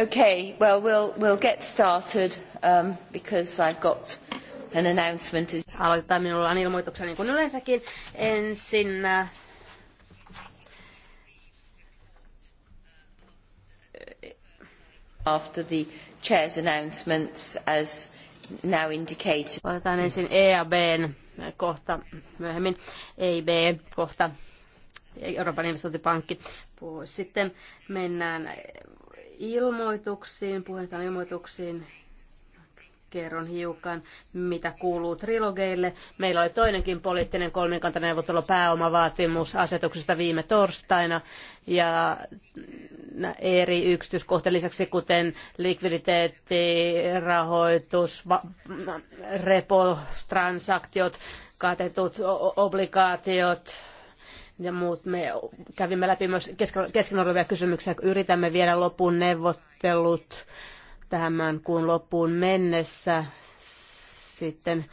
Okay, well, we'll, we'll get started um, because I've got an announcement. Aloitetaan minulla on ilmoituksia niin kuin yleensäkin. Ensin äh, after the chair's announcements as now indicated. Aloitetaan ensin E ja B kohta myöhemmin, E B kohta, Euroopan investointipankki. Sitten mennään ilmoituksiin, puhetaan ilmoituksiin. Kerron hiukan, mitä kuuluu trilogeille. Meillä oli toinenkin poliittinen kolmikantaneuvottelu asetuksesta viime torstaina ja eri yksityiskohtien lisäksi, kuten likviditeetti, rahoitus, repo, transaktiot, katetut obligaatiot, ja muut. Me kävimme läpi myös kesken olevia kysymyksiä, kun yritämme viedä loppuun neuvottelut tämän kuun loppuun mennessä. Sitten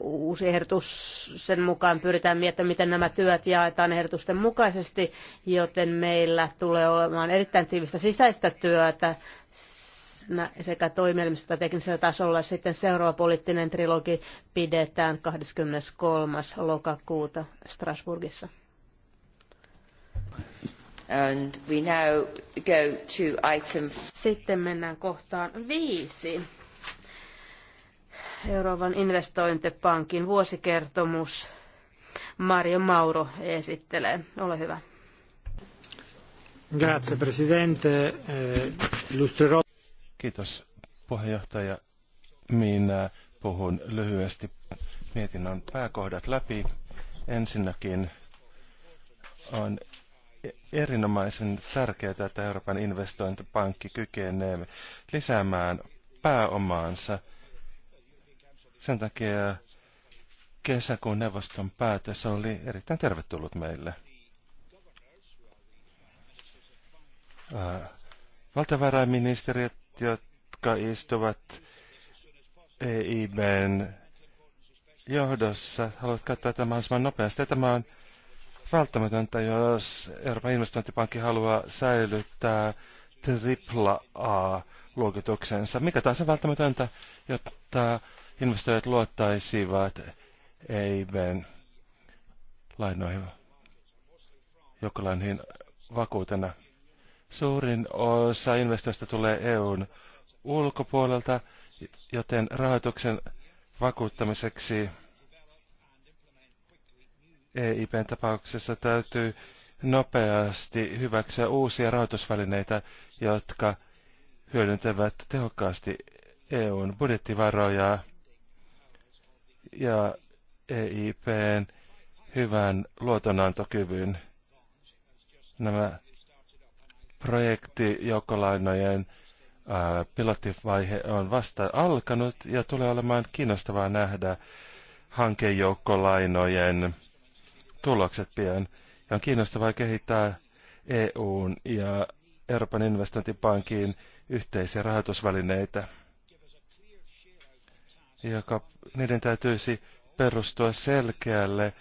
uusi ehdotus sen mukaan pyritään miettimään, miten nämä työt jaetaan ehdotusten mukaisesti, joten meillä tulee olemaan erittäin tiivistä sisäistä työtä sekä toimielimistä että teknisellä tasolla. Sitten seuraava poliittinen trilogi pidetään 23. lokakuuta Strasbourgissa. And we now go to item... Sitten mennään kohtaan viisi. Euroopan investointipankin vuosikertomus. Mario Mauro esittelee. Ole hyvä. Grazie, Presidente. Eh, Kiitos, puheenjohtaja. Minä puhun lyhyesti mietinnön pääkohdat läpi. Ensinnäkin on erinomaisen tärkeää, että Euroopan investointipankki kykenee lisäämään pääomaansa. Sen takia kesäkuun neuvoston päätös oli erittäin tervetullut meille. Äh, Valtavarainministeriöt, jotka istuvat EIBn johdossa, haluat katsoa tämän mahdollisimman nopeasti. Tämä on välttämätöntä, jos Euroopan investointipankki haluaa säilyttää tripla A-luokituksensa. Mikä taas on välttämätöntä, jotta investoijat luottaisivat EIBn lainoihin, jokalainen vakuutena. Suurin osa investoista tulee EUn ulkopuolelta, joten rahoituksen vakuuttamiseksi EIPn tapauksessa täytyy nopeasti hyväksyä uusia rahoitusvälineitä, jotka hyödyntävät tehokkaasti EUn budjettivaroja ja EIPn hyvän luotonantokyvyn. Nämä projektijoukkolainojen pilottivaihe on vasta alkanut ja tulee olemaan kiinnostavaa nähdä hankejoukkolainojen tulokset pian. Ja on kiinnostavaa kehittää EUn ja Euroopan investointipankin yhteisiä rahoitusvälineitä, joka niiden täytyisi perustua selkeälle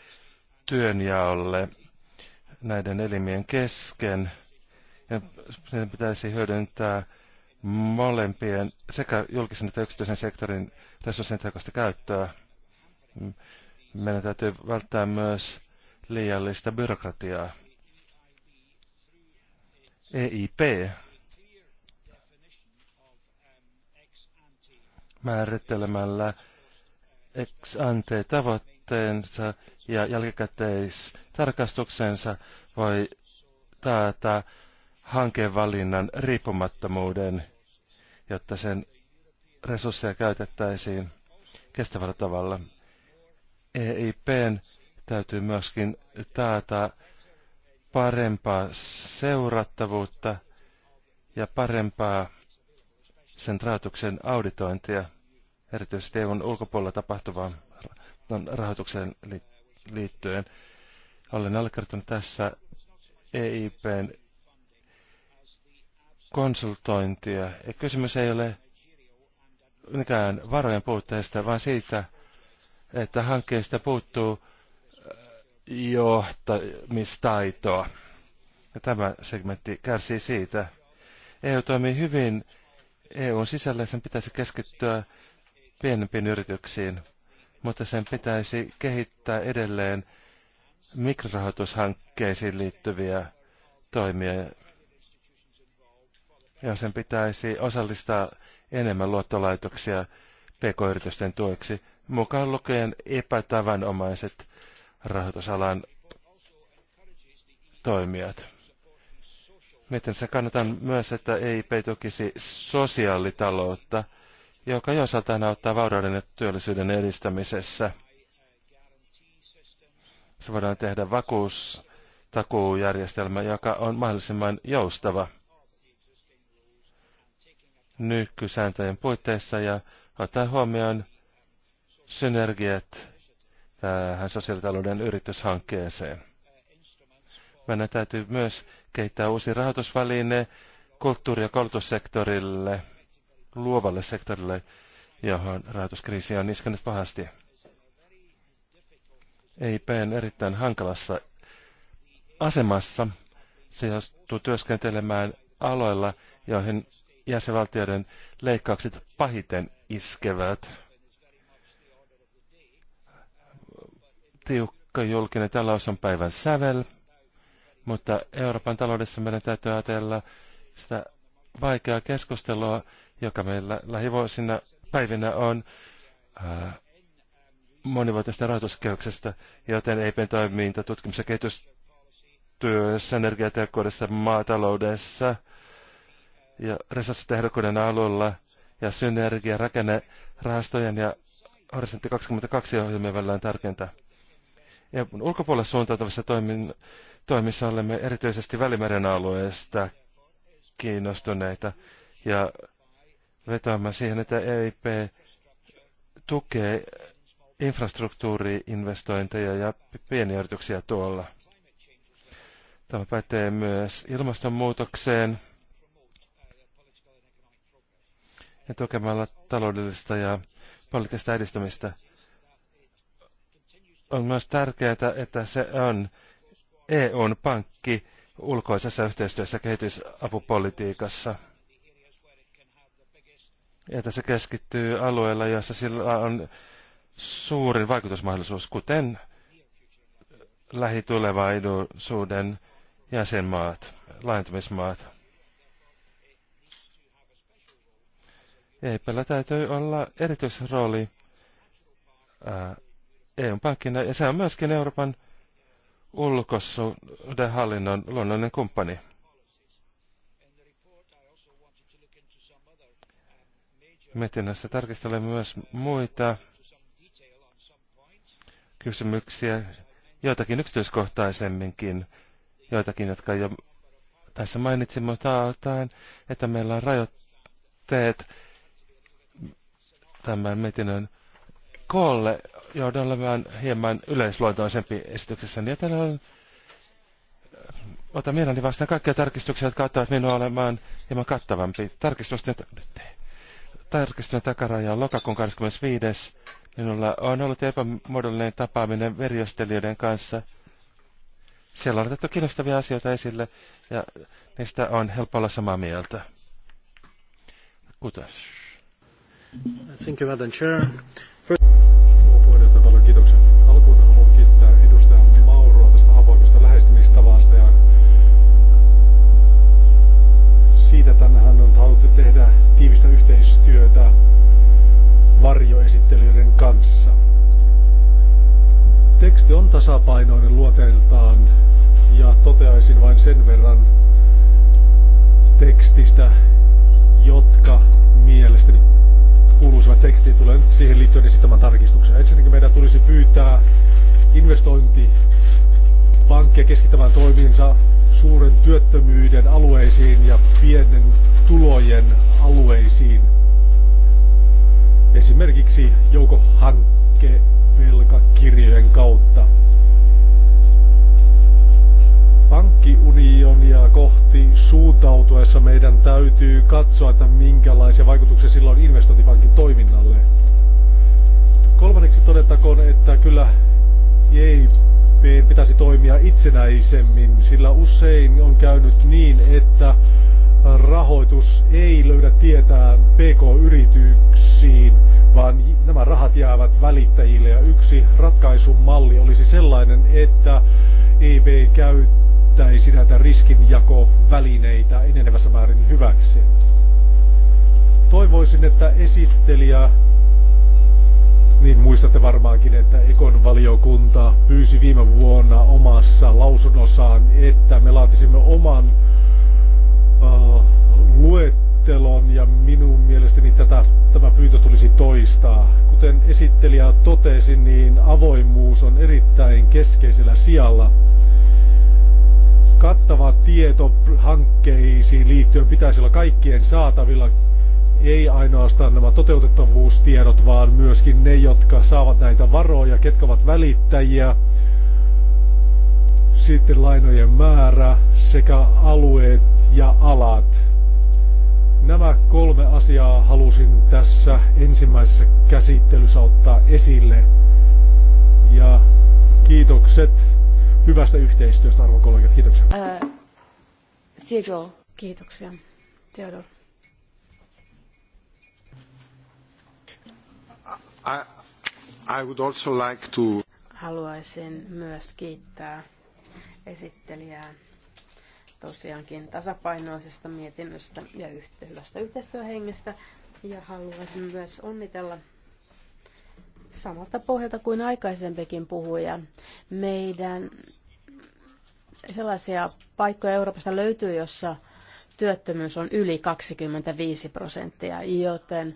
työnjaolle näiden elimien kesken. Ja niiden pitäisi hyödyntää molempien sekä julkisen että yksityisen sektorin resurssien tehokasta käyttöä. Meidän täytyy välttää myös liiallista byrokratiaa. EIP määrittelemällä ex ante tavoitteensa ja jälkikäteistarkastuksensa voi taata hankevalinnan riippumattomuuden, jotta sen resursseja käytettäisiin kestävällä tavalla. EIPn täytyy myöskin taata parempaa seurattavuutta ja parempaa sen rahoituksen auditointia, erityisesti EUn ulkopuolella tapahtuvaan rahoitukseen liittyen. Olen allekirjoittanut tässä EIPn konsultointia. Ja kysymys ei ole mikään varojen puutteesta, vaan siitä, että hankkeesta puuttuu johtamistaitoa. Ja tämä segmentti kärsii siitä. EU toimii hyvin. EUn sisällä sen pitäisi keskittyä pienempiin yrityksiin, mutta sen pitäisi kehittää edelleen mikrorahoitushankkeisiin liittyviä toimia. Ja sen pitäisi osallistaa enemmän luottolaitoksia pk-yritysten tueksi, mukaan lukien epätavanomaiset rahoitusalan toimijat. se kannatan myös, että EIP tukisi sosiaalitaloutta, joka osaltaan auttaa vaurauden ja työllisyyden edistämisessä. Se voidaan tehdä vakuustakuujärjestelmä, joka on mahdollisimman joustava nykysääntöjen puitteissa ja ottaa huomioon synergiat tähän sosiaalitalouden yrityshankkeeseen. Meidän täytyy myös kehittää uusi rahoitusväline kulttuuri- ja koulutussektorille, luovalle sektorille, johon rahoituskriisi on iskenyt pahasti. Ei on erittäin hankalassa asemassa. Se joutuu työskentelemään aloilla, joihin jäsenvaltioiden leikkaukset pahiten iskevät tiukka julkinen talous on päivän sävel, mutta Euroopan taloudessa meidän täytyy ajatella sitä vaikeaa keskustelua, joka meillä lähivuosina päivinä on monivuotisesta rahoituskehyksestä, joten ei toiminta tutkimus- ja kehitystyössä, energiatehokkuudessa, maataloudessa ja resurssitehdokkuuden alueella ja synergia rakenne rahastojen ja Horisontti 22 ohjelmien välillä on tärkeintä ja ulkopuolelle suuntautuvissa toimissa olemme erityisesti Välimeren alueesta kiinnostuneita ja vetoamme siihen, että EIP tukee infrastruktuuriinvestointeja ja pieniyrityksiä tuolla. Tämä pätee myös ilmastonmuutokseen ja tukemalla taloudellista ja poliittista edistämistä on myös tärkeää, että se on EUn pankki ulkoisessa yhteistyössä kehitysapupolitiikassa. Että se keskittyy alueella, jossa sillä on suurin vaikutusmahdollisuus, kuten lähitulevaisuuden jäsenmaat, laajentumismaat. EIPllä täytyy olla erityisrooli ää, EUn pankkina, ja se on myöskin Euroopan ulkosuuden hallinnon luonnollinen kumppani. Mietinnössä tarkistelen myös muita kysymyksiä, joitakin yksityiskohtaisemminkin, joitakin, jotka jo tässä mainitsin, mutta ottaen, että meillä on rajoitteet tämän mietinnön koolle on vähän hieman yleisluontoisempi esityksessä. Ja täällä on, äh, otan mielelläni vastaan kaikkia tarkistuksia, jotka auttavat minua olemaan hieman kattavampi. Tarkistusten, tarkistusten takaraja on lokakuun 25. Minulla on ollut epämuodollinen tapaaminen verjostelijoiden kanssa. Siellä on otettu kiinnostavia asioita esille ja niistä on helppo olla samaa mieltä. Kutas. Thank you, Madam Chair. First... teksti on tasapainoinen luoteeltaan ja toteaisin vain sen verran tekstistä, jotka mielestäni kuuluisivat tekstiin. nyt siihen liittyen esittämään tarkistuksia. Ensinnäkin meidän tulisi pyytää investointi pankkia keskittämään toimiinsa suuren työttömyyden alueisiin ja pienen tulojen alueisiin. Esimerkiksi joukohankkeen velkakirjojen kautta. Pankkiunionia kohti suuntautuessa meidän täytyy katsoa, että minkälaisia vaikutuksia sillä on investointipankin toiminnalle. Kolmanneksi todettakoon, että kyllä EIP pitäisi toimia itsenäisemmin, sillä usein on käynyt niin, että rahoitus ei löydä tietää PK-yrityksiin, vaan nämä rahat jäävät välittäjille. Ja yksi ratkaisumalli olisi sellainen, että EB käyttäisi näitä riskinjakovälineitä enenevässä määrin hyväksi. Toivoisin, että esittelijä niin muistatte varmaankin, että Ekon valiokunta pyysi viime vuonna omassa lausunnossaan, että me laatisimme oman Tota, luettelon ja minun mielestäni tätä, tämä pyyntö tulisi toistaa. Kuten esittelijä totesi, niin avoimuus on erittäin keskeisellä sijalla. Kattava tieto hankkeisiin liittyen pitäisi olla kaikkien saatavilla, ei ainoastaan nämä toteutettavuustiedot, vaan myöskin ne, jotka saavat näitä varoja, ketkä ovat välittäjiä, sitten lainojen määrä sekä alueet ja alat. Nämä kolme asiaa halusin tässä ensimmäisessä käsittelyssä ottaa esille. Ja kiitokset hyvästä yhteistyöstä, arvon kollegat. Kiitoksia. Uh, Theodore. Kiitoksia. Theodore. I, I would also like to... Haluaisin myös kiittää esittelijää tosiaankin tasapainoisesta mietinnöstä ja yhte, hyvästä yhteistyöhengestä. Ja haluaisin myös onnitella samalta pohjalta kuin aikaisempikin puhuja. Meidän sellaisia paikkoja Euroopasta löytyy, jossa työttömyys on yli 25 prosenttia, joten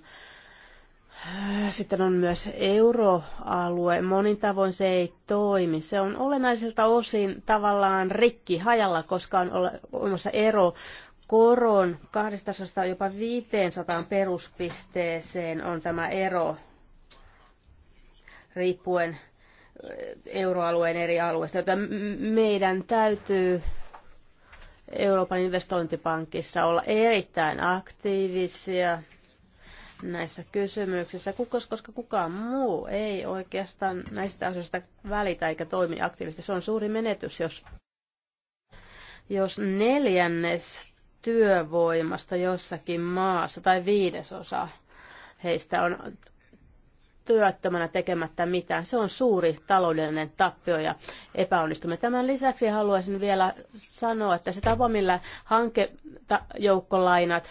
sitten on myös euroalue. Monin tavoin se ei toimi. Se on olennaisilta osin tavallaan rikki hajalla, koska on olemassa ero koron 200 jopa 500 peruspisteeseen on tämä ero riippuen eh, euroalueen eri alueista, joten meidän täytyy Euroopan investointipankissa olla erittäin aktiivisia näissä kysymyksissä, koska kukaan muu ei oikeastaan näistä asioista välitä eikä toimi aktiivisesti. Se on suuri menetys, jos, jos neljännes työvoimasta jossakin maassa tai viidesosa heistä on työttömänä tekemättä mitään. Se on suuri taloudellinen tappio ja epäonnistumme. Tämän lisäksi haluaisin vielä sanoa, että se tapa, millä hankejoukkolainat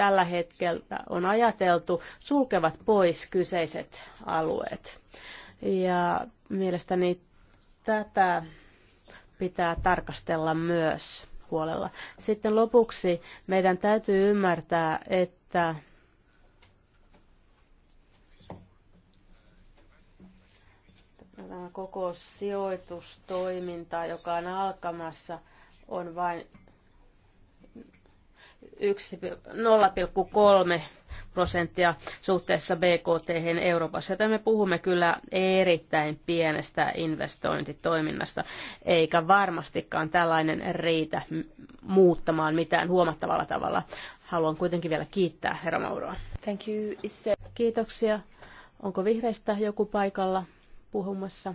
tällä hetkellä on ajateltu, sulkevat pois kyseiset alueet. Ja mielestäni tätä pitää tarkastella myös huolella. Sitten lopuksi meidän täytyy ymmärtää, että tämä koko sijoitustoiminta, joka on alkamassa, on vain 0,3 prosenttia suhteessa BKT Euroopassa. Joten me puhumme kyllä erittäin pienestä investointitoiminnasta, eikä varmastikaan tällainen riitä muuttamaan mitään huomattavalla tavalla. Haluan kuitenkin vielä kiittää herra Mauroa. Thank you. There... Kiitoksia. Onko vihreistä joku paikalla puhumassa?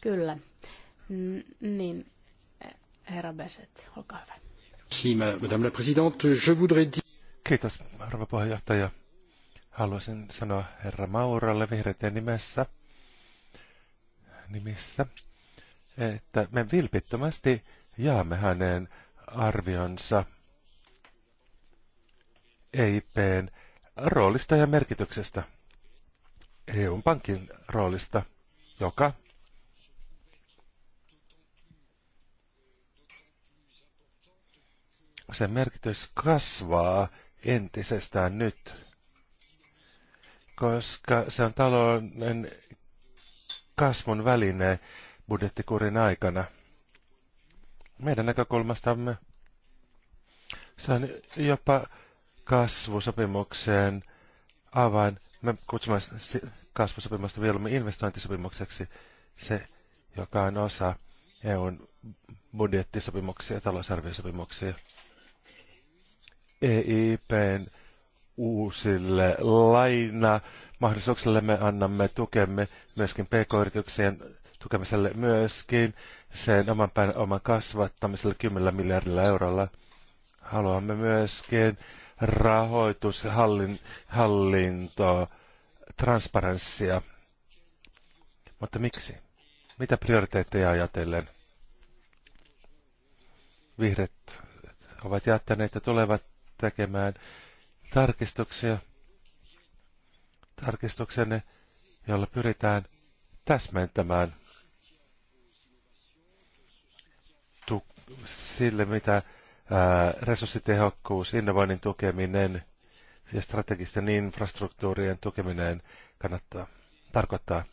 Kyllä. N- niin, herra Beset, olkaa hyvä. Kiitos, arvo puheenjohtaja. Haluaisin sanoa herra Mauralle vihreiden nimessä, nimissä, että me vilpittömästi jaamme hänen arvionsa EIPn roolista ja merkityksestä, EUn pankin roolista, joka sen merkitys kasvaa entisestään nyt, koska se on talouden kasvun väline budjettikurin aikana. Meidän näkökulmastamme se on jopa kasvusopimukseen avain. Me kutsumme kasvusopimusta vielä investointisopimukseksi, se joka on osa EUn budjettisopimuksia ja talousarviosopimuksia. EIPn uusille laina mahdollisuuksille me annamme tukemme myöskin pk-yrityksien tukemiselle myöskin sen oman päin oman kasvattamiselle 10 miljardilla eurolla. Haluamme myöskin rahoitus, hallin, hallintoa, transparenssia. Mutta miksi? Mitä prioriteetteja ajatellen? Vihreät ovat jättäneet ja tulevat tekemään tarkistuksia, tarkistuksenne, jolla pyritään täsmentämään tu- sille, mitä ää, resurssitehokkuus, innovoinnin tukeminen ja strategisten infrastruktuurien tukeminen kannattaa tarkoittaa.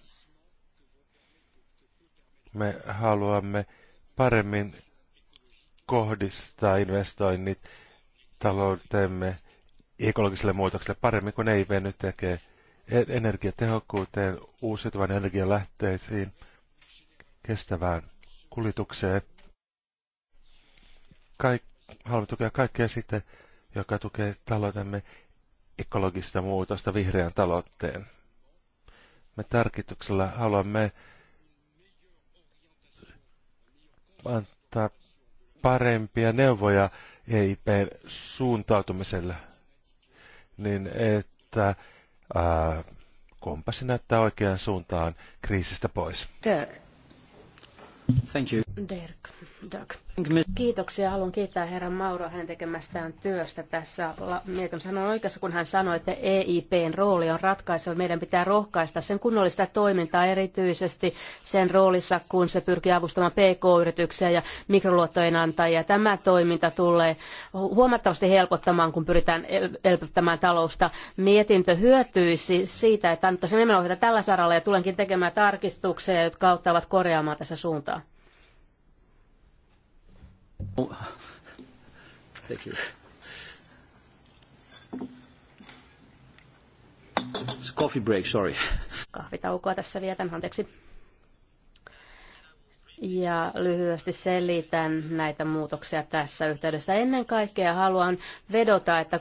Me haluamme paremmin kohdistaa investoinnit taloutemme ekologiselle muutokselle paremmin kuin EIV nyt tekee energiatehokkuuteen, uusiutuvan energialähteisiin, kestävään kulitukseen. Kaik, haluamme tukea kaikkea sitä, joka tukee taloutemme ekologista muutosta vihreän talouteen. Me tarkituksella haluamme antaa parempia neuvoja EIPn suuntautumiselle, niin että ää, kompassi näyttää oikeaan suuntaan kriisistä pois. Dirk. Thank you. Dirk. Doug. Kiitoksia. Haluan kiittää herra Mauro hänen tekemästään työstä tässä. Mietin hän oikeassa, kun hän sanoi, että EIPn rooli on ratkaiseva. Meidän pitää rohkaista sen kunnollista toimintaa erityisesti sen roolissa, kun se pyrkii avustamaan PK-yrityksiä ja mikroluottojen antajia. Tämä toiminta tulee huomattavasti helpottamaan, kun pyritään elpyttämään talousta. Mietintö hyötyisi siitä, että annettaisiin nimenomaan tällä saralla ja tulenkin tekemään tarkistuksia, jotka auttavat korjaamaan tässä suuntaa. Oh. Thank you. It's coffee break, sorry. Kahvitaukoa tässä vietän, anteeksi. Ja lyhyesti selitän näitä muutoksia tässä yhteydessä. Ennen kaikkea haluan vedota, että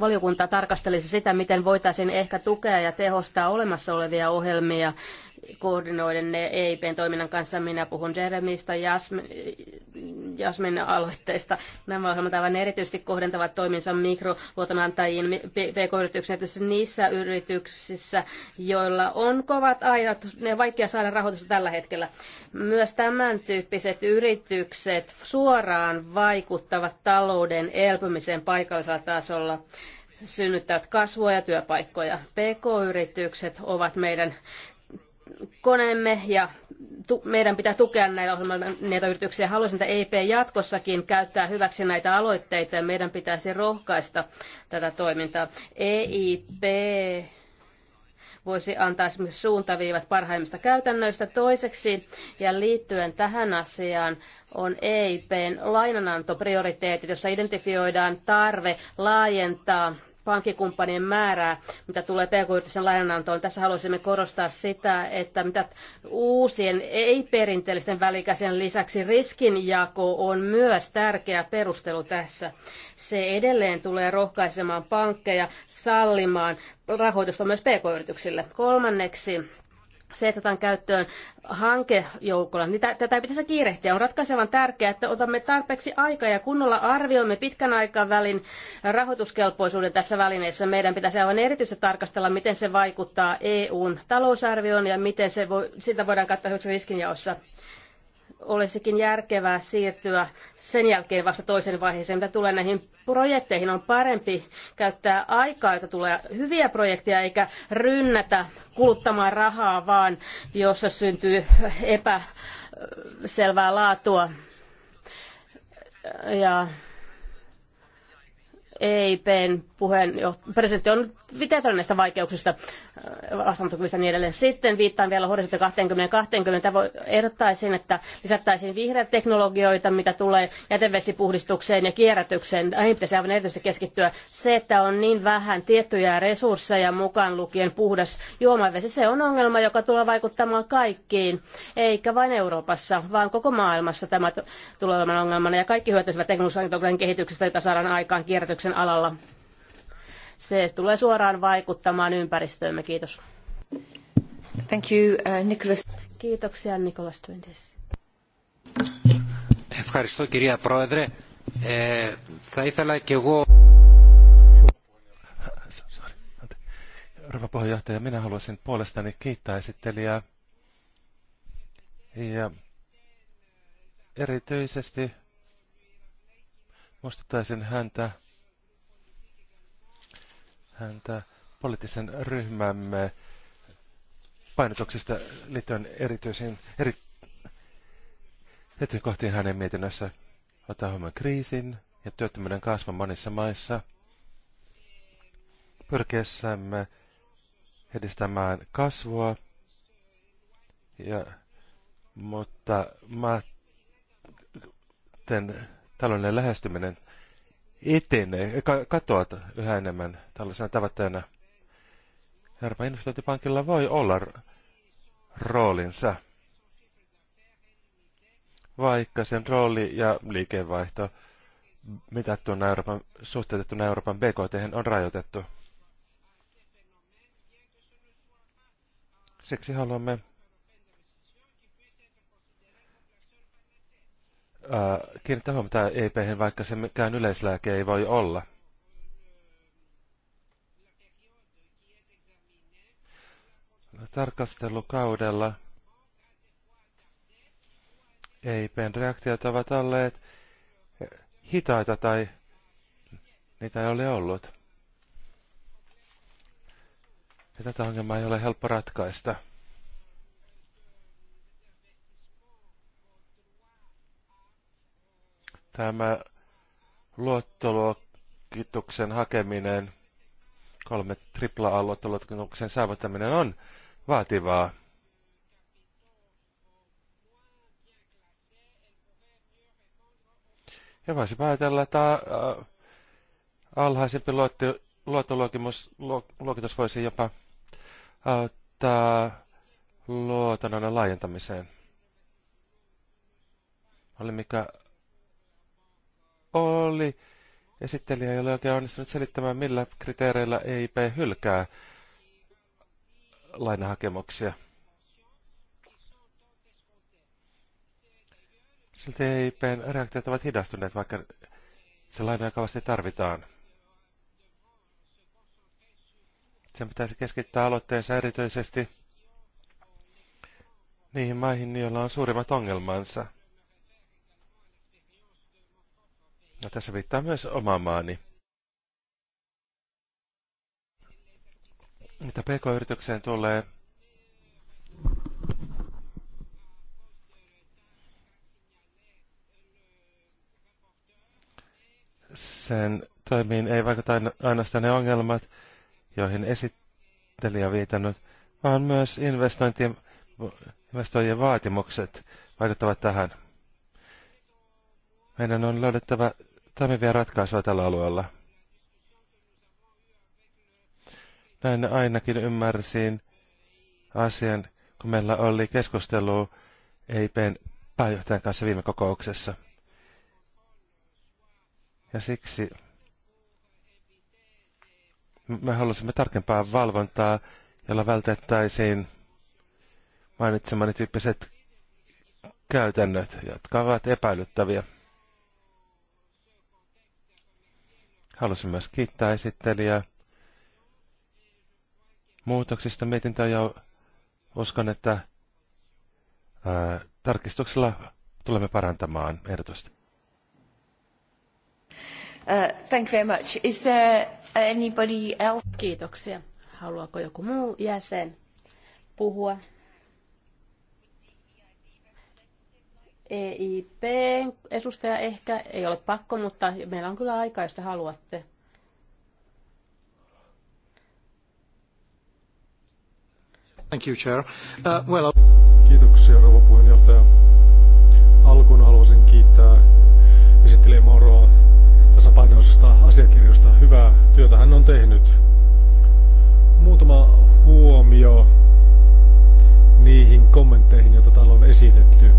valiokunta tarkastelisi sitä, miten voitaisiin ehkä tukea ja tehostaa olemassa olevia ohjelmia koordinoiden ne EIPn toiminnan kanssa. Minä puhun Jeremistä, Jasmin, Jasmin aloitteista. Nämä ohjelmat aivan erityisesti kohdentavat toiminsa mikroluotonantajiin, pk-yrityksiin, niissä yrityksissä, joilla on kovat ajat, ne on vaikea saada rahoitusta tällä hetkellä. Myös tämän tyyppiset yritykset suoraan vaikuttavat talouden elpymiseen paikallisella tasolla synnyttävät kasvua ja työpaikkoja. PK-yritykset ovat meidän koneemme ja meidän pitää tukea näitä ohjelmilla näitä yrityksiä. Haluaisin, että EIP jatkossakin käyttää hyväksi näitä aloitteita ja meidän pitäisi rohkaista tätä toimintaa. EIP voisi antaa esimerkiksi suuntaviivat parhaimmista käytännöistä. Toiseksi ja liittyen tähän asiaan on EIPn lainanantoprioriteetit, jossa identifioidaan tarve laajentaa pankkikumppanien määrää, mitä tulee pk-yritysten lainanantoon. Tässä haluaisimme korostaa sitä, että mitä uusien ei-perinteellisten välikäsien lisäksi riskinjako on myös tärkeä perustelu tässä. Se edelleen tulee rohkaisemaan pankkeja sallimaan rahoitusta myös pk-yrityksille. Kolmanneksi se, että otetaan käyttöön hankejoukolla, niin tätä tätä pitäisi kiirehtiä. On ratkaisevan tärkeää, että otamme tarpeeksi aikaa ja kunnolla arvioimme pitkän aikavälin rahoituskelpoisuuden tässä välineessä. Meidän pitäisi aivan erityisesti tarkastella, miten se vaikuttaa EUn talousarvioon ja miten se voi, sitä voidaan katsoa riskinjaossa olisikin järkevää siirtyä sen jälkeen vasta toisen vaiheeseen. Mitä tulee näihin projekteihin, on parempi käyttää aikaa, että tulee hyviä projekteja, eikä rynnätä kuluttamaan rahaa, vaan jossa syntyy epäselvää laatua. Ja EIPn puheenjohtaja, presidentti on tietävät näistä vaikeuksista äh, vastaanottokyvystä niin edelleen. Sitten viittaan vielä horisontti 2020. 20. Ehdottaisin, että lisättäisiin vihreitä teknologioita, mitä tulee jätevesipuhdistukseen ja kierrätykseen. Näihin äh, pitäisi aivan erityisesti keskittyä. Se, että on niin vähän tiettyjä resursseja mukaan lukien puhdas juomavesi, se on ongelma, joka tulee vaikuttamaan kaikkiin, eikä vain Euroopassa, vaan koko maailmassa tämä tulee olemaan ongelmana. Ja kaikki hyötyisivät teknologian kehityksestä, jota saadaan aikaan kierrätyksen alalla. Se tulee suoraan vaikuttamaan ympäristöömme. Kiitos. Thank you, uh, Nicholas. Kiitoksia, Nikolas Twentis. Ευχαριστώ κυρία Πρόεδρε. Ε, θα ήθελα και εγώ... puheenjohtaja, minä haluaisin puolestani kiittää esittelijää ja erityisesti muistuttaisin häntä häntä poliittisen ryhmämme painotuksista liittyen erityisiin eri, erityisiin kohtiin hänen mietinnössä Ottaa huomioon kriisin ja työttömyyden kasvun monissa maissa. Pyrkiessämme edistämään kasvua, ja, mutta maiden taloudellinen lähestyminen etenee, katoaa yhä enemmän tällaisena tavoitteena. Euroopan investointipankilla voi olla roolinsa, vaikka sen rooli ja liikevaihto mitattuna Euroopan, suhteutettuna Euroopan BKT on rajoitettu. Siksi haluamme Äh, kiinnittää huomiota ep vaikka se mikään yleislääke ei voi olla. Tarkastelukaudella EIPn reaktiot ovat olleet hitaita tai niitä ei ole ollut. Ja tätä ongelmaa ei ole helppo ratkaista. Tämä luottoluokituksen hakeminen, kolme tripla luottoluokituksen saavuttaminen on vaativaa. Ja voisi päätellä, että äh, alhaisempi luottoluokitus voisi jopa auttaa luotonannon laajentamiseen. Oli mikä oli esittelijä, ei ole oikein onnistunut selittämään, millä kriteereillä EIP hylkää lainahakemuksia. Silti EIPn reaktiot ovat hidastuneet, vaikka se laina tarvitaan. Sen pitäisi keskittää aloitteensa erityisesti niihin maihin, joilla on suurimmat ongelmansa – No tässä viittaa myös oma maani. Mitä pk-yritykseen tulee, sen toimiin ei vaikuta ainoastaan ne ongelmat, joihin esittelijä viitannut, vaan myös investointien, investoijien vaatimukset vaikuttavat tähän. Meidän on löydettävä toimivia ratkaisuja tällä alueella. Näin ainakin ymmärsin asian, kun meillä oli keskustelu EIPn pääjohtajan kanssa viime kokouksessa. Ja siksi me halusimme tarkempaa valvontaa, jolla vältettäisiin mainitsemani tyyppiset käytännöt, jotka ovat epäilyttäviä. Haluaisin myös kiittää esittelijää muutoksista mietintöä ja uskon, että ää, tarkistuksella tulemme parantamaan ehdotusta. Uh, thank you very much. Is there anybody else? Kiitoksia. Haluaako joku muu jäsen puhua? EIP, edustaja ehkä, ei ole pakko, mutta meillä on kyllä aikaa, jos te haluatte. Thank you, Chair. Uh, well... Kiitoksia, rouva puheenjohtaja. Alkuun haluaisin kiittää esittelijä Moroa tasapainoisesta asiakirjasta. Hyvää työtä hän on tehnyt. Muutama huomio niihin kommentteihin, joita täällä on esitetty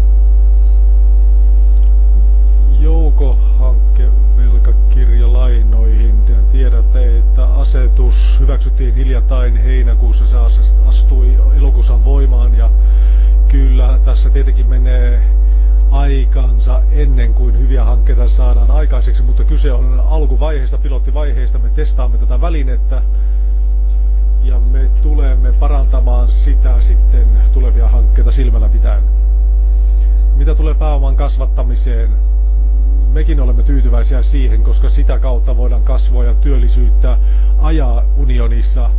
joukohankkevelkakirjalainoihin. tiedätte, että asetus hyväksyttiin hiljattain heinäkuussa. Se astui elokuussa voimaan ja kyllä tässä tietenkin menee aikansa ennen kuin hyviä hankkeita saadaan aikaiseksi, mutta kyse on alkuvaiheista, pilottivaiheista. Me testaamme tätä välinettä ja me tulemme parantamaan sitä sitten tulevia hankkeita silmällä pitäen. Mitä tulee pääoman kasvattamiseen, mekin olemme tyytyväisiä siihen, koska sitä kautta voidaan kasvua ja työllisyyttä ajaa unionissa.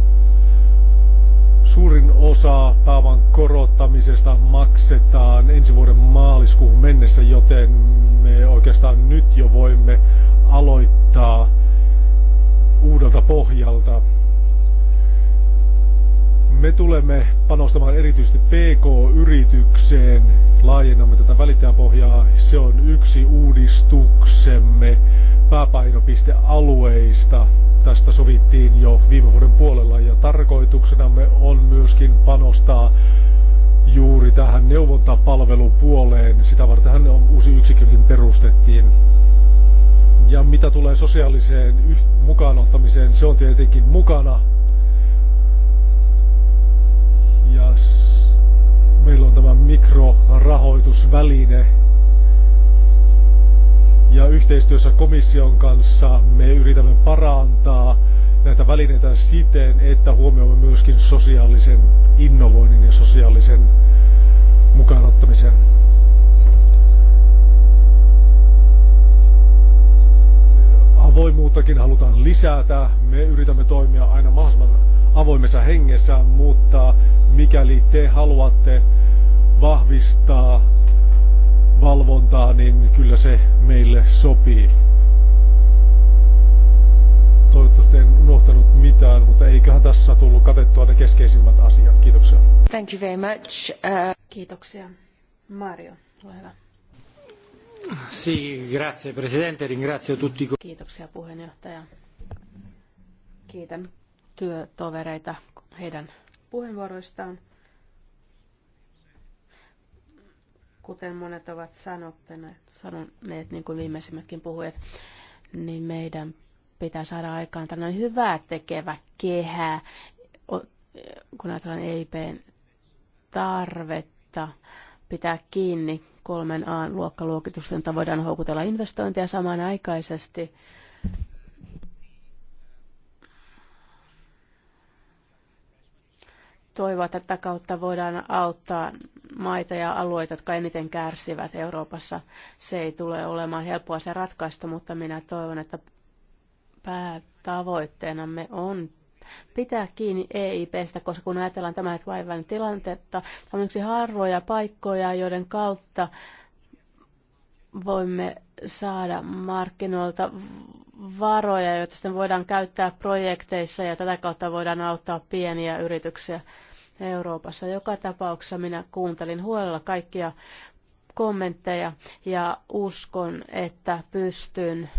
Suurin osa pääoman korottamisesta maksetaan ensi vuoden maaliskuuhun mennessä, joten me oikeastaan nyt jo voimme aloittaa uudelta pohjalta me tulemme panostamaan erityisesti PK-yritykseen, laajennamme tätä välittäjäpohjaa. pohjaa. Se on yksi uudistuksemme pääpainopistealueista. Tästä sovittiin jo viime vuoden puolella ja tarkoituksenamme on myöskin panostaa juuri tähän neuvontapalvelupuoleen. Sitä varten on uusi yksikökin perustettiin. Ja mitä tulee sosiaaliseen mukaanottamiseen, se on tietenkin mukana ja meillä on tämä mikrorahoitusväline. Ja yhteistyössä komission kanssa me yritämme parantaa näitä välineitä siten, että huomioimme myöskin sosiaalisen innovoinnin ja sosiaalisen mukaanottamisen. Avoimuuttakin halutaan lisätä. Me yritämme toimia aina mahdollisimman avoimessa hengessä, mutta mikäli te haluatte vahvistaa valvontaa, niin kyllä se meille sopii. Toivottavasti en unohtanut mitään, mutta eiköhän tässä tullut katettua ne keskeisimmät asiat. Kiitoksia. Thank you very much. Uh... Kiitoksia. Mario, ole hyvä. Si, grazie Presidente, ringrazio tutti. Kiitoksia puheenjohtaja. Kiitän työtovereita heidän puheenvuoroistaan. Kuten monet ovat sanoneet, sanoneet niin kuin viimeisimmätkin puhujat, niin meidän pitää saada aikaan tällainen hyvää tekevä kehä, kun ajatellaan EIPn tarvetta pitää kiinni kolmen A-luokkaluokitusten, jotta voidaan houkutella investointia samanaikaisesti toivoa, että tätä kautta voidaan auttaa maita ja alueita, jotka eniten kärsivät Euroopassa. Se ei tule olemaan helppoa se ratkaista, mutta minä toivon, että päätavoitteenamme on pitää kiinni EIPstä, koska kun ajatellaan tämän vaivan tilannetta, tämä on yksi harvoja paikkoja, joiden kautta voimme saada markkinoilta varoja, joita sitten voidaan käyttää projekteissa ja tätä kautta voidaan auttaa pieniä yrityksiä Euroopassa. Joka tapauksessa minä kuuntelin huolella kaikkia kommentteja ja uskon, että pystyn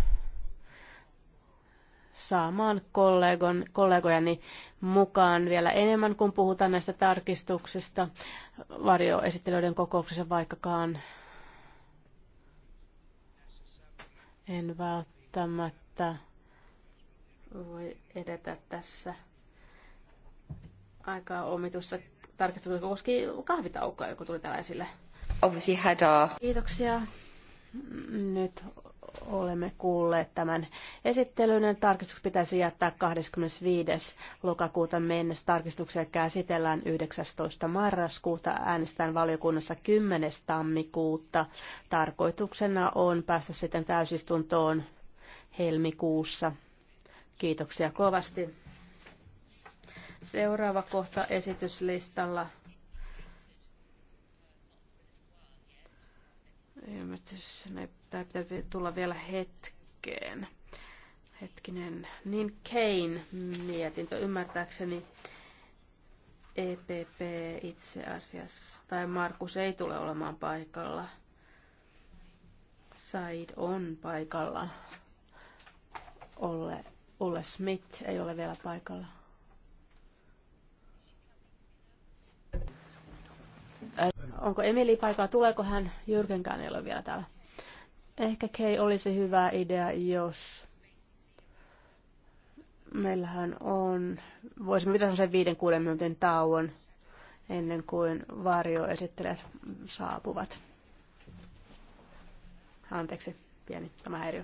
saamaan kollegon, kollegojani mukaan vielä enemmän, kun puhutaan näistä tarkistuksista varjoesittelyiden kokouksessa, vaikkakaan en välttämättä että voi edetä tässä aika omitussa tarkistuksessa, koski kahvitaukkoa, joku tuli täällä esille. Obviously had a... Kiitoksia. Nyt olemme kuulleet tämän esittelyn. Tarkistus pitäisi jättää 25. lokakuuta mennessä. Tarkistuksia käsitellään 19. marraskuuta. Äänestään valiokunnassa 10. tammikuuta. Tarkoituksena on päästä sitten täysistuntoon helmikuussa. Kiitoksia kovasti. Seuraava kohta esityslistalla. tämä pitää tulla vielä hetkeen. Hetkinen. Niin Kane mietintö. Ymmärtääkseni EPP itse asiassa, tai Markus ei tule olemaan paikalla. Said on paikalla. Olle, Olle Smith ei ole vielä paikalla. Onko Emili paikalla? Tuleeko hän? Jyrkenkään ei ole vielä täällä. Ehkä Kei olisi hyvä idea, jos meillähän on, voisimme pitää sen viiden kuuden minuutin tauon ennen kuin varjoesittelijät saapuvat. Anteeksi, pieni tämä häiriö.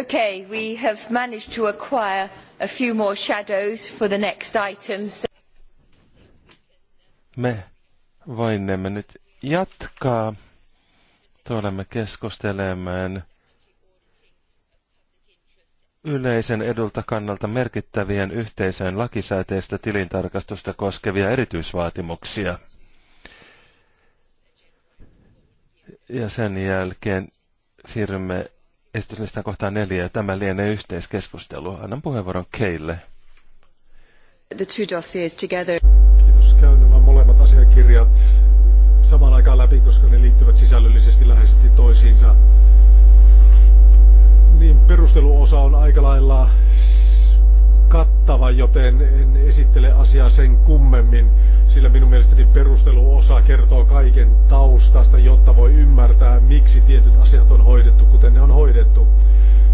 Okay, we have managed to acquire a few more shadows for the next item. So... Me voimme nyt jatkaa. Tulemme keskustelemaan yleisen edulta kannalta merkittävien yhteisöjen lakisääteistä tilintarkastusta koskevia erityisvaatimuksia. Ja sen jälkeen siirrymme esityslistan kohtaan neljä ja tämä lienee yhteiskeskustelu. Annan puheenvuoron Keille. The two dossiers together. Kiitos. Käyn nämä molemmat asiakirjat samaan aikaan läpi, koska ne liittyvät sisällöllisesti läheisesti toisiinsa. Niin perusteluosa on aika lailla kattava, joten en esittele asiaa sen kummemmin sillä minun mielestäni perusteluosa kertoo kaiken taustasta, jotta voi ymmärtää, miksi tietyt asiat on hoidettu, kuten ne on hoidettu.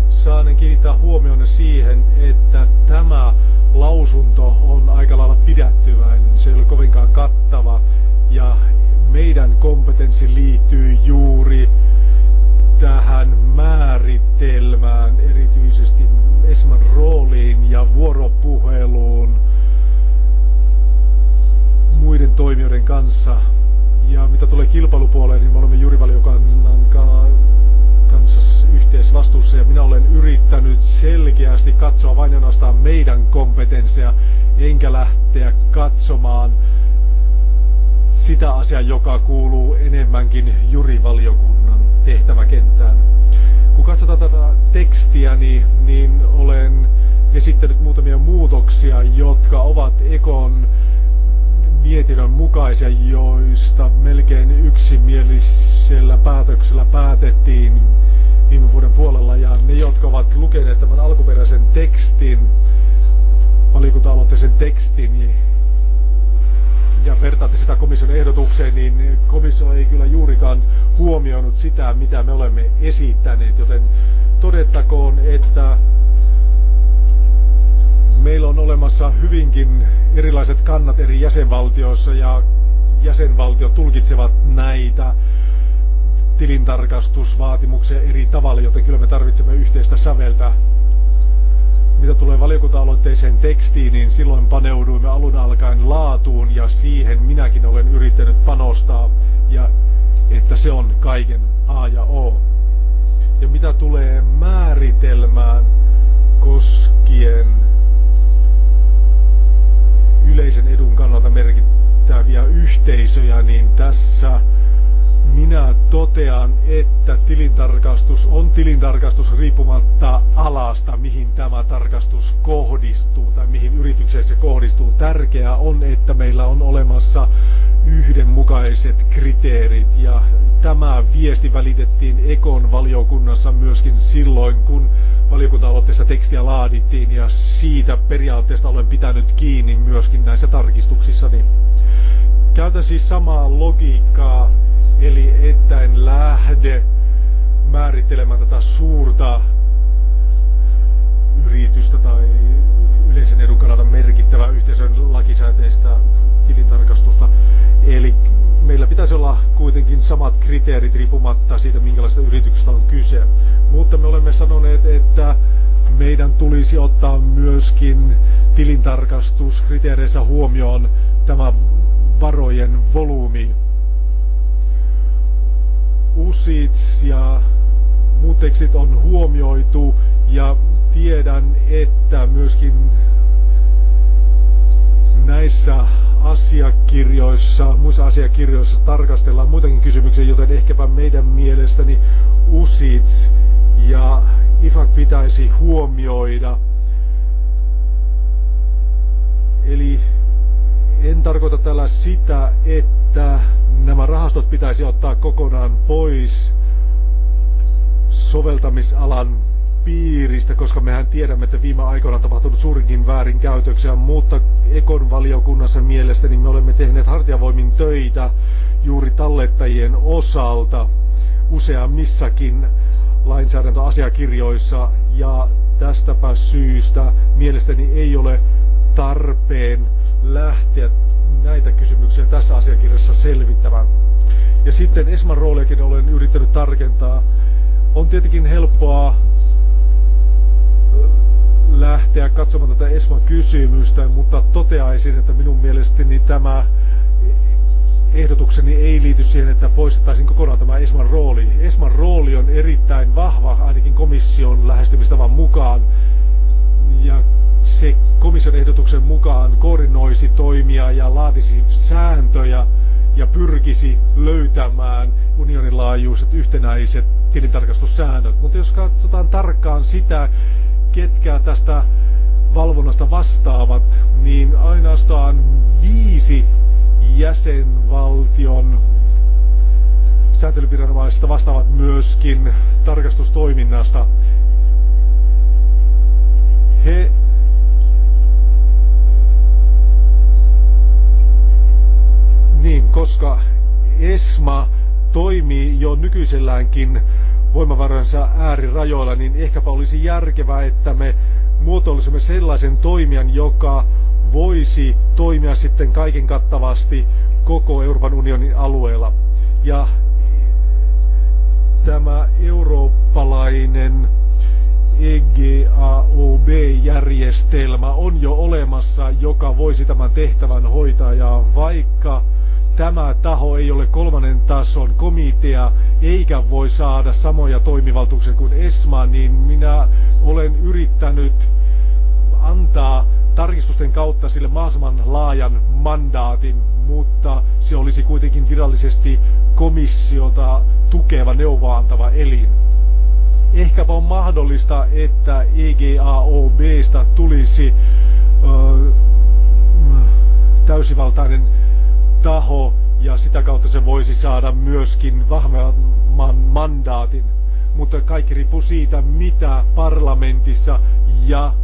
Saanen kiinnittää huomioon siihen, että tämä lausunto on aika lailla pidättyväinen, se ei ole kovinkaan kattava, ja meidän kompetenssi liittyy juuri tähän määritelmään, erityisesti esimerkiksi rooliin ja vuoropuheluun muiden toimijoiden kanssa. Ja mitä tulee kilpailupuoleen, niin me olemme juurivaliokunnan kanssa yhteisvastuussa ja minä olen yrittänyt selkeästi katsoa vain ainoastaan meidän kompetenssia, enkä lähteä katsomaan sitä asiaa, joka kuuluu enemmänkin jurivaliokunnan tehtäväkenttään. Kun katsotaan tätä tekstiä, niin, niin olen esittänyt muutamia muutoksia, jotka ovat Ekon mietinnön mukaisia, joista melkein yksimielisellä päätöksellä päätettiin viime vuoden puolella. Ja ne, jotka ovat lukeneet tämän alkuperäisen tekstin, valiokunta-aloitteisen tekstin, ja vertaatte sitä komission ehdotukseen, niin komissio ei kyllä juurikaan huomioinut sitä, mitä me olemme esittäneet, joten todettakoon, että Meillä on olemassa hyvinkin erilaiset kannat eri jäsenvaltioissa ja jäsenvaltiot tulkitsevat näitä tilintarkastusvaatimuksia eri tavalla, joten kyllä me tarvitsemme yhteistä säveltä. Mitä tulee valiokunta aloitteeseen tekstiin, niin silloin paneuduimme alun alkaen laatuun ja siihen minäkin olen yrittänyt panostaa ja että se on kaiken A ja O. Ja mitä tulee määritelmään koskien yleisen edun kannalta merkittäviä yhteisöjä, niin tässä minä totean, että tilintarkastus on tilintarkastus riippumatta alasta, mihin tämä tarkastus kohdistuu tai mihin yritykseen se kohdistuu. Tärkeää on, että meillä on olemassa yhdenmukaiset kriteerit ja tämä viesti välitettiin Ekon valiokunnassa myöskin silloin, kun valiokunta-aloitteessa tekstiä laadittiin ja siitä periaatteesta olen pitänyt kiinni myöskin näissä tarkistuksissani. Käytän siis samaa logiikkaa Eli että en lähde määrittelemään tätä suurta yritystä tai yleisen edun kannalta merkittävää yhteisön lakisääteistä tilintarkastusta. Eli meillä pitäisi olla kuitenkin samat kriteerit riippumatta siitä, minkälaista yrityksestä on kyse. Mutta me olemme sanoneet, että meidän tulisi ottaa myöskin tilintarkastuskriteereissä huomioon tämä varojen volyymi USITS ja Mutexit on huomioitu ja tiedän, että myöskin näissä asiakirjoissa, muissa asiakirjoissa tarkastellaan muitakin kysymyksiä, joten ehkäpä meidän mielestäni USITS ja ifak pitäisi huomioida. Eli en tarkoita tällä sitä, että nämä rahastot pitäisi ottaa kokonaan pois soveltamisalan piiristä, koska mehän tiedämme, että viime aikoina on tapahtunut suurinkin väärinkäytöksiä, mutta Ekon valiokunnassa mielestäni me olemme tehneet hartiavoimin töitä juuri tallettajien osalta useammissakin lainsäädäntöasiakirjoissa ja tästäpä syystä mielestäni ei ole tarpeen lähteä näitä kysymyksiä tässä asiakirjassa selvittämään. Ja sitten Esman rooliakin olen yrittänyt tarkentaa. On tietenkin helppoa lähteä katsomaan tätä Esman kysymystä, mutta toteaisin, että minun mielestäni tämä ehdotukseni ei liity siihen, että poistettaisiin kokonaan tämä Esman rooli. Esman rooli on erittäin vahva, ainakin komission lähestymistavan mukaan. Ja se komission ehdotuksen mukaan koordinoisi toimia ja laatisi sääntöjä ja pyrkisi löytämään unionin laajuiset yhtenäiset tilintarkastussäännöt. Mutta jos katsotaan tarkkaan sitä, ketkä tästä valvonnasta vastaavat, niin ainoastaan viisi jäsenvaltion säätelyviranomaisista vastaavat myöskin tarkastustoiminnasta. He Niin, koska ESMA toimii jo nykyiselläänkin voimavaransa äärirajoilla, niin ehkäpä olisi järkevää, että me muotoilisimme sellaisen toimijan, joka voisi toimia sitten kaiken kattavasti koko Euroopan unionin alueella. Ja tämä eurooppalainen EGAOB-järjestelmä on jo olemassa, joka voisi tämän tehtävän hoitaa. Ja vaikka tämä taho ei ole kolmannen tason komitea eikä voi saada samoja toimivaltuuksia kuin ESMA, niin minä olen yrittänyt antaa tarkistusten kautta sille mahdollisimman laajan mandaatin, mutta se olisi kuitenkin virallisesti komissiota tukeva neuvoantava elin. Ehkäpä on mahdollista, että EGAOBsta tulisi ö, täysivaltainen taho ja sitä kautta se voisi saada myöskin vahvemman mandaatin. Mutta kaikki riippuu siitä, mitä parlamentissa ja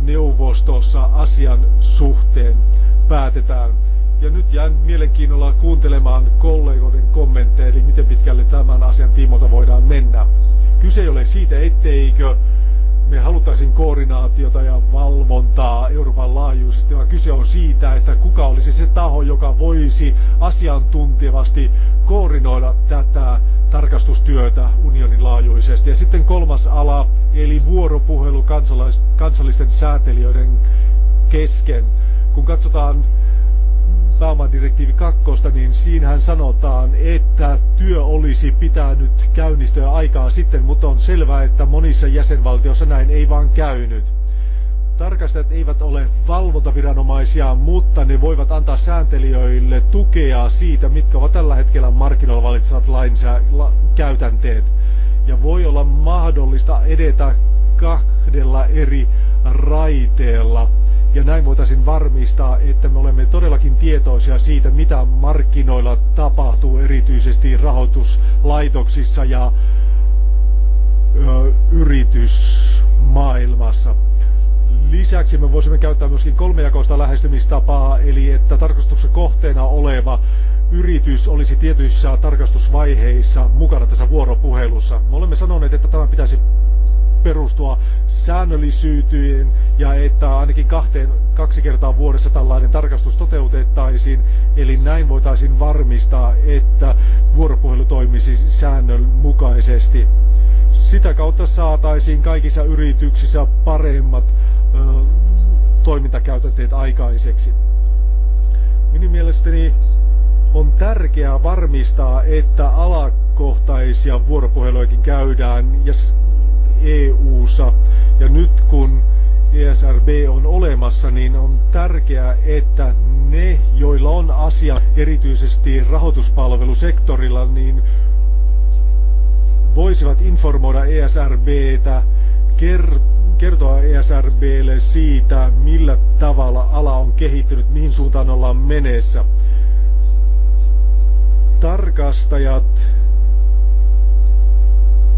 neuvostossa asian suhteen päätetään. Ja nyt jään mielenkiinnolla kuuntelemaan kollegoiden kommentteja, eli miten pitkälle tämän asian tiimoilta voidaan mennä. Kyse ei ole siitä, etteikö me halutaisiin koordinaatiota ja valvontaa Euroopan laajuisesti, vaan kyse on siitä, että kuka olisi se taho, joka voisi asiantuntevasti koordinoida tätä tarkastustyötä unionin laajuisesti. Ja sitten kolmas ala, eli vuoropuhelu kansallisten säätelijöiden kesken. Kun katsotaan direktiivi kakkosta, niin siinähän sanotaan, että työ olisi pitänyt käynnistyä aikaa sitten, mutta on selvää, että monissa jäsenvaltioissa näin ei vaan käynyt. Tarkastajat eivät ole valvontaviranomaisia, mutta ne voivat antaa sääntelijöille tukea siitä, mitkä ovat tällä hetkellä markkinoilla valitsevat lainsä, Ja voi olla mahdollista edetä kahdella eri raiteella ja näin voitaisiin varmistaa, että me olemme todellakin tietoisia siitä, mitä markkinoilla tapahtuu, erityisesti rahoituslaitoksissa ja ö, yritysmaailmassa. Lisäksi me voisimme käyttää myöskin kolmejakoista lähestymistapaa, eli että tarkastuksen kohteena oleva yritys olisi tietyissä tarkastusvaiheissa mukana tässä vuoropuhelussa. Me olemme sanoneet, että tämä pitäisi perustua säännöllisyyteen ja että ainakin kahteen, kaksi kertaa vuodessa tällainen tarkastus toteutettaisiin. Eli näin voitaisiin varmistaa, että vuoropuhelu toimisi säännönmukaisesti. Sitä kautta saataisiin kaikissa yrityksissä paremmat ö, toimintakäytänteet aikaiseksi. Minun mielestäni on tärkeää varmistaa, että alakohtaisia vuoropuhelujakin käydään ja EU-ssa. Ja nyt kun ESRB on olemassa, niin on tärkeää, että ne, joilla on asia erityisesti rahoituspalvelusektorilla, niin voisivat informoida ESRBtä, kertoa ESRBlle siitä, millä tavalla ala on kehittynyt, mihin suuntaan ollaan menessä. Tarkastajat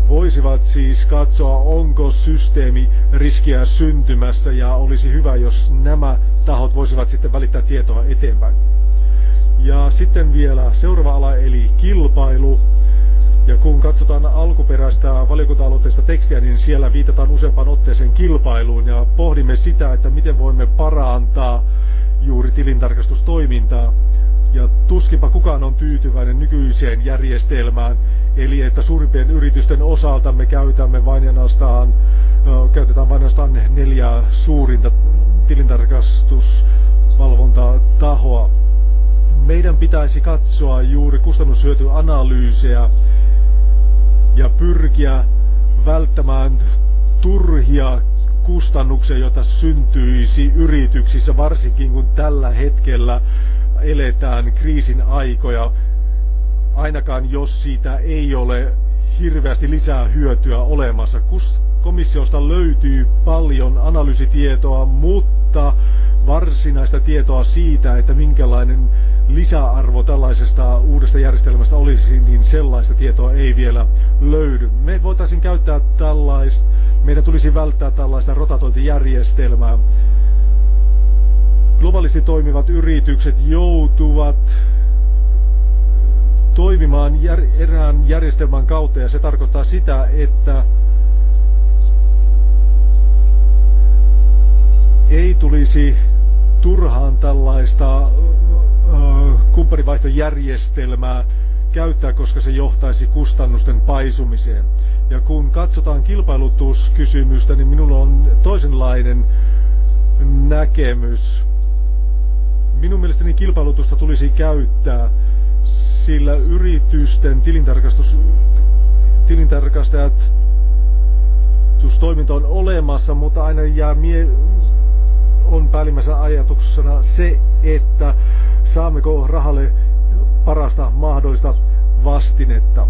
voisivat siis katsoa, onko systeemi riskiä syntymässä ja olisi hyvä, jos nämä tahot voisivat sitten välittää tietoa eteenpäin. Ja sitten vielä seuraava ala eli kilpailu. Ja kun katsotaan alkuperäistä valiokunta tekstiä, niin siellä viitataan useampaan otteeseen kilpailuun ja pohdimme sitä, että miten voimme parantaa juuri tilintarkastustoimintaa. Ja tuskinpa kukaan on tyytyväinen nykyiseen järjestelmään, eli että suurimpien yritysten osalta me käytämme vain ainoastaan, käytetään vain ainoastaan neljää suurinta tilintarkastusvalvontatahoa. Meidän pitäisi katsoa juuri kustannushyötyanalyysejä ja pyrkiä välttämään turhia kustannuksia, joita syntyisi yrityksissä, varsinkin kun tällä hetkellä eletään kriisin aikoja, ainakaan jos siitä ei ole hirveästi lisää hyötyä olemassa. Komissiosta löytyy paljon analyysitietoa, mutta varsinaista tietoa siitä, että minkälainen lisäarvo tällaisesta uudesta järjestelmästä olisi, niin sellaista tietoa ei vielä löydy. Me voitaisiin käyttää tällaista, meidän tulisi välttää tällaista rotatointijärjestelmää globaalisti toimivat yritykset joutuvat toimimaan jär, erään järjestelmän kautta ja se tarkoittaa sitä, että ei tulisi turhaan tällaista kumppanivaihtojärjestelmää käyttää, koska se johtaisi kustannusten paisumiseen. Ja kun katsotaan kilpailutuskysymystä, niin minulla on toisenlainen näkemys. Minun mielestäni kilpailutusta tulisi käyttää, sillä yritysten tilintarkastus, tilintarkastajat toiminta on olemassa, mutta aina jää mie- on päällimmäisenä ajatuksena se, että saammeko rahalle parasta mahdollista vastinetta.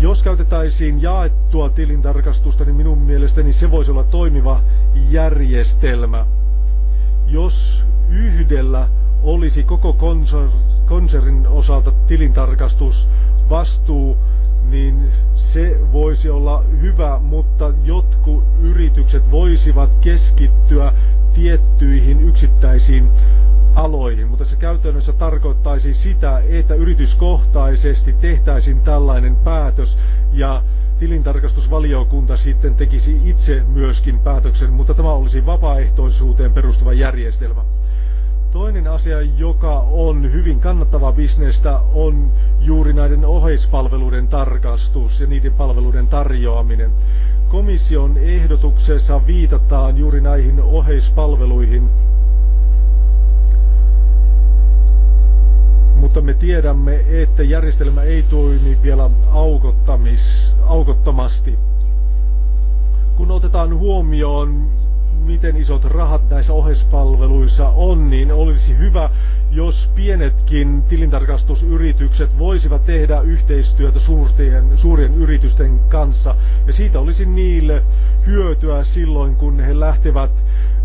Jos käytettäisiin jaettua tilintarkastusta, niin minun mielestäni se voisi olla toimiva järjestelmä jos yhdellä olisi koko konsernin osalta tilintarkastus vastuu, niin se voisi olla hyvä, mutta jotkut yritykset voisivat keskittyä tiettyihin yksittäisiin aloihin, mutta se käytännössä tarkoittaisi sitä, että yrityskohtaisesti tehtäisiin tällainen päätös ja tilintarkastusvaliokunta sitten tekisi itse myöskin päätöksen, mutta tämä olisi vapaaehtoisuuteen perustuva järjestelmä. Toinen asia, joka on hyvin kannattava bisnestä, on juuri näiden oheispalveluiden tarkastus ja niiden palveluiden tarjoaminen. Komission ehdotuksessa viitataan juuri näihin oheispalveluihin, mutta me tiedämme, että järjestelmä ei toimi vielä aukottamis, aukottomasti. Kun otetaan huomioon miten isot rahat näissä ohespalveluissa on, niin olisi hyvä, jos pienetkin tilintarkastusyritykset voisivat tehdä yhteistyötä suurien, suurien yritysten kanssa. Ja siitä olisi niille hyötyä silloin, kun he lähtevät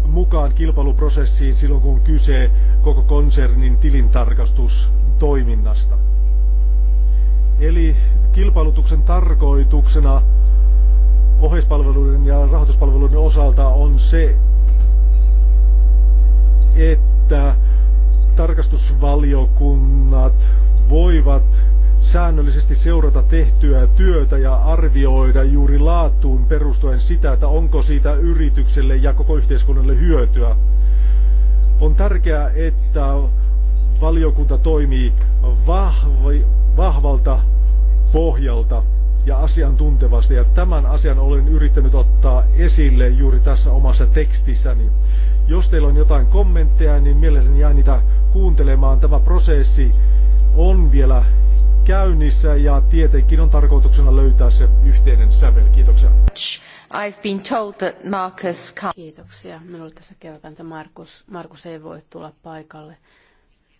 mukaan kilpailuprosessiin silloin, kun kyse koko konsernin tilintarkastustoiminnasta. Eli kilpailutuksen tarkoituksena oheispalveluiden ja rahoituspalveluiden osalta on se, että tarkastusvaliokunnat voivat säännöllisesti seurata tehtyä työtä ja arvioida juuri laatuun perustuen sitä, että onko siitä yritykselle ja koko yhteiskunnalle hyötyä. On tärkeää, että valiokunta toimii vahvi, vahvalta pohjalta ja asiantuntevasti. Ja tämän asian olen yrittänyt ottaa esille juuri tässä omassa tekstissäni. Jos teillä on jotain kommentteja, niin mielelläni jää niitä kuuntelemaan. Tämä prosessi on vielä käynnissä ja tietenkin on tarkoituksena löytää se yhteinen sävel. Kiitoksia. I've been told that Marcus Kiitoksia. Minulle tässä kerrotaan, että Markus, Markus ei voi tulla paikalle,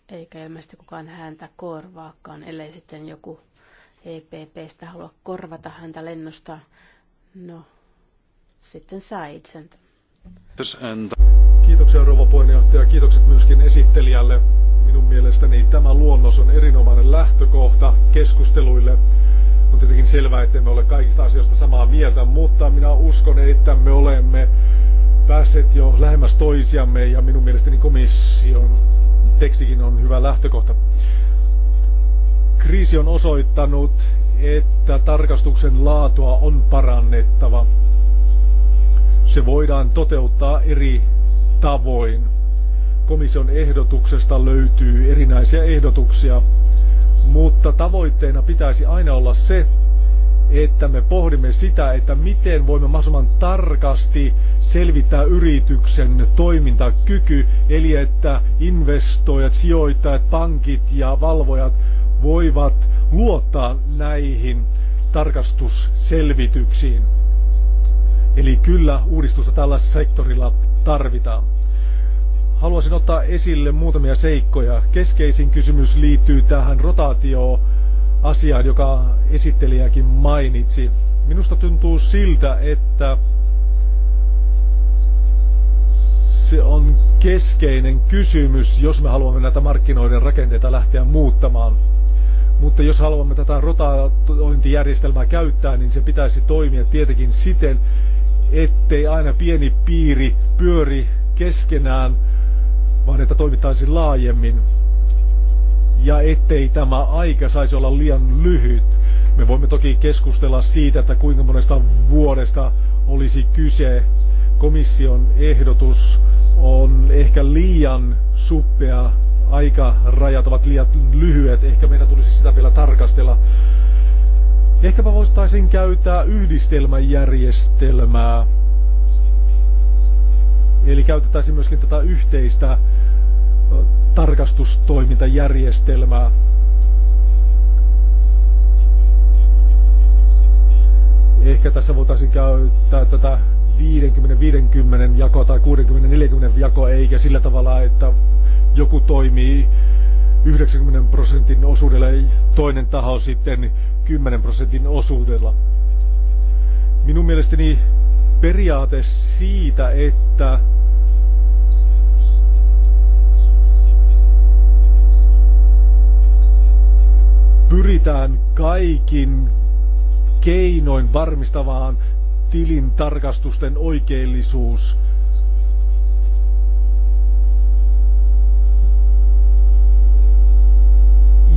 eikä ilmeisesti kukaan häntä korvaakaan, ellei sitten joku EPPstä halua korvata häntä lennosta. No, sitten saa itsen. Kiitoksia rouva puheenjohtaja. Kiitokset myöskin esittelijälle. Minun mielestäni tämä luonnos on erinomainen lähtökohta keskusteluille. On tietenkin selvää, että me ole kaikista asioista samaa mieltä, mutta minä uskon, että me olemme päässeet jo lähemmäs toisiamme ja minun mielestäni komission tekstikin on hyvä lähtökohta. Kriisi on osoittanut, että tarkastuksen laatua on parannettava. Se voidaan toteuttaa eri tavoin. Komission ehdotuksesta löytyy erinäisiä ehdotuksia, mutta tavoitteena pitäisi aina olla se, että me pohdimme sitä, että miten voimme mahdollisimman tarkasti selvittää yrityksen toimintakyky, eli että investoijat, sijoittajat, pankit ja valvojat voivat luottaa näihin tarkastusselvityksiin. Eli kyllä uudistusta tällä sektorilla tarvitaan. Haluaisin ottaa esille muutamia seikkoja. Keskeisin kysymys liittyy tähän rotaatioasiaan, joka esittelijäkin mainitsi. Minusta tuntuu siltä, että se on keskeinen kysymys, jos me haluamme näitä markkinoiden rakenteita lähteä muuttamaan. Mutta jos haluamme tätä rotaointijärjestelmää käyttää, niin se pitäisi toimia tietenkin siten, ettei aina pieni piiri pyöri keskenään, vaan että toimittaisiin laajemmin. Ja ettei tämä aika saisi olla liian lyhyt. Me voimme toki keskustella siitä, että kuinka monesta vuodesta olisi kyse. Komission ehdotus on ehkä liian suppea aikarajat ovat liian lyhyet. Ehkä meidän tulisi sitä vielä tarkastella. Ehkäpä voisin käyttää yhdistelmäjärjestelmää. Eli käytettäisiin myöskin tätä yhteistä tarkastustoimintajärjestelmää. Ehkä tässä voitaisiin käyttää tätä 50-50 jakoa tai 60-40 jakoa, eikä sillä tavalla, että joku toimii 90 prosentin osuudella ja toinen taho sitten 10 prosentin osuudella. Minun mielestäni periaate siitä, että pyritään kaikin keinoin varmistavaan tilin tarkastusten oikeellisuus –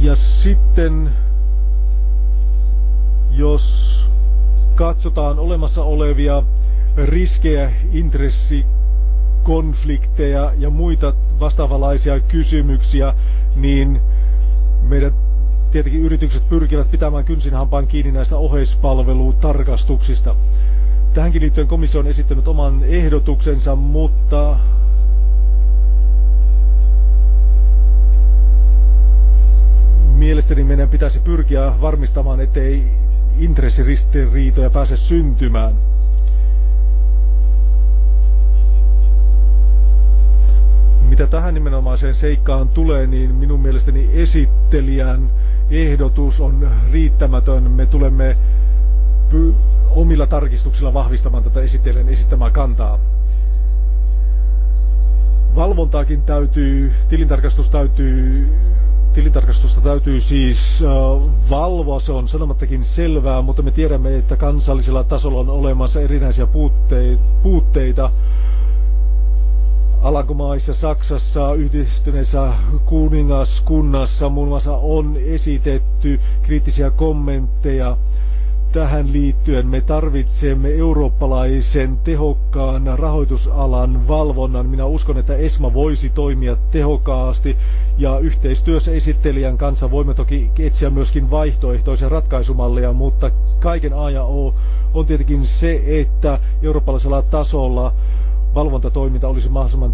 Ja sitten, jos katsotaan olemassa olevia riskejä, intressikonflikteja ja muita vastaavanlaisia kysymyksiä, niin meidän tietenkin yritykset pyrkivät pitämään kynsinhampaan kiinni näistä oheispalvelutarkastuksista. Tähänkin liittyen komissio on esittänyt oman ehdotuksensa, mutta Mielestäni niin meidän pitäisi pyrkiä varmistamaan, ettei intressiristiriitoja pääse syntymään. Mitä tähän nimenomaiseen seikkaan tulee, niin minun mielestäni esittelijän ehdotus on riittämätön. Me tulemme omilla tarkistuksilla vahvistamaan tätä esittelijän esittämää kantaa. Valvontaakin täytyy, tilintarkastus täytyy Tilintarkastusta täytyy siis valvoa, se on sanomattakin selvää, mutta me tiedämme, että kansallisella tasolla on olemassa erinäisiä puutteita. Alankomaissa, Saksassa, yhdistyneessä kuningaskunnassa muun muassa on esitetty kriittisiä kommentteja tähän liittyen me tarvitsemme eurooppalaisen tehokkaan rahoitusalan valvonnan. Minä uskon, että ESMA voisi toimia tehokkaasti ja yhteistyössä esittelijän kanssa voimme toki etsiä myöskin vaihtoehtoisia ratkaisumalleja, mutta kaiken A ja O on tietenkin se, että eurooppalaisella tasolla valvontatoiminta olisi mahdollisimman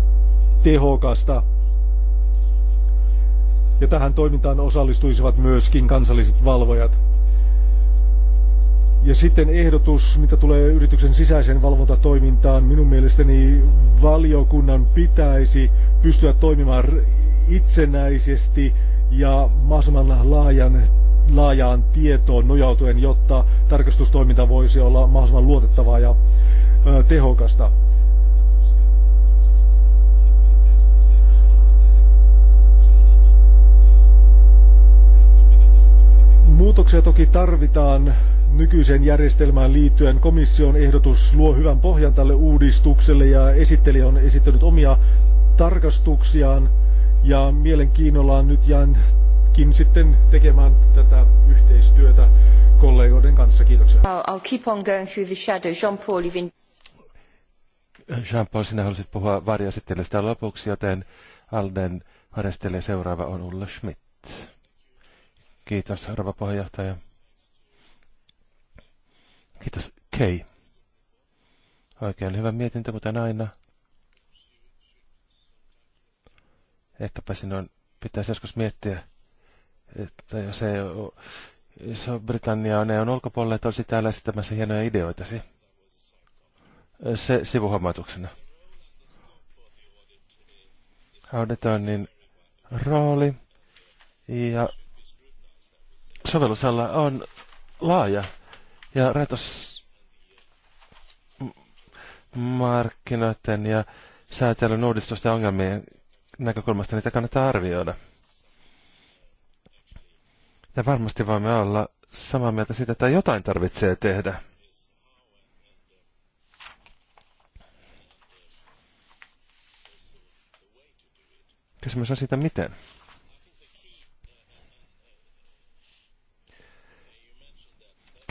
tehokasta. Ja tähän toimintaan osallistuisivat myöskin kansalliset valvojat. Ja sitten ehdotus, mitä tulee yrityksen sisäiseen valvontatoimintaan, minun mielestäni valiokunnan pitäisi pystyä toimimaan itsenäisesti ja mahdollisimman laajan, laajaan tietoon nojautuen, jotta tarkastustoiminta voisi olla mahdollisimman luotettavaa ja ö, tehokasta. Muutoksia toki tarvitaan nykyiseen järjestelmään liittyen komission ehdotus luo hyvän pohjan tälle uudistukselle ja esittelijä on esittänyt omia tarkastuksiaan ja mielenkiinnolla nyt jäänkin sitten tekemään tätä yhteistyötä kollegoiden kanssa. Kiitoksia. I'll, I'll keep on going through the shadow. Jean-Paul, even... Jean-Paul, sinä halusit puhua varjaesittelystä lopuksi, joten Alden varjoesittelijä seuraava on Ulla Schmidt. Kiitos, arva puheenjohtaja. Kiitos, Kei. Oikein hyvä mietintö, kuten aina. Ehkäpä sinun pitäisi joskus miettiä, että jos ei on britannia on EUn ulkopuolella, että olisi täällä esittämässä hienoja ideoitasi. Se sivuhuomautuksena. Auditoinnin rooli ja sovellusalla on laaja ja markkinoiden ja säätelyn uudistusten ongelmien näkökulmasta niitä kannattaa arvioida. Ja varmasti voimme olla samaa mieltä siitä, että jotain tarvitsee tehdä. Kysymys on siitä, miten.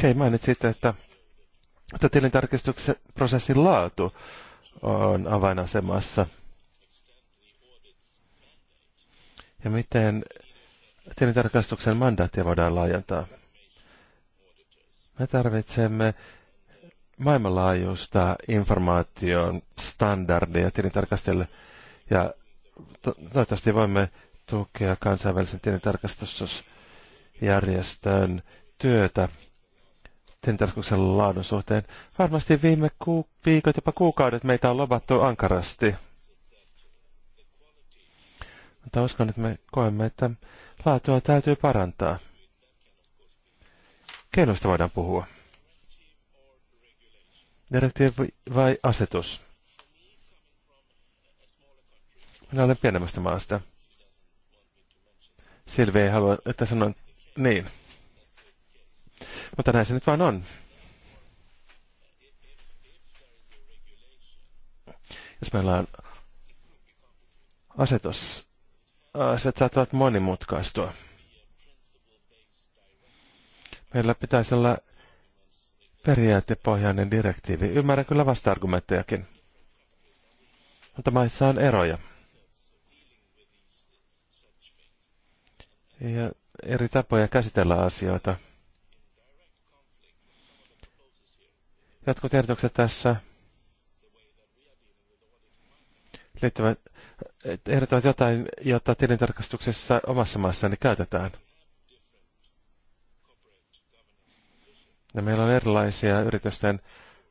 Okei, mainitsit, että, että tilintarkistuksen prosessin laatu on avainasemassa. Ja miten tilintarkastuksen mandaattia voidaan laajentaa? Me tarvitsemme maailmanlaajuista informaation standardia tilintarkastajille ja to- toivottavasti voimme tukea kansainvälisen tilintarkastusjärjestön työtä tilintarkastuksen laadun suhteen. Varmasti viime ku- viikot, jopa kuukaudet meitä on lobattu ankarasti. Mutta uskon, että me koemme, että laatua täytyy parantaa. Keinoista voidaan puhua. Direktiivi vai asetus? Minä olen pienemmästä maasta. Silvi ei halua, että sanon niin. Mutta näin se nyt vaan on. Jos meillä on asetus, se saattaa monimutkaistua. Meillä pitäisi olla periaatepohjainen direktiivi. Ymmärrän kyllä vasta-argumenttejakin. Mutta maissa on eroja. Ja eri tapoja käsitellä asioita. jatkotiedotukset tässä liittyvät, ehdottavat jotain, jota tilintarkastuksessa omassa maassani käytetään. Ja meillä on erilaisia yritysten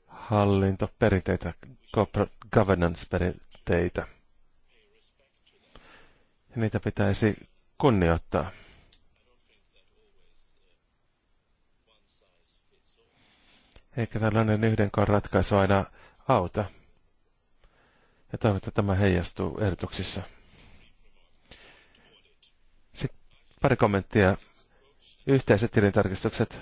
hallintoperinteitä, corporate governance-perinteitä. Ja niitä pitäisi kunnioittaa. Eikä tällainen niin yhdenkaan ratkaisu aina auta. Ja toivon, että tämä heijastuu ehdotuksissa. Sitten pari kommenttia. Yhteiset tilintarkistukset.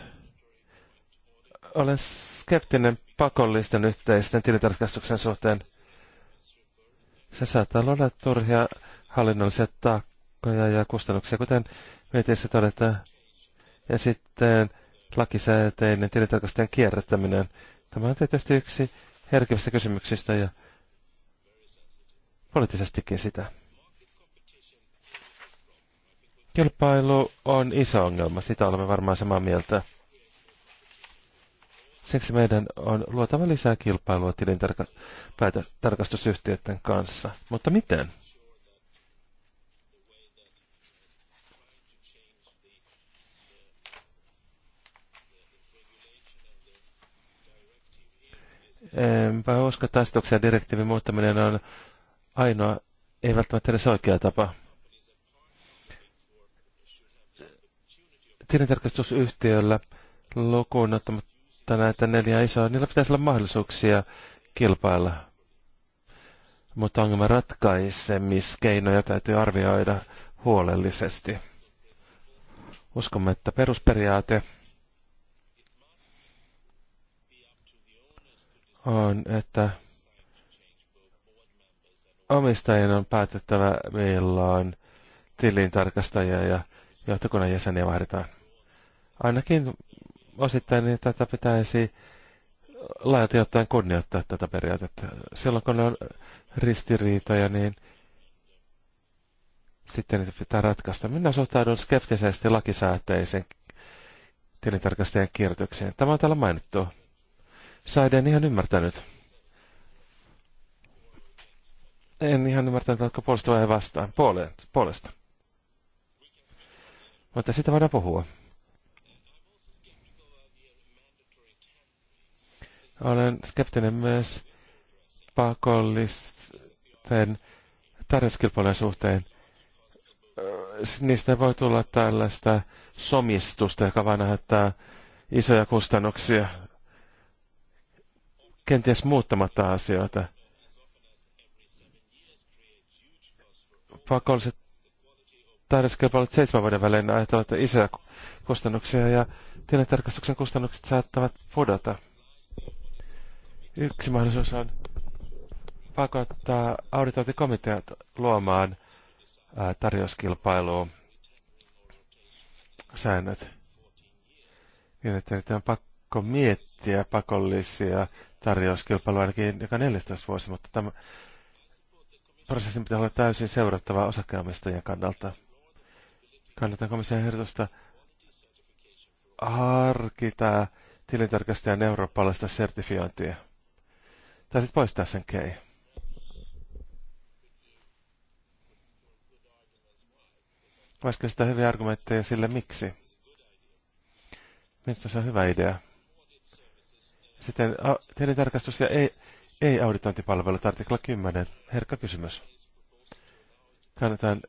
Olen skeptinen pakollisten yhteisten tilintarkastuksen suhteen. Se saattaa olla turhia hallinnollisia taakkoja ja kustannuksia, kuten mietissä todetaan. Ja sitten lakisääteinen tilintarkastajan kierrättäminen. Tämä on tietysti yksi herkivistä kysymyksistä ja poliittisestikin sitä. Kilpailu on iso ongelma, sitä olemme varmaan samaa mieltä. Siksi meidän on luotava lisää kilpailua tilintarkastusyhtiöiden kanssa. Mutta miten? vai usko, että asetuksen direktiivin muuttaminen on ainoa, ei välttämättä edes oikea tapa. Tilintarkastusyhtiöllä lukuun ottamatta näitä neljä isoa, niillä pitäisi olla mahdollisuuksia kilpailla. Mutta ongelman ratkaisemiskeinoja täytyy arvioida huolellisesti. Uskomme, että perusperiaate on, että omistajien on päätettävä, milloin tilintarkastajia ja johtokunnan jäseniä vaihdetaan. Ainakin osittain niin tätä pitäisi laajalti ottaen kunnioittaa tätä periaatetta. Silloin kun on ristiriitoja, niin sitten niitä pitää ratkaista. Minä suhtaudun skeptisesti lakisääteisen tilintarkastajan kierrätykseen. Tämä on täällä mainittu. Saiden ihan ymmärtänyt. En ihan ymmärtänyt, oletko puolesta vai vastaan. Puoleen, puolesta. Mutta sitä voidaan puhua. Olen skeptinen myös pakollisten tarjouskilpailujen suhteen. Niistä voi tulla tällaista somistusta, joka vain aiheuttaa isoja kustannuksia kenties muuttamatta asioita. Pakolliset tarjouskilpailut seitsemän vuoden välein aiheuttavat isoja kustannuksia ja tilintarkastuksen kustannukset saattavat pudota. Yksi mahdollisuus on pakottaa auditointikomiteat luomaan tarjouskilpailuun säännöt. Niin, että nyt on pakko miettiä pakollisia tarjouskilpailu ainakin joka 14 vuosi, mutta tämä prosessi pitää olla täysin seurattava osakkeenomistajien kannalta. Kannatan komission ehdotusta harkita tilintarkastajan eurooppalaista sertifiointia. Tai sitten poistaa sen kei. Voisiko sitä hyviä argumentteja sille miksi? Minusta se on hyvä idea. Sitten tilintarkastus ja ei-auditointipalvelut, ei artikla 10, herkkä kysymys. Kannataan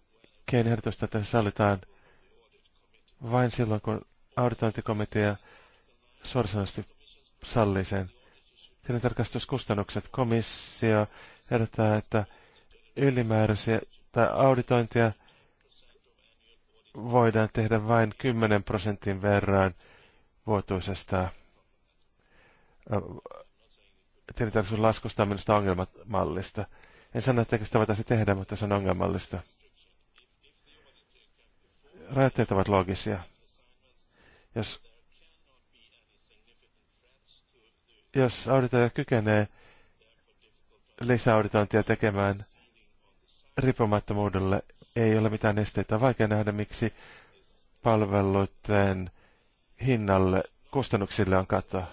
keinoehdotusta, että se sallitaan vain silloin, kun auditointikomitea suorasanasti sallii sen. Tilintarkastuskustannukset. Komissio ehdottaa, että ylimääräisiä tai auditointia voidaan tehdä vain 10 prosentin verran vuotuisesta Äh, tilitarkastuslaskusta on minusta ongelmallista. En sano, etteikö sitä voitaisiin tehdä, mutta se on ongelmallista. Rajoitteet ovat loogisia. Jos, jos auditoija kykenee lisäauditointia tekemään riippumattomuudelle, ei ole mitään esteitä. On vaikea nähdä, miksi palveluiden hinnalle kustannuksille on katto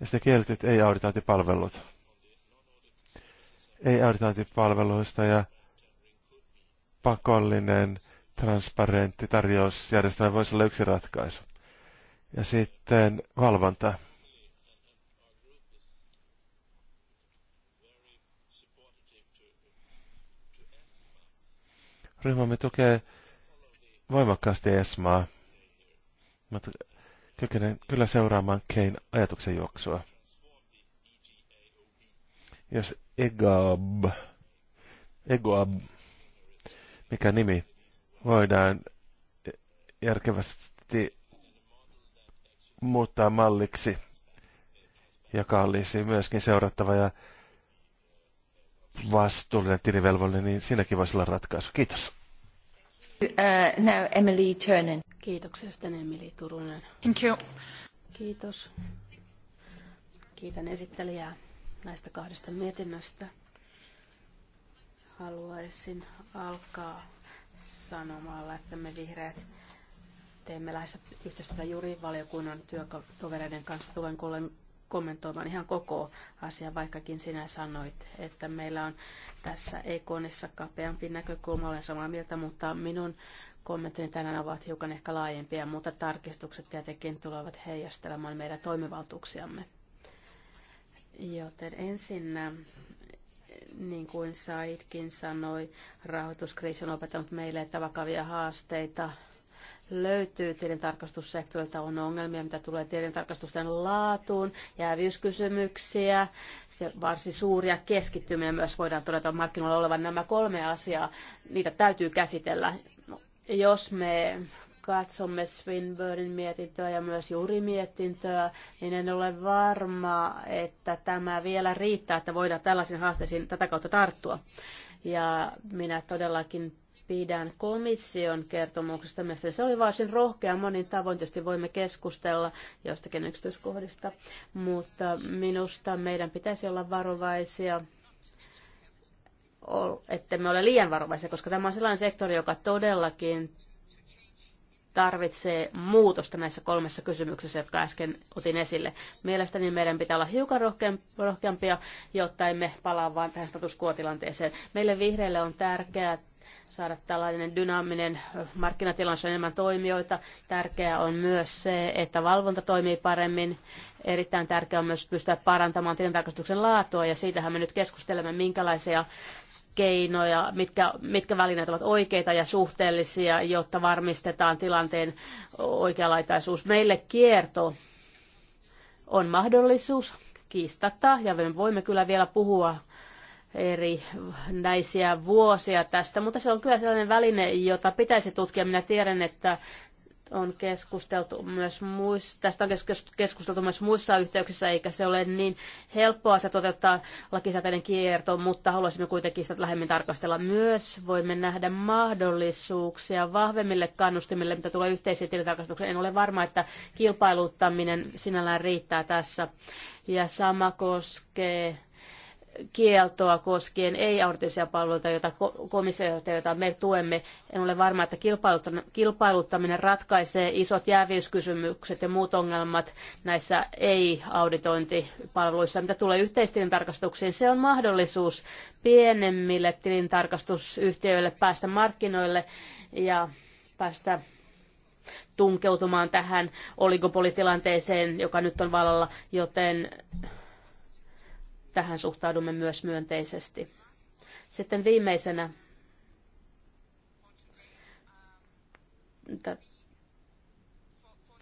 ja sitten kielletyt ei-auditointipalvelut. Ei-auditointipalveluista ja pakollinen transparentti tarjousjärjestelmä voisi olla yksi ratkaisu. Ja sitten valvonta. Ryhmämme tukee voimakkaasti ESMAa, mutta Kykenen kyllä seuraamaan Kein ajatuksen juoksua. Jos Egoab, Egoab, mikä nimi, voidaan järkevästi muuttaa malliksi, joka olisi myöskin seurattava ja vastuullinen tilivelvollinen, niin siinäkin voisi olla ratkaisu. Kiitos. Uh, now Emily Turnen. Kiitoksia sitten Emili Turunen. Thank you. Kiitos. Kiitän esittelijää näistä kahdesta mietinnöstä. Haluaisin alkaa sanomalla, että me vihreät teemme lähes yhteistyötä juuri valiokunnan työtovereiden kanssa. Tulen kommentoimaan ihan koko asiaa, vaikkakin sinä sanoit, että meillä on tässä Ekonissa kapeampi näkökulma, olen samaa mieltä, mutta minun Kommenttini tänään ovat hiukan ehkä laajempia, mutta tarkistukset tietenkin tulevat heijastelemaan meidän toimivaltuuksiamme. Joten ensin, niin kuin Saitkin sanoi, rahoituskriisi on opettanut meille, että vakavia haasteita löytyy tilintarkastussektorilta, on ongelmia, mitä tulee tilintarkastusten laatuun, jäävyyskysymyksiä, varsin suuria keskittymiä myös voidaan todeta markkinoilla olevan nämä kolme asiaa, niitä täytyy käsitellä jos me katsomme Swinburnin mietintöä ja myös mietintöä, niin en ole varma, että tämä vielä riittää, että voidaan tällaisiin haasteisiin tätä kautta tarttua. Ja minä todellakin pidän komission kertomuksesta. Mielestäni se oli varsin rohkea monin tavoin. Tietysti voimme keskustella jostakin yksityiskohdista, mutta minusta meidän pitäisi olla varovaisia että me ole liian varovaisia, koska tämä on sellainen sektori, joka todellakin tarvitsee muutosta näissä kolmessa kysymyksessä, jotka äsken otin esille. Mielestäni meidän pitää olla hiukan rohkeampia, jotta emme palaa vain tähän status quo-tilanteeseen. Meille vihreille on tärkeää saada tällainen dynaaminen markkinatilanne enemmän toimijoita. Tärkeää on myös se, että valvonta toimii paremmin. Erittäin tärkeää on myös pystyä parantamaan tilintarkastuksen laatua ja siitähän me nyt keskustelemme, minkälaisia keinoja, mitkä, mitkä välineet ovat oikeita ja suhteellisia, jotta varmistetaan tilanteen oikealaitaisuus. Meille kierto on mahdollisuus kiistata, ja me voimme kyllä vielä puhua eri näisiä vuosia tästä, mutta se on kyllä sellainen väline, jota pitäisi tutkia. Minä tiedän, että on keskusteltu myös muissa, tästä on keskusteltu myös muissa yhteyksissä, eikä se ole niin helppoa se toteuttaa lakisääteinen kierto, mutta haluaisimme kuitenkin sitä lähemmin tarkastella myös. Voimme nähdä mahdollisuuksia vahvemmille kannustimille, mitä tulee yhteisiin tilitarkastuksiin. En ole varma, että kilpailuttaminen sinällään riittää tässä. Ja sama koskee kieltoa koskien ei-auditiivisia palveluita, joita komissiota, joita me tuemme. En ole varma, että kilpailuttaminen ratkaisee isot jäävyyskysymykset ja muut ongelmat näissä ei-auditointipalveluissa. Mitä tulee yhteistilintarkastuksiin, se on mahdollisuus pienemmille tilintarkastusyhtiöille päästä markkinoille ja päästä tunkeutumaan tähän oligopolitilanteeseen, joka nyt on vallalla, joten Tähän suhtaudumme myös myönteisesti. Sitten viimeisenä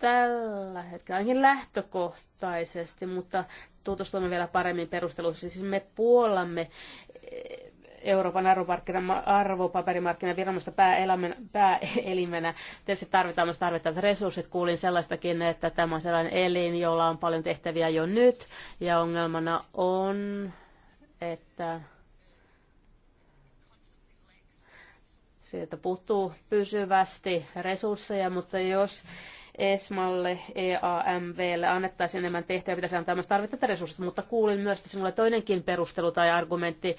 tällä hetkellä, ainakin lähtökohtaisesti, mutta tutustumme vielä paremmin perusteluissa. Siis me puolamme Euroopan arvopaperimarkkinaviranomaista pääelimenä. Tietysti tarvitaan myös tarvittavat resurssit. Kuulin sellaistakin, että tämä on sellainen elin, jolla on paljon tehtäviä jo nyt. Ja ongelmana on, että sieltä puuttuu pysyvästi resursseja, mutta jos ESMalle, EAMVlle annettaisiin enemmän tehtäviä, pitäisi antaa myös tarvittavat resurssit, mutta kuulin myös, että sinulle toinenkin perustelu tai argumentti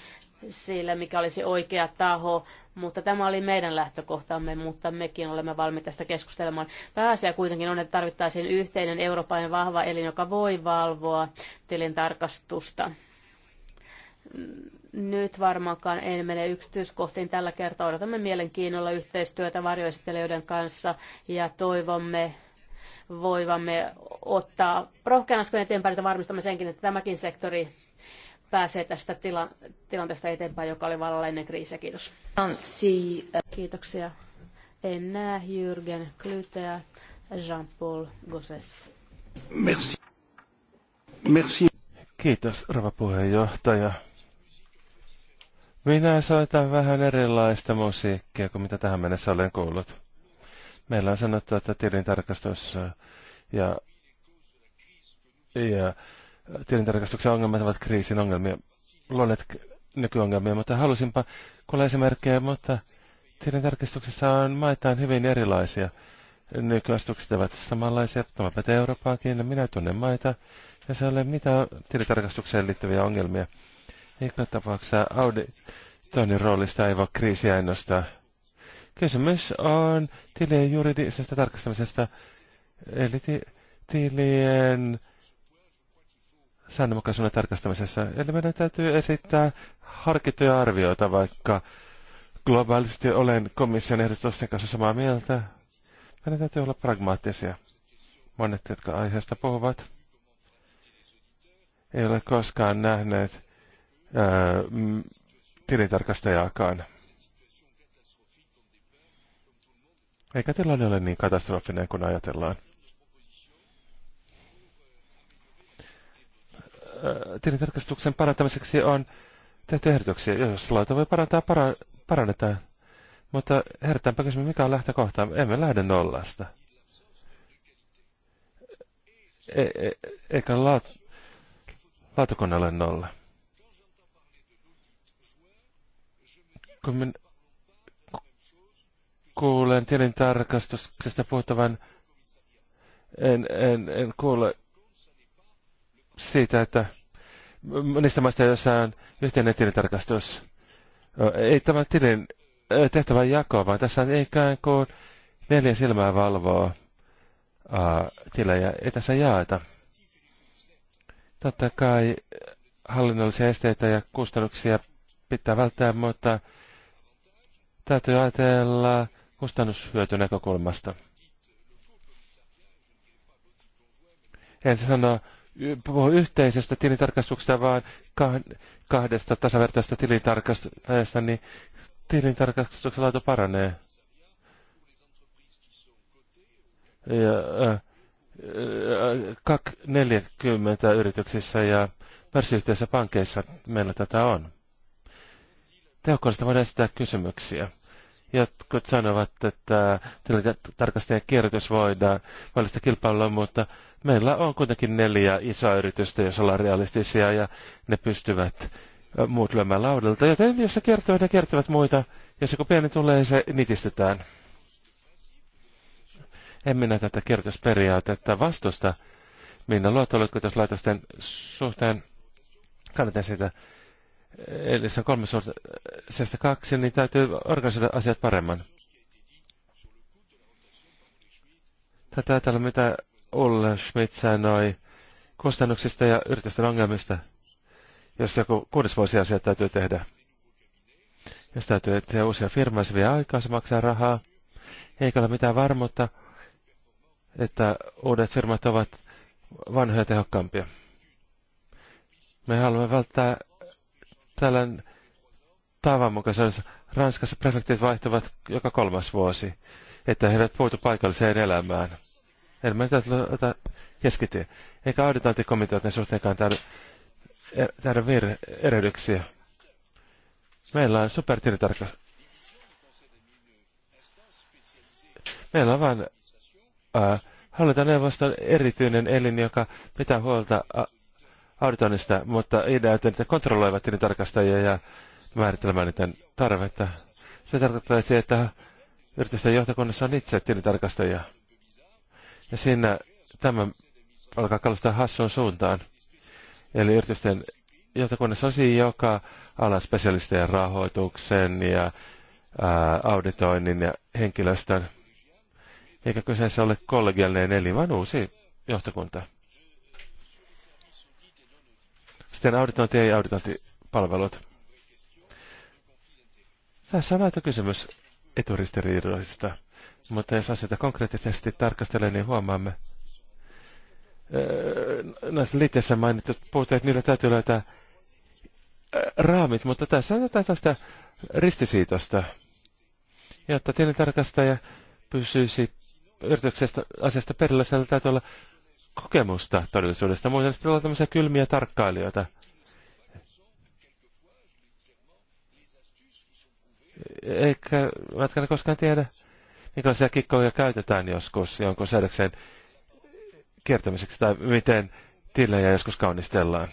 sille, mikä olisi oikea taho, mutta tämä oli meidän lähtökohtamme, mutta mekin olemme valmiita tästä keskustelemaan. Pääasia kuitenkin on, että tarvittaisiin yhteinen eurooppalainen vahva elin, joka voi valvoa tilin tarkastusta. Nyt varmaankaan en mene yksityiskohtiin tällä kertaa. Odotamme mielenkiinnolla yhteistyötä varjoesittelijöiden kanssa ja toivomme voivamme ottaa rohkean askeleen eteenpäin, että varmistamme senkin, että tämäkin sektori pääsee tästä tila- tilanteesta eteenpäin, joka oli vallalla ennen kriisiä. Kiitos. Kiitoksia. En näe Jürgen Klyteä, Jean-Paul Gosses. Merci. Merci. Kiitos, rouva puheenjohtaja. Minä soitan vähän erilaista musiikkia kuin mitä tähän mennessä olen kuullut. Meillä on sanottu, että tilintarkastus äh, ja, ja tilintarkastuksen ongelmat ovat kriisin ongelmia, luonneet nykyongelmia, mutta halusinpa kuulla esimerkkejä, mutta tilintarkastuksessa on maitaan hyvin erilaisia. Nykyastukset ovat samanlaisia, tämä pätee Eurooppaakin, minä tunnen maita, ja se ole mitään tilintarkastukseen liittyviä ongelmia. Eikä tapauksessa toinen roolista ei voi kriisiä ennustaa. Kysymys on tilien juridisesta tarkastamisesta, eli tilien säännönmukaisuuden tarkastamisessa. Eli meidän täytyy esittää harkittuja arvioita, vaikka globaalisti olen komission ehdotusten kanssa samaa mieltä. Meidän täytyy olla pragmaattisia. Monet, jotka aiheesta puhuvat, ei ole koskaan nähneet ää, tilintarkastajaakaan. Eikä tilanne ole niin katastrofinen kuin ajatellaan. tilintarkastuksen parantamiseksi on tehty ehdotuksia. Jos laita voi parantaa, para, parannetaan. Mutta herättäänpä kysymys, mikä on lähtökohta. Emme lähde nollasta. E, e, eikä laat, laatukone ole nolla. Kun minä kuulen tilintarkastuksesta puhuttavan, en, en, en kuule siitä, että niistä maista, jossain on yhteinen tilintarkastus, ei tämä tilin tehtävän jako, vaan tässä on ikään kuin neljä silmää valvoa tilejä, ei tässä jaeta. Totta kai hallinnollisia esteitä ja kustannuksia pitää välttää, mutta täytyy ajatella kustannushyötynäkökulmasta. En sano puhu yhteisestä tilintarkastuksesta, vaan kahdesta tasavertaisesta tilintarkastajasta, niin tilintarkastuksen laatu paranee. Ja, äh, 40 yrityksissä ja pörssiyhtiöissä pankeissa meillä tätä on. Tehokkuudesta voidaan esittää kysymyksiä. Jotkut sanovat, että tarkastajan kierrätys voidaan valista kilpailua, mutta meillä on kuitenkin neljä isoa yritystä, jos ollaan realistisia, ja ne pystyvät muut lyömään laudelta. Joten jos se kertovat, ne kertovat muita, ja se kun pieni tulee, se nitistetään. En minä tätä kertosperiaatetta vastusta. Minä laitosten suhteen kannatan sitä. Eli se on kolme suhteesta kaksi, niin täytyy organisoida asiat paremman. Tätä täällä mitä Olle Schmidt sanoi kustannuksista ja yritysten ongelmista, jos joku kuudesvuosia vuosi asiat täytyy tehdä. Jos täytyy tehdä uusia firmaa, se vie aikaa, se maksaa rahaa. Eikä ole mitään varmuutta, että uudet firmat ovat vanhoja tehokkaampia. Me haluamme välttää tällainen tavan mukaan. Ranskassa prefektit vaihtuvat joka kolmas vuosi, että he eivät puutu paikalliseen elämään meidän täytyy ottaa keskityä. Eikä auditointikomiteoiden suhteenkaan e- tehdä virhe erehdyksiä. Meillä on supertilitarkas. Meillä on vain hallintaneuvoston erityinen elin, joka pitää huolta auditoinnista, mutta ideat, että kontrolloivat tilintarkastajia ja määrittelemään niiden tarvetta. Se tarkoittaisi, että yritysten johtokunnassa on itse tilintarkastajia. Ja siinä tämä alkaa kallistaa hassun suuntaan. Eli yritysten johtokunnassa on siinä e joka alan spesialistien rahoituksen ja ää, auditoinnin ja henkilöstön. Eikä kyseessä ole kollegiallinen eli vaan uusi johtokunta. Sitten auditointi ja auditointipalvelut. Tässä on näitä kysymys eturistiriidoista. Mutta jos asioita konkreettisesti tarkastelee, niin huomaamme. Näissä mainittu, mainitut että niillä täytyy löytää raamit, mutta tässä on jotain tästä ristisiitosta. Jotta tilintarkastaja pysyisi yrityksestä asiasta perillä, siellä täytyy olla kokemusta todellisuudesta. Muuten sitten ollaan tämmöisiä kylmiä tarkkailijoita. Eikä, mätkä koskaan tiedä, minkälaisia kikkoja käytetään joskus jonkun säädöksen kiertämiseksi tai miten tilejä joskus kaunistellaan.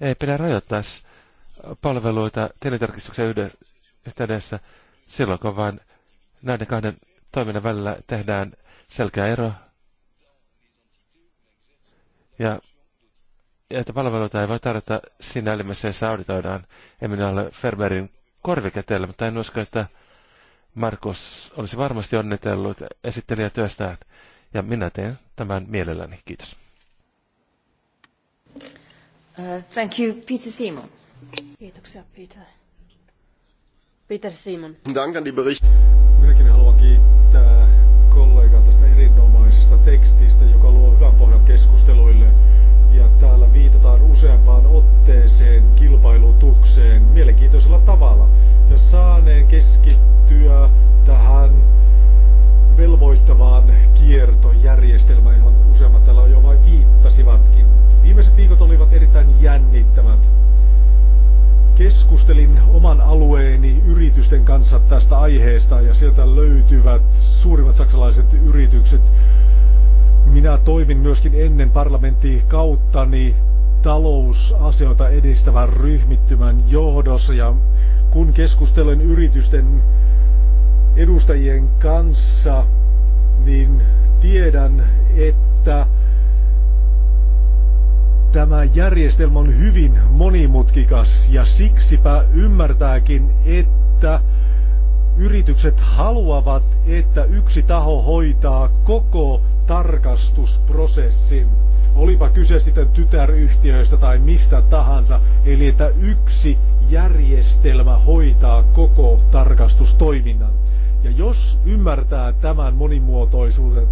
Ei pidä rajoittaa palveluita tilintarkistuksen yhteydessä silloin, kun vain näiden kahden toiminnan välillä tehdään selkeä ero. Ja että palveluita ei voi tarjota siinä elimessä, jossa auditoidaan. Emme ole Ferberin korvikätellä, mutta en usko, että Markus olisi varmasti onnitellut esittelijä työstään. Ja minä teen tämän mielelläni. Kiitos. Uh, thank you, Peter Simon. Kiitoksia, Peter. Peter Simon. Dank an die Bericht. Minäkin haluan kiittää kollegaa tästä erinomaisesta tekstistä, joka luo hyvän pohjan keskusteluun useampaan otteeseen kilpailutukseen mielenkiintoisella tavalla. Ja saaneen keskittyä tähän velvoittavaan kiertojärjestelmään, johon useammat täällä jo vain viittasivatkin. Viimeiset viikot olivat erittäin jännittävät. Keskustelin oman alueeni yritysten kanssa tästä aiheesta ja sieltä löytyvät suurimmat saksalaiset yritykset. Minä toimin myöskin ennen kautta niin talousasioita edistävän ryhmittymän johdossa ja kun keskustelen yritysten edustajien kanssa, niin tiedän, että tämä järjestelmä on hyvin monimutkikas ja siksipä ymmärtääkin, että yritykset haluavat, että yksi taho hoitaa koko tarkastusprosessin. Olipa kyse sitten tytäryhtiöistä tai mistä tahansa, eli että yksi järjestelmä hoitaa koko tarkastustoiminnan. Ja jos ymmärtää tämän monimuotoisuuden,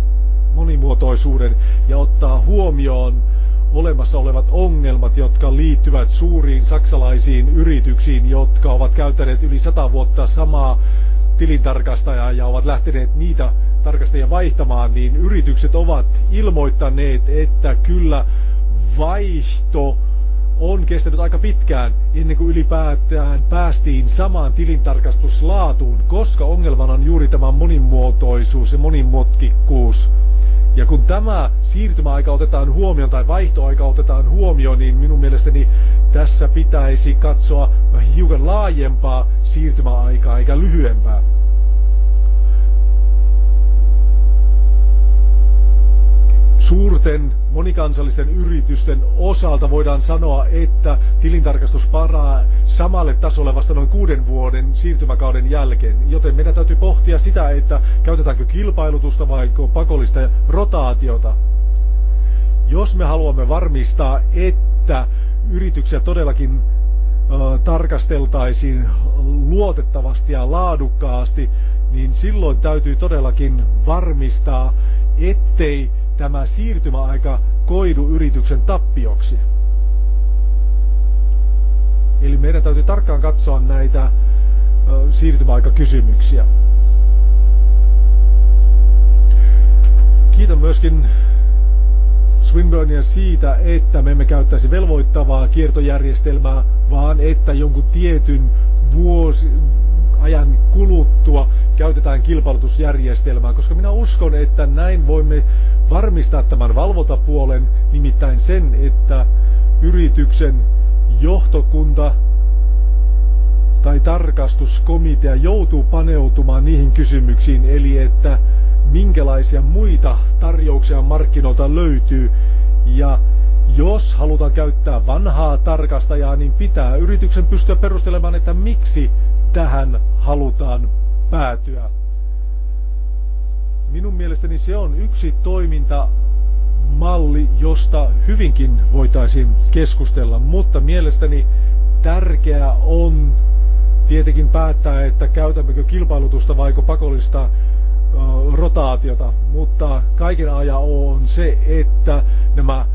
monimuotoisuuden ja ottaa huomioon olemassa olevat ongelmat, jotka liittyvät suuriin saksalaisiin yrityksiin, jotka ovat käyttäneet yli sata vuotta samaa tilintarkastajaa ja ovat lähteneet niitä tarkastajia vaihtamaan, niin yritykset ovat ilmoittaneet, että kyllä vaihto on kestänyt aika pitkään ennen kuin ylipäätään päästiin samaan tilintarkastuslaatuun, koska ongelmana on juuri tämä monimuotoisuus ja monimutkikkuus. Ja kun tämä siirtymäaika otetaan huomioon tai vaihtoaika otetaan huomioon, niin minun mielestäni tässä pitäisi katsoa hiukan laajempaa siirtymäaikaa eikä lyhyempää. Suurten monikansallisten yritysten osalta voidaan sanoa, että tilintarkastus paraa samalle tasolle vasta noin kuuden vuoden siirtymäkauden jälkeen. Joten meidän täytyy pohtia sitä, että käytetäänkö kilpailutusta vai pakollista rotaatiota. Jos me haluamme varmistaa, että yrityksiä todellakin tarkasteltaisiin luotettavasti ja laadukkaasti, niin silloin täytyy todellakin varmistaa, ettei tämä siirtymäaika koidu yrityksen tappioksi. Eli meidän täytyy tarkkaan katsoa näitä siirtymäaikakysymyksiä. Kiitän myöskin Swinburnia siitä, että me emme käyttäisi velvoittavaa kiertojärjestelmää, vaan että jonkun tietyn vuosi, ajan kuluttua käytetään kilpailutusjärjestelmää, koska minä uskon, että näin voimme varmistaa tämän valvontapuolen, nimittäin sen, että yrityksen johtokunta tai tarkastuskomitea joutuu paneutumaan niihin kysymyksiin, eli että minkälaisia muita tarjouksia markkinoilta löytyy. Ja jos halutaan käyttää vanhaa tarkastajaa, niin pitää yrityksen pystyä perustelemaan, että miksi tähän halutaan päätyä. Minun mielestäni se on yksi toiminta malli, josta hyvinkin voitaisiin keskustella, mutta mielestäni tärkeää on tietenkin päättää, että käytämmekö kilpailutusta vai pakollista rotaatiota, mutta kaiken ajan on se, että nämä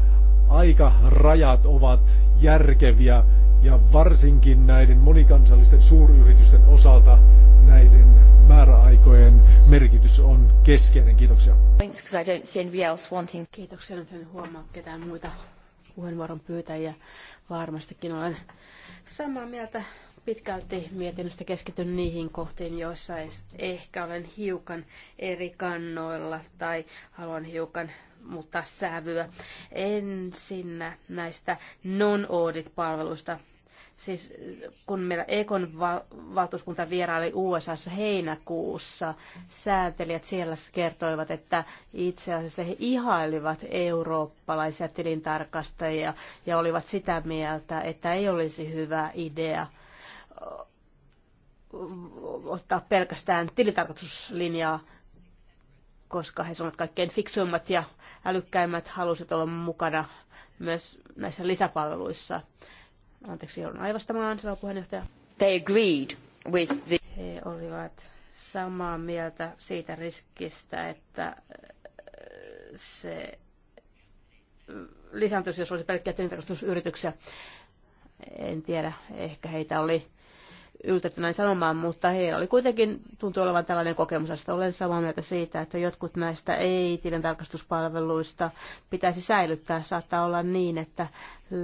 aikarajat ovat järkeviä ja varsinkin näiden monikansallisten suuryritysten osalta näiden määräaikojen merkitys on keskeinen. Kiitoksia. Kiitoksia. Nyt en huomaa ketään muita puheenvuoron pyytäjiä. Varmastikin olen samaa mieltä pitkälti mietinnöstä keskityn niihin kohtiin, joissa ehkä olen hiukan eri kannoilla tai haluan hiukan muuttaa sävyä. ensin näistä non-audit-palveluista. Siis kun meillä Ekon val- valtuuskunta vieraili USAssa heinäkuussa, sääntelijät siellä kertoivat, että itse asiassa he ihailivat eurooppalaisia tilintarkastajia ja olivat sitä mieltä, että ei olisi hyvä idea ottaa pelkästään tilintarkastuslinjaa, koska he ovat kaikkein fiksuimmat ja älykkäimmät halusivat olla mukana myös näissä lisäpalveluissa. Anteeksi, joudun aivastamaan, sanoi puheenjohtaja. They agreed with the... He olivat samaa mieltä siitä riskistä, että äh, se äh, lisääntyisi, jos olisi pelkkiä tilintarkastusyrityksiä. En tiedä, ehkä heitä oli yltetty näin sanomaan, mutta heillä oli kuitenkin, tuntuu olevan tällainen kokemus, että olen samaa mieltä siitä, että jotkut näistä ei-tilin tarkastuspalveluista pitäisi säilyttää. Saattaa olla niin, että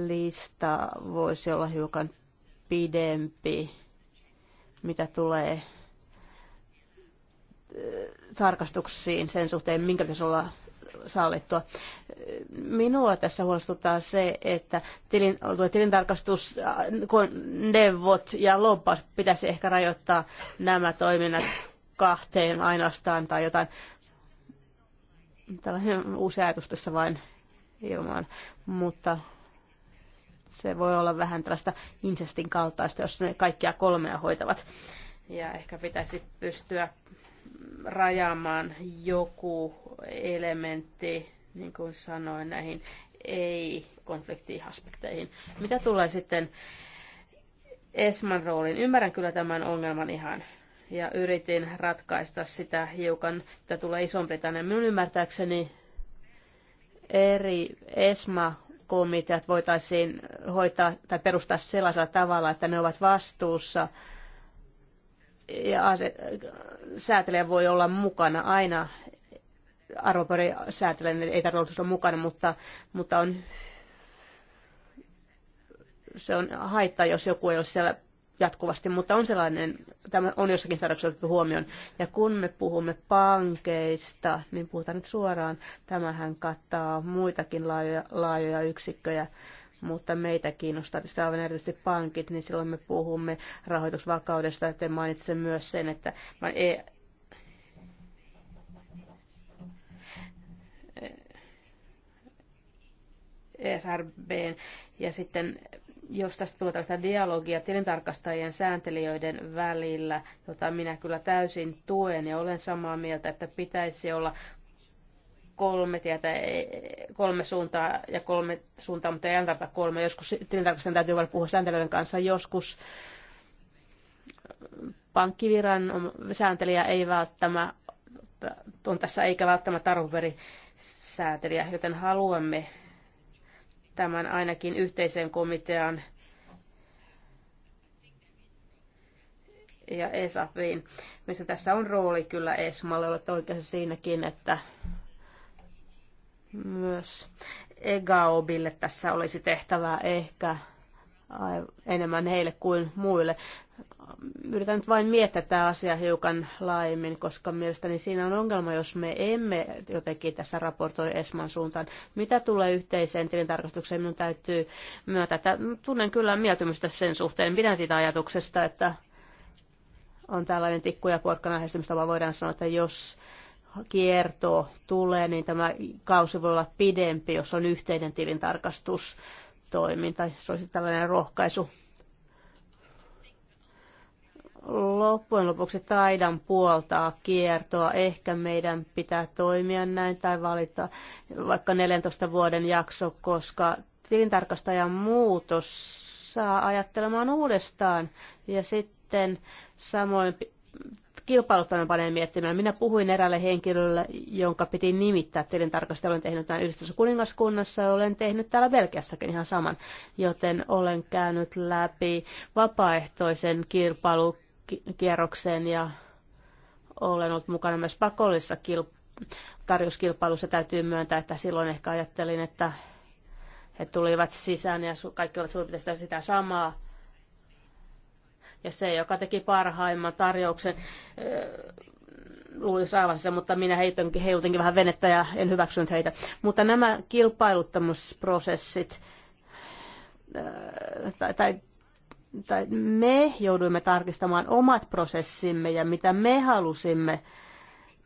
lista voisi olla hiukan pidempi, mitä tulee eh, tarkastuksiin sen suhteen, minkä pitäisi olla sallittua. Minua tässä huolestuttaa se, että tilin, tilintarkastus, äh, neuvot ja lobbaus pitäisi ehkä rajoittaa nämä toiminnat kahteen ainoastaan tai jotain. Tällainen uusi ajatus tässä vain ilmaan, mutta se voi olla vähän tällaista insestin kaltaista, jos ne kaikkia kolmea hoitavat. Ja ehkä pitäisi pystyä rajaamaan joku elementti, niin kuin sanoin, näihin ei-konfliktiaspekteihin. Mitä tulee sitten Esman rooliin? Ymmärrän kyllä tämän ongelman ihan ja yritin ratkaista sitä hiukan, mitä tulee Iso-Britannian. Minun ymmärtääkseni eri ESMA-komiteat voitaisiin hoitaa tai perustaa sellaisella tavalla, että ne ovat vastuussa ja ase- säätelijä voi olla mukana aina arvopaperisääteleminen niin ei tarvitse olla mukana, mutta, mutta on, se on haitta, jos joku ei ole siellä jatkuvasti, mutta on sellainen, tämä on jossakin sairauksessa otettu huomioon. Ja kun me puhumme pankeista, niin puhutaan nyt suoraan, tämähän kattaa muitakin laajoja, laajoja yksikköjä, mutta meitä kiinnostaa tietysti aivan erityisesti pankit, niin silloin me puhumme rahoitusvakaudesta, että mainitsen myös sen, että ESRBn ja sitten jos tästä tulee tällaista dialogia tilintarkastajien sääntelijöiden välillä, jota minä kyllä täysin tuen ja olen samaa mieltä, että pitäisi olla kolme tietä, kolme suuntaa ja kolme suuntaa, mutta ei antaa kolme. Joskus tilintarkastajan täytyy voida puhua sääntelijöiden kanssa, joskus pankkiviran sääntelijä ei välttämättä on tässä eikä välttämättä arvoperisäätelijä, joten haluamme tämän ainakin yhteiseen komitean ja ESAFiin, missä tässä on rooli kyllä ESMAlle, olette oikeassa siinäkin, että myös EGAOBille tässä olisi tehtävää ehkä enemmän heille kuin muille yritän nyt vain miettiä tämä asia hiukan laajemmin, koska mielestäni siinä on ongelma, jos me emme jotenkin tässä raportoi Esman suuntaan. Mitä tulee yhteiseen tilintarkastukseen, minun täytyy myötä, että tunnen kyllä mieltymystä sen suhteen. Pidän siitä ajatuksesta, että on tällainen tikku ja porkkana lähestymistapa. Voidaan sanoa, että jos kierto tulee, niin tämä kausi voi olla pidempi, jos on yhteinen tilintarkastustoiminta. Se olisi tällainen rohkaisu loppujen lopuksi taidan puoltaa kiertoa. Ehkä meidän pitää toimia näin tai valita vaikka 14 vuoden jakso, koska tilintarkastajan muutos saa ajattelemaan uudestaan. Ja sitten samoin kilpailuttaminen panee miettimään. Minä puhuin erälle henkilölle, jonka piti nimittää tilintarkastaja. Olen tehnyt tämän yhdistössä kuningaskunnassa ja olen tehnyt täällä Belgiassakin ihan saman. Joten olen käynyt läpi vapaaehtoisen kilpailun kierrokseen ja olen ollut mukana myös pakollisessa kilp- tarjouskilpailussa. Täytyy myöntää, että silloin ehkä ajattelin, että he tulivat sisään ja kaikki ovat suurin sitä samaa. Ja se, joka teki parhaimman tarjouksen, eh, luulisi saavansa, mutta minä heitinkin heilutinkin vähän venettä ja en hyväksynyt heitä. Mutta nämä kilpailuttamusprosessit, eh, tai, tai tai me jouduimme tarkistamaan omat prosessimme ja mitä me halusimme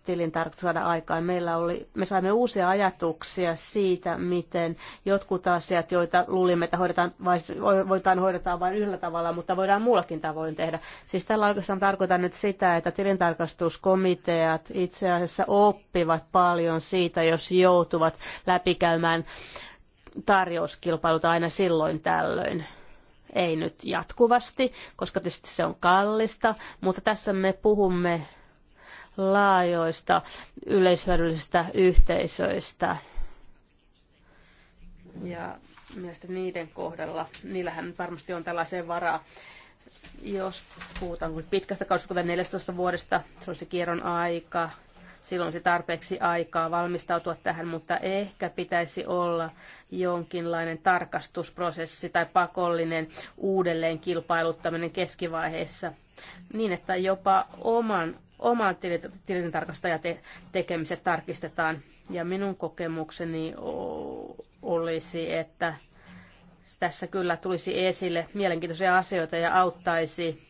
tilintarkastus saada aikaan. Meillä oli, me saimme uusia ajatuksia siitä, miten jotkut asiat, joita luulimme, että hoidetaan, vai, voidaan hoidata vain yhdellä tavalla, mutta voidaan muullakin tavoin tehdä. Siis tällä oikeastaan tarkoitan nyt sitä, että tilintarkastuskomiteat itse asiassa oppivat paljon siitä, jos joutuvat läpikäymään tarjouskilpailut aina silloin tällöin ei nyt jatkuvasti, koska tietysti se on kallista, mutta tässä me puhumme laajoista yleishyödyllisistä yhteisöistä. Ja mielestäni niiden kohdalla, niillähän varmasti on tällaiseen varaa. Jos puhutaan pitkästä kaudesta, kuten 14 vuodesta, se kierron aika, silloin se tarpeeksi aikaa valmistautua tähän, mutta ehkä pitäisi olla jonkinlainen tarkastusprosessi tai pakollinen uudelleen kilpailuttaminen keskivaiheessa niin, että jopa oman oman tilintarkastajan te- tekemiset tarkistetaan. Ja minun kokemukseni olisi, että tässä kyllä tulisi esille mielenkiintoisia asioita ja auttaisi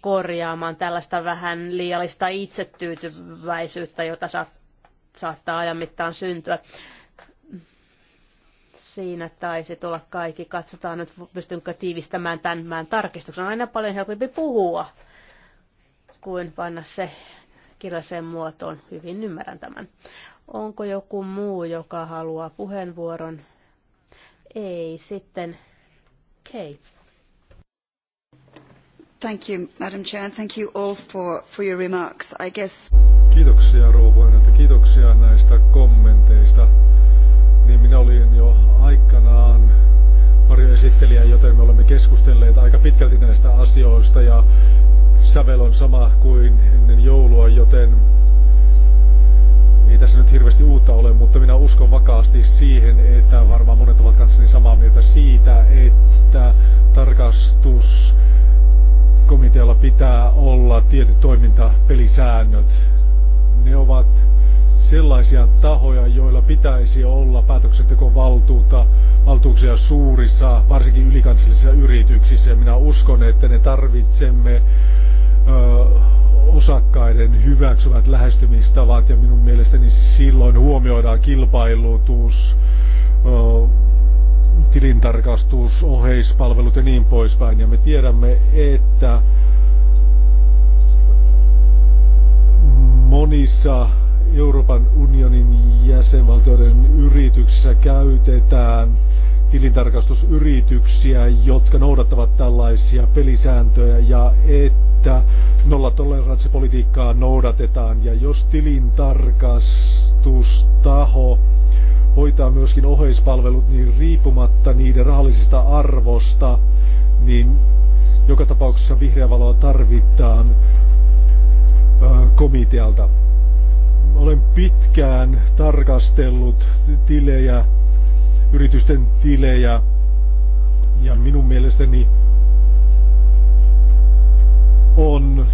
korjaamaan tällaista vähän liiallista itsetyytyväisyyttä, jota sa- saattaa ajan mittaan syntyä. Siinä taisi tulla kaikki. Katsotaan nyt, pystynkö tiivistämään tämän tarkistuksen. On aina paljon helpompi puhua kuin panna se kirjalliseen muotoon. Hyvin ymmärrän tämän. Onko joku muu, joka haluaa puheenvuoron? Ei, sitten Kei. Okay. Thank you, Madam Chair, and thank you all for, for your remarks. I guess... Kiitoksia rouva että kiitoksia näistä kommenteista. Niin minä olin jo aikanaan varjoesittelijä, joten me olemme keskustelleet aika pitkälti näistä asioista ja sävel on sama kuin ennen joulua, joten ei tässä nyt hirveästi uutta ole, mutta minä uskon vakaasti siihen, että varmaan monet ovat kanssani samaa mieltä siitä, että tarkastus komitealla pitää olla tietyt toimintapelisäännöt. Ne ovat sellaisia tahoja, joilla pitäisi olla päätöksentekovaltuutta, valtuuksia suurissa, varsinkin ylikansallisissa yrityksissä. Ja minä uskon, että ne tarvitsemme ö, osakkaiden hyväksyvät lähestymistavat ja minun mielestäni silloin huomioidaan kilpailutus, ö, tilintarkastus, oheispalvelut ja niin poispäin. Ja me tiedämme, että monissa Euroopan unionin jäsenvaltioiden yrityksissä käytetään tilintarkastusyrityksiä, jotka noudattavat tällaisia pelisääntöjä ja että nollatoleranssipolitiikkaa noudatetaan. Ja jos tilintarkastustaho hoitaa myöskin oheispalvelut, niin riippumatta niiden rahallisista arvosta, niin joka tapauksessa vihreä valoa tarvitaan komitealta. Olen pitkään tarkastellut tilejä, yritysten tilejä, ja minun mielestäni on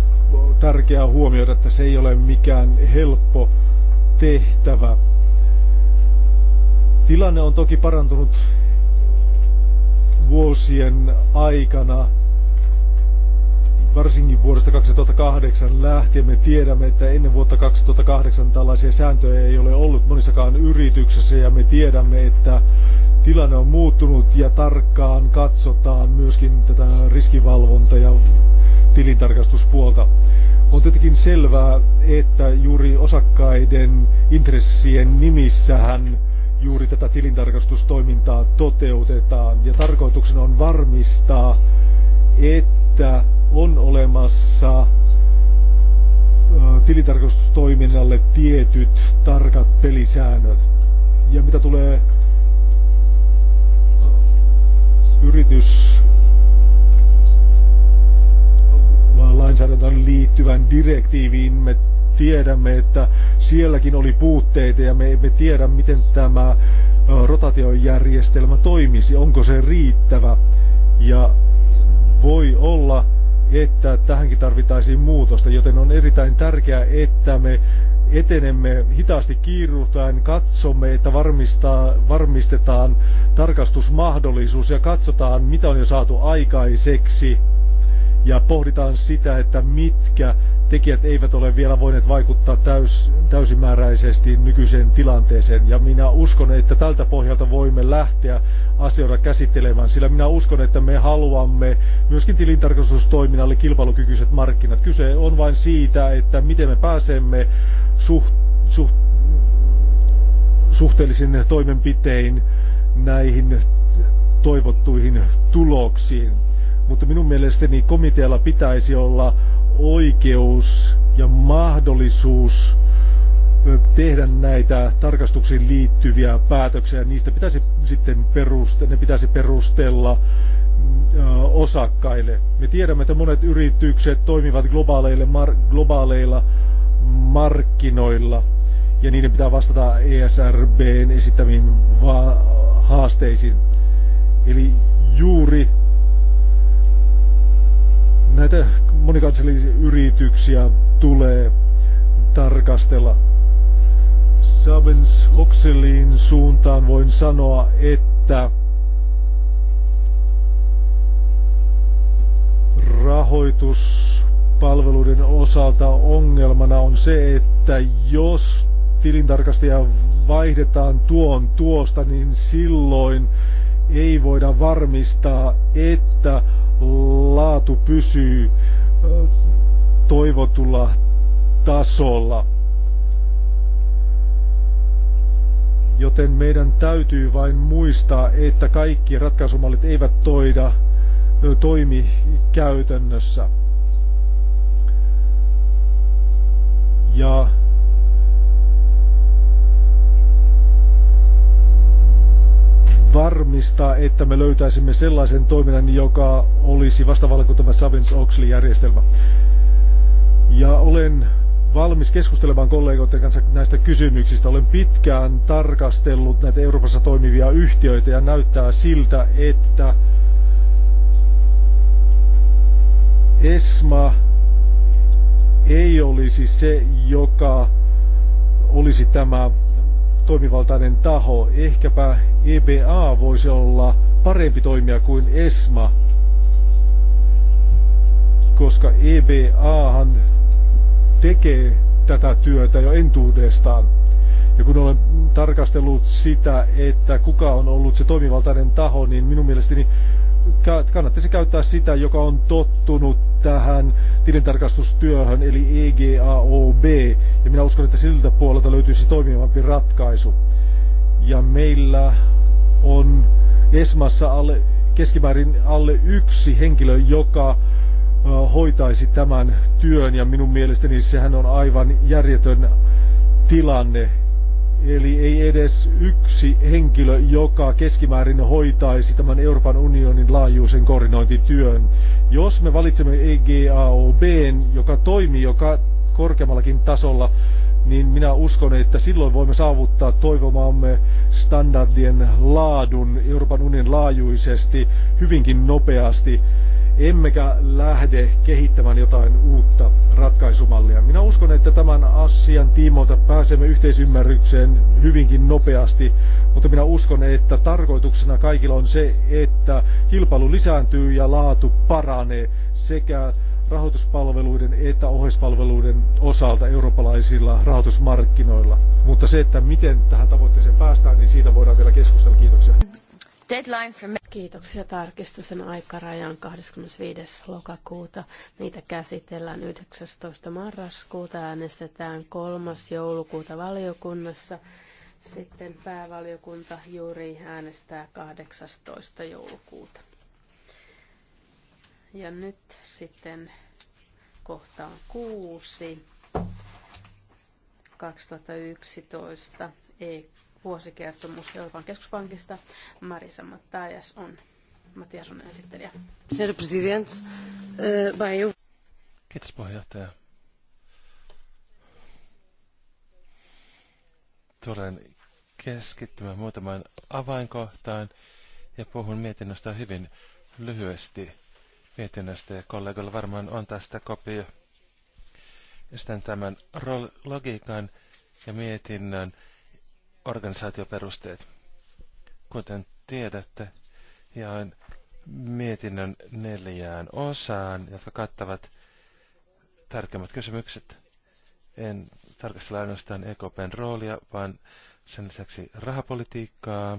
tärkeää huomioida, että se ei ole mikään helppo tehtävä. Tilanne on toki parantunut vuosien aikana, varsinkin vuodesta 2008 lähtien. Me tiedämme, että ennen vuotta 2008 tällaisia sääntöjä ei ole ollut monissakaan yrityksessä ja me tiedämme, että tilanne on muuttunut ja tarkkaan katsotaan myöskin tätä riskivalvonta- ja tilintarkastuspuolta. On tietenkin selvää, että juuri osakkaiden intressien nimissähän juuri tätä tilintarkastustoimintaa toteutetaan. Ja tarkoituksena on varmistaa, että on olemassa tilintarkastustoiminnalle tietyt tarkat pelisäännöt. Ja mitä tulee yritys lainsäädäntöön liittyvän direktiiviin, me tiedämme, että sielläkin oli puutteita ja me emme tiedä, miten tämä rotaatiojärjestelmä toimisi, onko se riittävä. Ja voi olla, että tähänkin tarvitaisiin muutosta, joten on erittäin tärkeää, että me etenemme hitaasti kiiruhtaen, katsomme, että varmistetaan tarkastusmahdollisuus ja katsotaan, mitä on jo saatu aikaiseksi ja pohditaan sitä, että mitkä tekijät eivät ole vielä voineet vaikuttaa täys, täysimääräisesti nykyiseen tilanteeseen. Ja minä uskon, että tältä pohjalta voimme lähteä asioita käsittelemään, sillä minä uskon, että me haluamme myöskin tilintarkastustoiminnalle kilpailukykyiset markkinat. Kyse on vain siitä, että miten me pääsemme suht, suht, suhteellisin toimenpitein näihin toivottuihin tuloksiin mutta minun mielestäni niin komitealla pitäisi olla oikeus ja mahdollisuus tehdä näitä tarkastuksiin liittyviä päätöksiä. Niistä pitäisi sitten peruste, ne pitäisi perustella osakkaille. Me tiedämme, että monet yritykset toimivat globaaleille mar- globaaleilla markkinoilla ja niiden pitää vastata ESRBn esittämiin haasteisiin. Eli juuri näitä monikansallisia yrityksiä tulee tarkastella. Sabens Oxelin suuntaan voin sanoa, että rahoituspalveluiden osalta ongelmana on se, että jos tilintarkastaja vaihdetaan tuon tuosta, niin silloin ei voida varmistaa, että laatu pysyy toivotulla tasolla. Joten meidän täytyy vain muistaa, että kaikki ratkaisumallit eivät toida, toimi käytännössä. Ja varmistaa, että me löytäisimme sellaisen toiminnan, joka olisi vastaavalle kuin tämä Savins-Oxley-järjestelmä. Ja olen valmis keskustelemaan kollegoiden kanssa näistä kysymyksistä. Olen pitkään tarkastellut näitä Euroopassa toimivia yhtiöitä ja näyttää siltä, että ESMA ei olisi se, joka olisi tämä toimivaltainen taho. Ehkäpä EBA voisi olla parempi toimija kuin ESMA, koska EBAhan tekee tätä työtä jo entuudestaan. Ja kun olen tarkastellut sitä, että kuka on ollut se toimivaltainen taho, niin minun mielestäni kannattaisi käyttää sitä, joka on tottunut tähän tilintarkastustyöhön, eli EGAOB, ja minä uskon, että siltä puolelta löytyisi toimivampi ratkaisu. Ja meillä on Esmassa alle, keskimäärin alle yksi henkilö, joka hoitaisi tämän työn, ja minun mielestäni sehän on aivan järjetön tilanne, Eli ei edes yksi henkilö, joka keskimäärin hoitaisi tämän Euroopan unionin laajuisen koordinointityön. Jos me valitsemme EGAOB, joka toimii joka korkeammallakin tasolla, niin minä uskon, että silloin voimme saavuttaa toivomaamme standardien laadun Euroopan unionin laajuisesti hyvinkin nopeasti emmekä lähde kehittämään jotain uutta ratkaisumallia. Minä uskon, että tämän asian tiimoilta pääsemme yhteisymmärrykseen hyvinkin nopeasti, mutta minä uskon, että tarkoituksena kaikilla on se, että kilpailu lisääntyy ja laatu paranee sekä rahoituspalveluiden että oheispalveluiden osalta eurooppalaisilla rahoitusmarkkinoilla. Mutta se, että miten tähän tavoitteeseen päästään, niin siitä voidaan vielä keskustella. Kiitoksia. Kiitoksia tarkistuksen aikarajan 25. lokakuuta. Niitä käsitellään 19. marraskuuta, äänestetään 3. joulukuuta valiokunnassa. Sitten päävaliokunta juuri äänestää 18. joulukuuta. Ja nyt sitten kohtaan 6. 2011 EK vuosikertomus Euroopan keskuspankista. Marisa Mattajas on Mattias on esittelijä. Herra president, eh, Kiitos puheenjohtaja. Tulen keskittymään muutamaan avainkohtaan ja puhun mietinnöstä hyvin lyhyesti mietinnöstä ja kollegoilla varmaan on tästä kopio. Ja sitten tämän logiikan ja mietinnön organisaatioperusteet. Kuten tiedätte, jaan mietinnön neljään osaan, jotka kattavat tärkeimmät kysymykset. En tarkastella ainoastaan EKPn roolia, vaan sen lisäksi rahapolitiikkaa,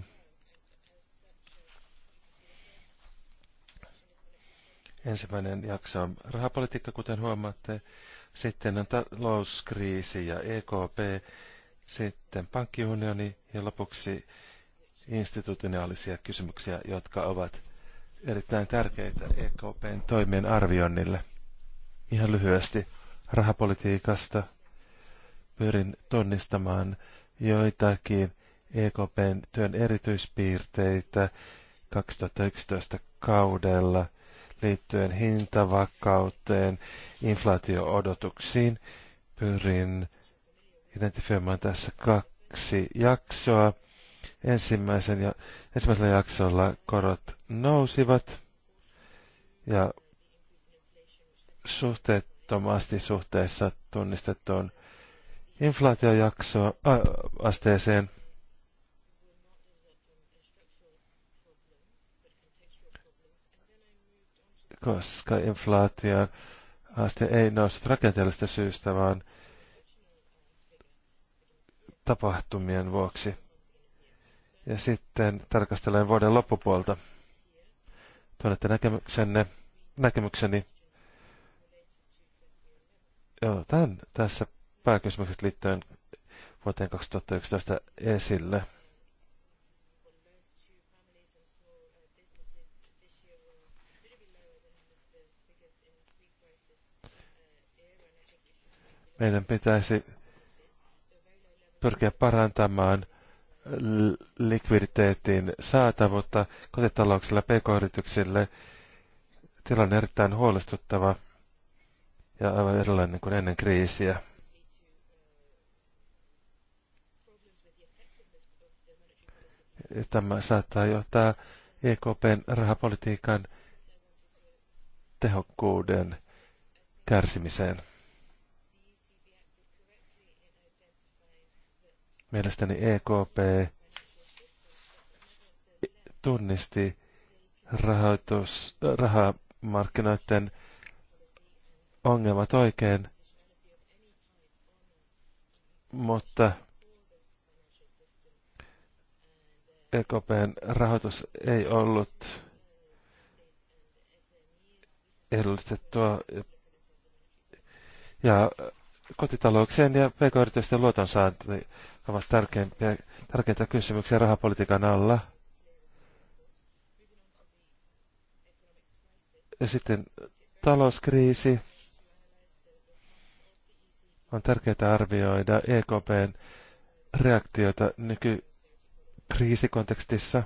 Ensimmäinen jakso on rahapolitiikka, kuten huomaatte. Sitten on talouskriisi ja EKP sitten pankkiunioni ja lopuksi institutionaalisia kysymyksiä, jotka ovat erittäin tärkeitä EKPn toimien arvioinnille. Ihan lyhyesti rahapolitiikasta pyrin tunnistamaan joitakin EKPn työn erityispiirteitä 2011 kaudella liittyen hintavakauteen, inflaatioodotuksiin. Pyrin identifioimaan tässä kaksi jaksoa. Ensimmäisen ja, ensimmäisellä jaksolla korot nousivat ja suhteettomasti suhteessa tunnistettuun inflaatiojaksoasteeseen. äh, Koska inflaatio aste ei noussut rakenteellisesta syystä, vaan tapahtumien vuoksi. Ja sitten tarkastelen vuoden loppupuolta. Tuonette näkemyksenne, näkemykseni. Joo, tämän tässä pääkysymykset liittyen vuoteen 2011 esille. Meidän pitäisi pyrkiä parantamaan likviditeetin saatavuutta kotitalouksille ja pk-yrityksille. Tilanne on erittäin huolestuttava ja aivan erilainen niin kuin ennen kriisiä. Tämä saattaa johtaa EKPn rahapolitiikan tehokkuuden kärsimiseen. Mielestäni EKP tunnisti rahoitus, rahamarkkinoiden ongelmat oikein, mutta EKPn rahoitus ei ollut ehdollistettua ja kotitalouksien ja pk-yritysten luotonsaanti ovat tärkeimpiä, tärkeitä kysymyksiä rahapolitiikan alla. Ja sitten talouskriisi. On tärkeää arvioida EKPn reaktiota nykykriisikontekstissa.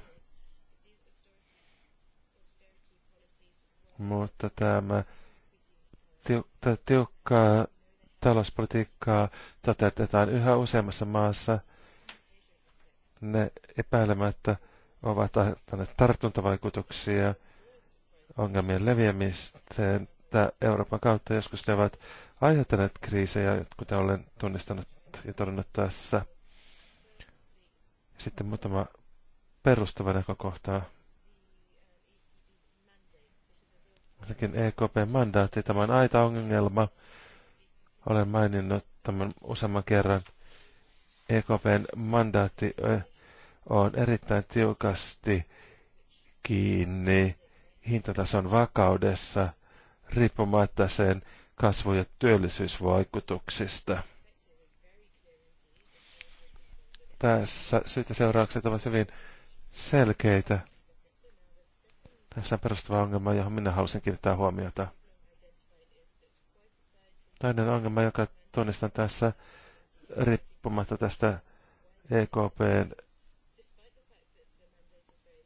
Mutta tämä tiukka talouspolitiikkaa toteutetaan yhä useammassa maassa, ne epäilemättä ovat aiheuttaneet tartuntavaikutuksia, ongelmien leviämiseen Euroopan kautta. Joskus ne ovat aiheuttaneet kriisejä, kuten olen tunnistanut ja todennut tässä. Sitten muutama perustava näkökohta. Ensinnäkin EKP mandaatti, tämä on aita ongelma, olen maininnut tämän useamman kerran. EKPn mandaatti on erittäin tiukasti kiinni hintatason vakaudessa riippumatta sen kasvu- ja työllisyysvaikutuksista. Tässä syytä seuraukset ovat hyvin selkeitä. Tässä on perustava ongelma, johon minä halusin kiinnittää huomiota. Toinen ongelma, joka tunnistan tässä riippumatta tästä EKPn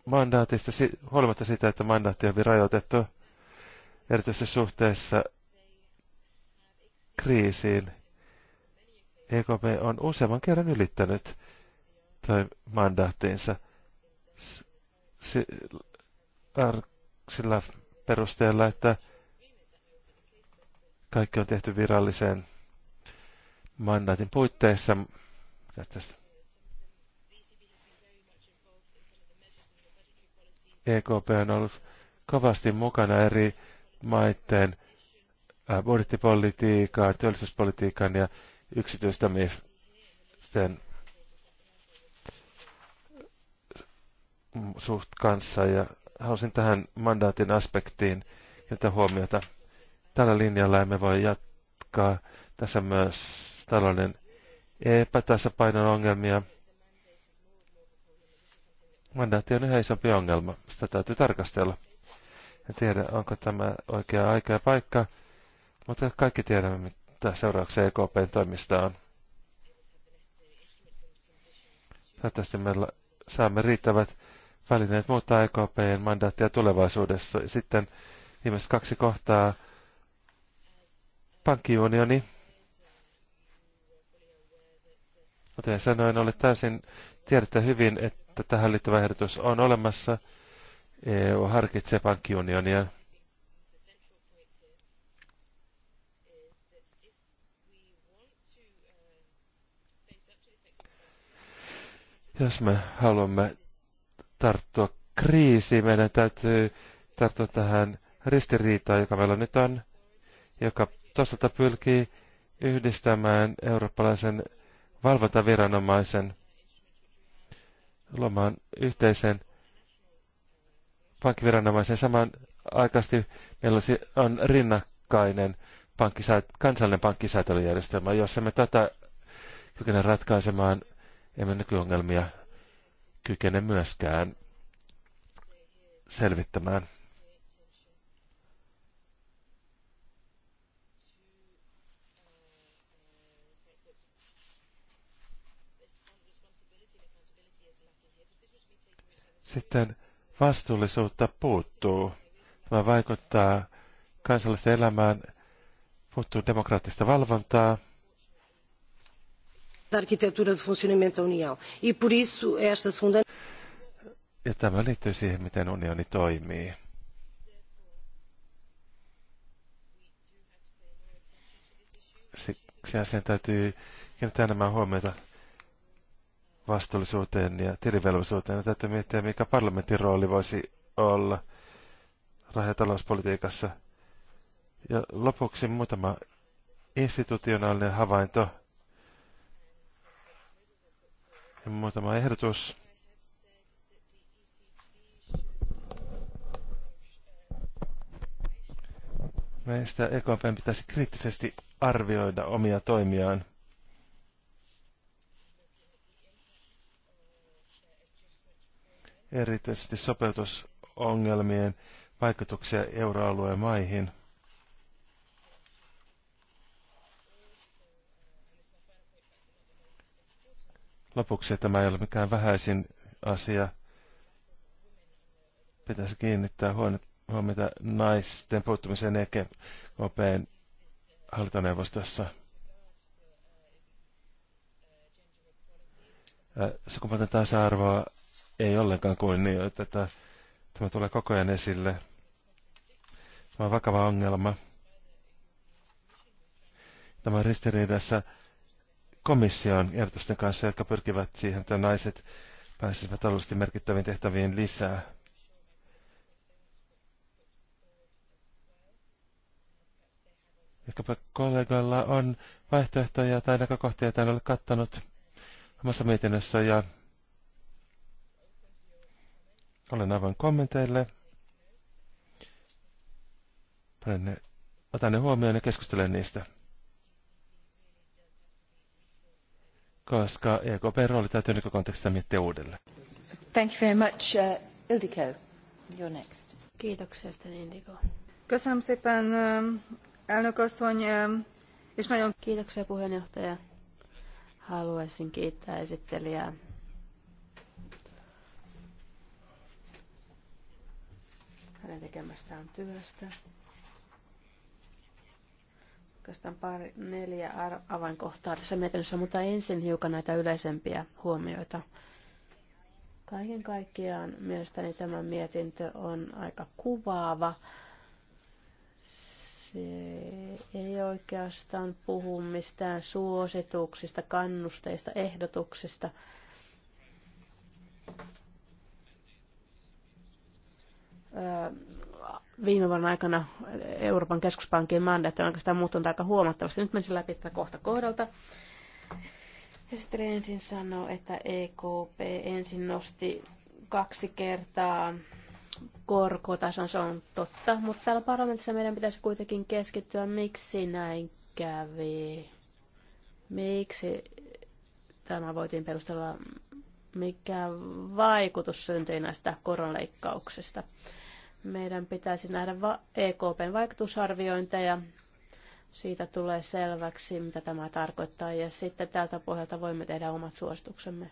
mandaatista, huolimatta siitä, että mandaatti on rajoitettu, erityisesti suhteessa kriisiin. EKP on useamman kerran ylittänyt tai mandaattiinsa sillä perusteella, että kaikki on tehty virallisen mandaatin puitteissa. Tästä EKP on ollut kovasti mukana eri maiden budjettipolitiikan, työllisyyspolitiikan ja yksityistämisten suht kanssa ja halusin tähän mandaatin aspektiin jotain huomiota tällä linjalla emme voi jatkaa. Tässä myös tällainen epätasapainon ongelmia. Mandaatti on yhä isompi ongelma. Sitä täytyy tarkastella. En tiedä, onko tämä oikea aika ja paikka, mutta kaikki tiedämme, mitä seuraavaksi EKPn toimista on. Toivottavasti meillä saamme riittävät välineet muuttaa EKPn mandaattia tulevaisuudessa. Sitten viimeiset kaksi kohtaa Pankkiunioni. Kuten sanoin, olet täysin tiedettä hyvin, että tähän liittyvä ehdotus on olemassa. EU harkitsee pankkiunionia. Jos me haluamme tarttua kriisiin, meidän täytyy tarttua tähän ristiriitaan, joka meillä nyt on, joka toisaalta pyrkii yhdistämään eurooppalaisen valvontaviranomaisen luomaan yhteisen pankkiviranomaisen samanaikaisesti meillä on rinnakkainen pankkisäät- kansallinen pankkisäätelyjärjestelmä, jossa me tätä kykene ratkaisemaan, emme nykyongelmia kykene myöskään selvittämään. Sitten vastuullisuutta puuttuu. Tämä vaikuttaa kansallisten elämään, puuttuu demokraattista valvontaa. E ja tämä liittyy siihen, miten unioni toimii. Siksi asiaan täytyy kiinnittää nämä huomiota vastuullisuuteen ja tilivelvollisuuteen. Ja täytyy miettiä, mikä parlamentin rooli voisi olla rahatalouspolitiikassa ja Ja lopuksi muutama institutionaalinen havainto ja muutama ehdotus. Meistä EKP pitäisi kriittisesti arvioida omia toimiaan erityisesti sopeutusongelmien vaikutuksia euroalueen maihin. Lopuksi tämä ei ole mikään vähäisin asia. Pitäisi kiinnittää huomiota naisten puuttumiseen EKPn hallintoneuvostossa. Sukupuolten tasa-arvoa ei ollenkaan kunnioiteta. Tämä tulee koko ajan esille. Tämä on vakava ongelma. Tämä on ristiriidassa komission ehdotusten kanssa, jotka pyrkivät siihen, että naiset pääsisivät taloudellisesti merkittäviin tehtäviin lisää. Ehkäpä kollegoilla on vaihtoehtoja tai näkökohtia, joita en ole kattanut omassa mietinnössä ja olen avoin kommenteille. Panen ne, otan ne huomioon ja keskustelen niistä. Koska EKP rooli täytyy nykykontekstissa miettiä uudelleen. Thank you very much, uh, Ildiko. You're next. Kiitoksia, Sten Indiko. Köszönöm szépen, um, elnök um, és nagyon... Kiitoksia puheenjohtaja. Haluaisin kiittää esittelijää hänen tekemästään työstä. Oikeastaan pari, neljä avainkohtaa tässä mietinnössä, mutta ensin hiukan näitä yleisempiä huomioita. Kaiken kaikkiaan mielestäni tämä mietintö on aika kuvaava. Se ei oikeastaan puhu mistään suosituksista, kannusteista, ehdotuksista – viime vuoden aikana Euroopan keskuspankin mandaatti on oikeastaan muuttunut aika huomattavasti. Nyt menisin läpi tätä kohta kohdalta. sitten ensin sanoo, että EKP ensin nosti kaksi kertaa korkotason, se on totta, mutta täällä parlamentissa meidän pitäisi kuitenkin keskittyä, miksi näin kävi, miksi tämä voitiin perustella, mikä vaikutus syntyi näistä koronleikkauksista. Meidän pitäisi nähdä EKPn vaikutusarviointeja. Siitä tulee selväksi, mitä tämä tarkoittaa, ja sitten tältä pohjalta voimme tehdä omat suosituksemme.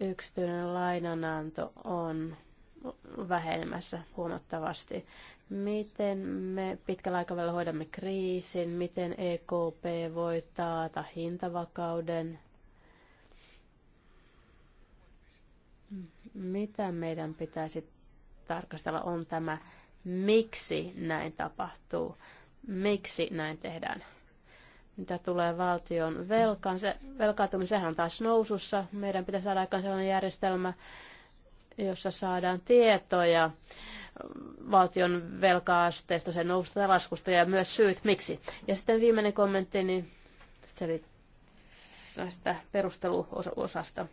Yksityinen lainananto on vähenemässä huomattavasti. Miten me pitkällä aikavälillä hoidamme kriisin, miten EKP voi taata hintavakauden – Mitä meidän pitäisi tarkastella on tämä, miksi näin tapahtuu, miksi näin tehdään. Mitä tulee valtion velkaan, se, velkaantuminen, sehän on taas nousussa. Meidän pitäisi saada aikaan sellainen järjestelmä, jossa saadaan tietoja valtion velka-asteesta, sen noususta ja laskusta ja myös syyt miksi. Ja sitten viimeinen kommentti, niin se oli näistä perusteluosasta.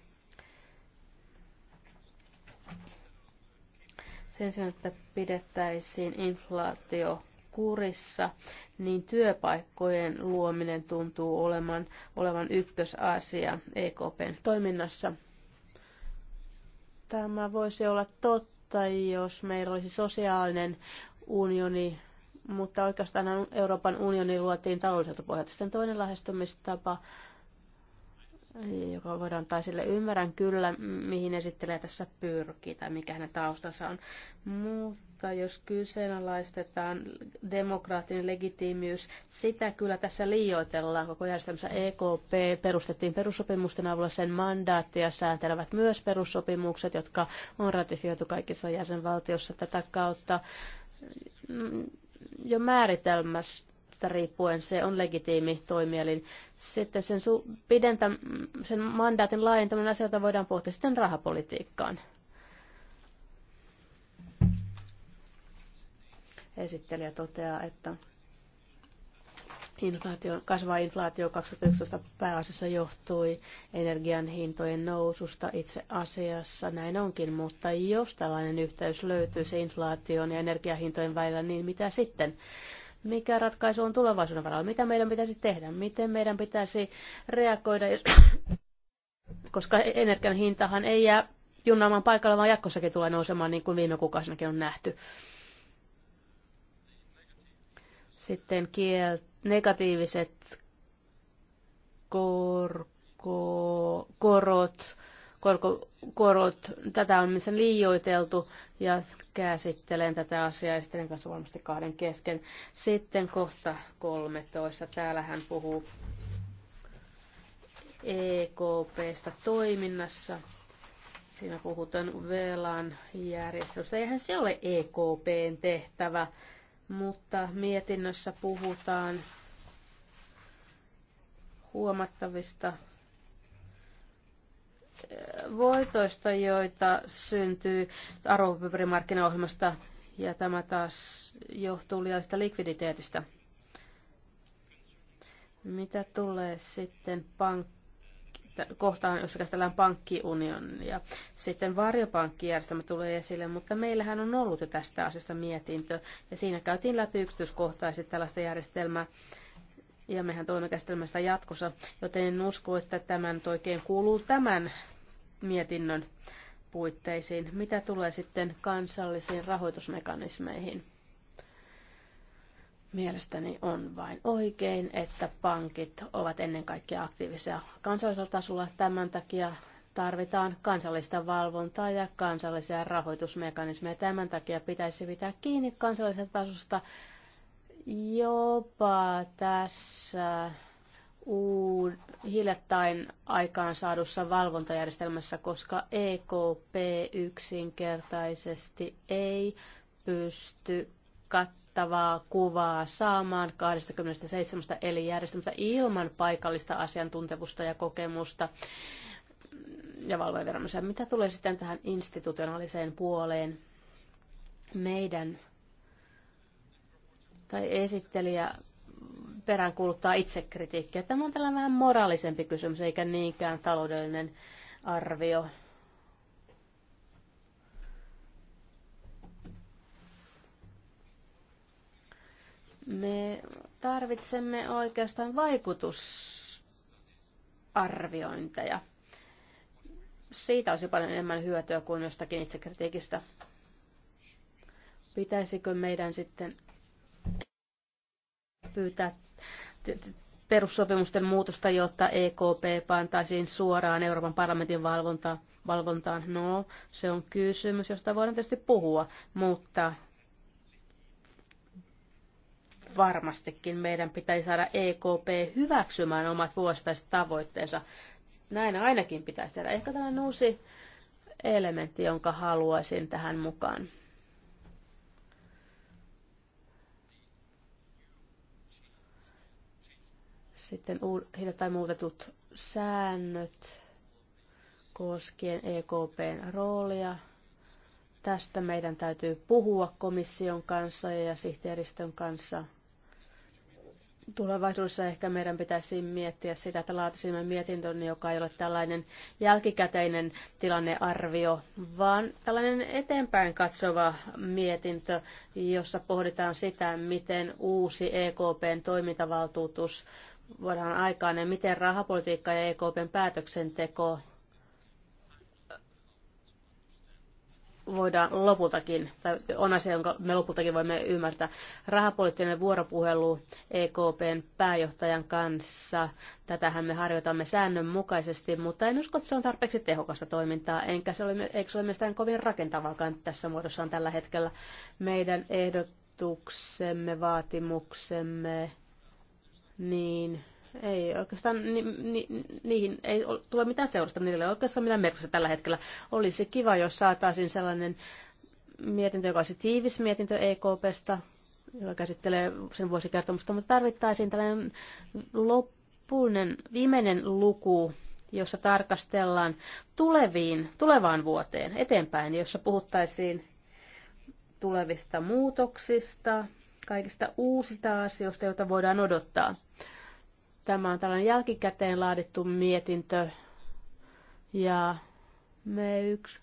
Sen sijaan, että pidettäisiin inflaatio kurissa, niin työpaikkojen luominen tuntuu olevan, olevan ykkösasia EKPn toiminnassa. Tämä voisi olla totta, jos meillä olisi sosiaalinen unioni, mutta oikeastaan Euroopan unioni luotiin taloudelta pohjalta. Sitten toinen lähestymistapa joka voidaan tai sille ymmärrän kyllä, mihin esittelee tässä pyrkii tai mikä hänen taustansa on. Mutta jos kyseenalaistetaan demokraattinen legitiimiys, sitä kyllä tässä liioitellaan. Koko järjestelmässä EKP perustettiin perussopimusten avulla sen mandaattia sääntelevät myös perussopimukset, jotka on ratifioitu kaikissa jäsenvaltiossa tätä kautta mm, jo määritelmästä tilanteesta riippuen se on legitiimi toimielin. Sitten sen, su- pidentä, sen mandaatin laajentaminen asioita voidaan pohtia sitten rahapolitiikkaan. Esittelijä toteaa, että inflaatio, kasvaa inflaatio 2011 pääasiassa johtui energian hintojen noususta itse asiassa. Näin onkin, mutta jos tällainen yhteys löytyisi inflaation ja energiahintojen välillä, niin mitä sitten? mikä ratkaisu on tulevaisuuden varalla, mitä meidän pitäisi tehdä, miten meidän pitäisi reagoida, koska energian hintahan ei jää junnaamaan paikalla, vaan jatkossakin tulee nousemaan niin kuin viime kuukausinakin on nähty. Sitten kiel, negatiiviset kor, ko, korot, korkokorot. Tätä on missä liioiteltu ja käsittelen tätä asiaa esittelen kanssa varmasti kahden kesken. Sitten kohta 13. Täällä hän puhuu EKPstä toiminnassa. Siinä puhutaan velan järjestelystä. Eihän se ole EKPn tehtävä, mutta mietinnössä puhutaan huomattavista voitoista, joita syntyy arvopaperimarkkinaohjelmasta, ja tämä taas johtuu liiallisesta likviditeetistä. Mitä tulee sitten pank- kohtaan, jossa käsitellään pankkiunionia? Sitten varjopankkijärjestelmä tulee esille, mutta meillähän on ollut jo tästä asiasta mietintö, ja siinä käytiin läpi yksityiskohtaisesti tällaista järjestelmää, ja mehän tulemme käsittelemään sitä jatkossa, joten en usko, että tämän oikein kuuluu tämän mietinnön puitteisiin. Mitä tulee sitten kansallisiin rahoitusmekanismeihin? Mielestäni on vain oikein, että pankit ovat ennen kaikkea aktiivisia kansallisella tasolla. Tämän takia tarvitaan kansallista valvontaa ja kansallisia rahoitusmekanismeja. Tämän takia pitäisi pitää kiinni kansallisesta tasosta jopa tässä uud, hiljattain aikaan saadussa valvontajärjestelmässä, koska EKP yksinkertaisesti ei pysty kattavaa kuvaa saamaan 27 eli järjestelmästä ilman paikallista asiantuntemusta ja kokemusta ja valvojaviranomaisia. Mitä tulee sitten tähän institutionaaliseen puoleen, meidän tai esittelijä peräänkuuluttaa itsekritiikkiä. Tämä on tällainen vähän moraalisempi kysymys, eikä niinkään taloudellinen arvio. Me tarvitsemme oikeastaan vaikutusarviointeja. Siitä olisi paljon enemmän hyötyä kuin jostakin itsekritiikistä. Pitäisikö meidän sitten pyytää perussopimusten muutosta, jotta EKP pantaisiin suoraan Euroopan parlamentin valvontaan. valvontaan. No, se on kysymys, josta voidaan tietysti puhua, mutta varmastikin meidän pitäisi saada EKP hyväksymään omat vuosittaiset tavoitteensa. Näin ainakin pitäisi tehdä. Ehkä tällainen uusi elementti, jonka haluaisin tähän mukaan. Sitten hiljattain muutetut säännöt koskien EKPn roolia. Tästä meidän täytyy puhua komission kanssa ja sihteeristön kanssa. Tulevaisuudessa ehkä meidän pitäisi miettiä sitä, että laatisimme mietintön, joka ei ole tällainen jälkikäteinen tilannearvio, vaan tällainen eteenpäin katsova mietintö, jossa pohditaan sitä, miten uusi EKPn toimintavaltuutus vuoden aikaan ja miten rahapolitiikka ja EKPn päätöksenteko voidaan lopultakin, tai on asia, jonka me lopultakin voimme ymmärtää. Rahapoliittinen vuoropuhelu EKPn pääjohtajan kanssa, tätähän me harjoitamme säännönmukaisesti, mutta en usko, että se on tarpeeksi tehokasta toimintaa, enkä se ole, eikö se ole mielestäni kovin rakentavaakaan tässä muodossaan tällä hetkellä. Meidän ehdotuksemme, vaatimuksemme niin ei oikeastaan, ni, ni, niihin ei tule mitään seurasta, niillä ei oikeastaan mitään merkitystä tällä hetkellä. Olisi kiva, jos saataisiin sellainen mietintö, joka olisi tiivis mietintö EKPstä, joka käsittelee sen vuosikertomusta, mutta tarvittaisiin tällainen loppuinen, viimeinen luku, jossa tarkastellaan tuleviin, tulevaan vuoteen eteenpäin, jossa puhuttaisiin tulevista muutoksista, kaikista uusista asioista, joita voidaan odottaa. Tämä on tällainen jälkikäteen laadittu mietintö ja me, yks,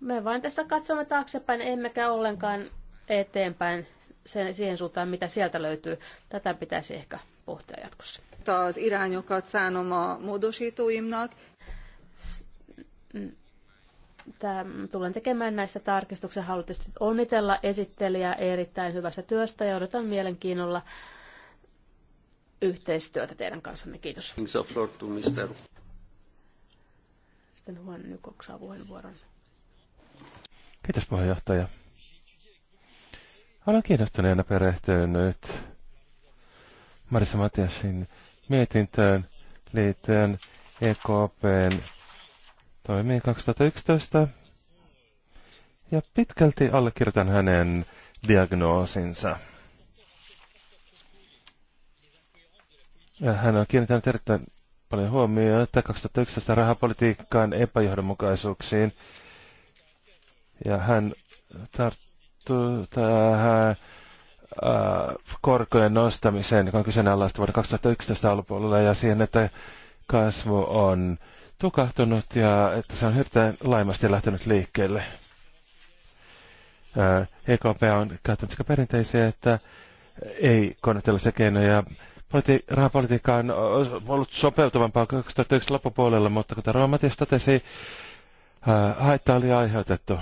me vain tässä katsomme taaksepäin, emmekä ollenkaan eteenpäin sen, siihen suuntaan, mitä sieltä löytyy. Tätä pitäisi ehkä pohtia jatkossa. Taas irányokat szánom a módosítóimnak tulen tekemään näissä tarkistuksen. Haluan onnitella esittelijää erittäin hyvästä työstä ja odotan mielenkiinnolla yhteistyötä teidän kanssanne. Kiitos. Sitten Juan Nykok saa puheenvuoron. Kiitos puheenjohtaja. Olen kiinnostuneena perehtynyt Marissa Matiasin mietintöön liittyen EKPn toimii 2011 ja pitkälti allekirjoitan hänen diagnoosinsa. Ja hän on kiinnittänyt erittäin paljon huomiota 2011 rahapolitiikkaan epäjohdonmukaisuuksiin. Ja hän tarttuu tähän äh, korkojen nostamiseen, joka on kyseenalaista vuoden 2011 alupuolella, ja siihen, että kasvu on tukahtunut ja että se on erittäin laimasti lähtenyt liikkeelle. EKP on käyttänyt sekä perinteisiä että ei konetellisia keinoja. Politi- rahapolitiikka on ollut sopeutuvampaa 2001 loppupuolella, mutta kuten Rova Matias totesi, haittaa oli aiheutettu.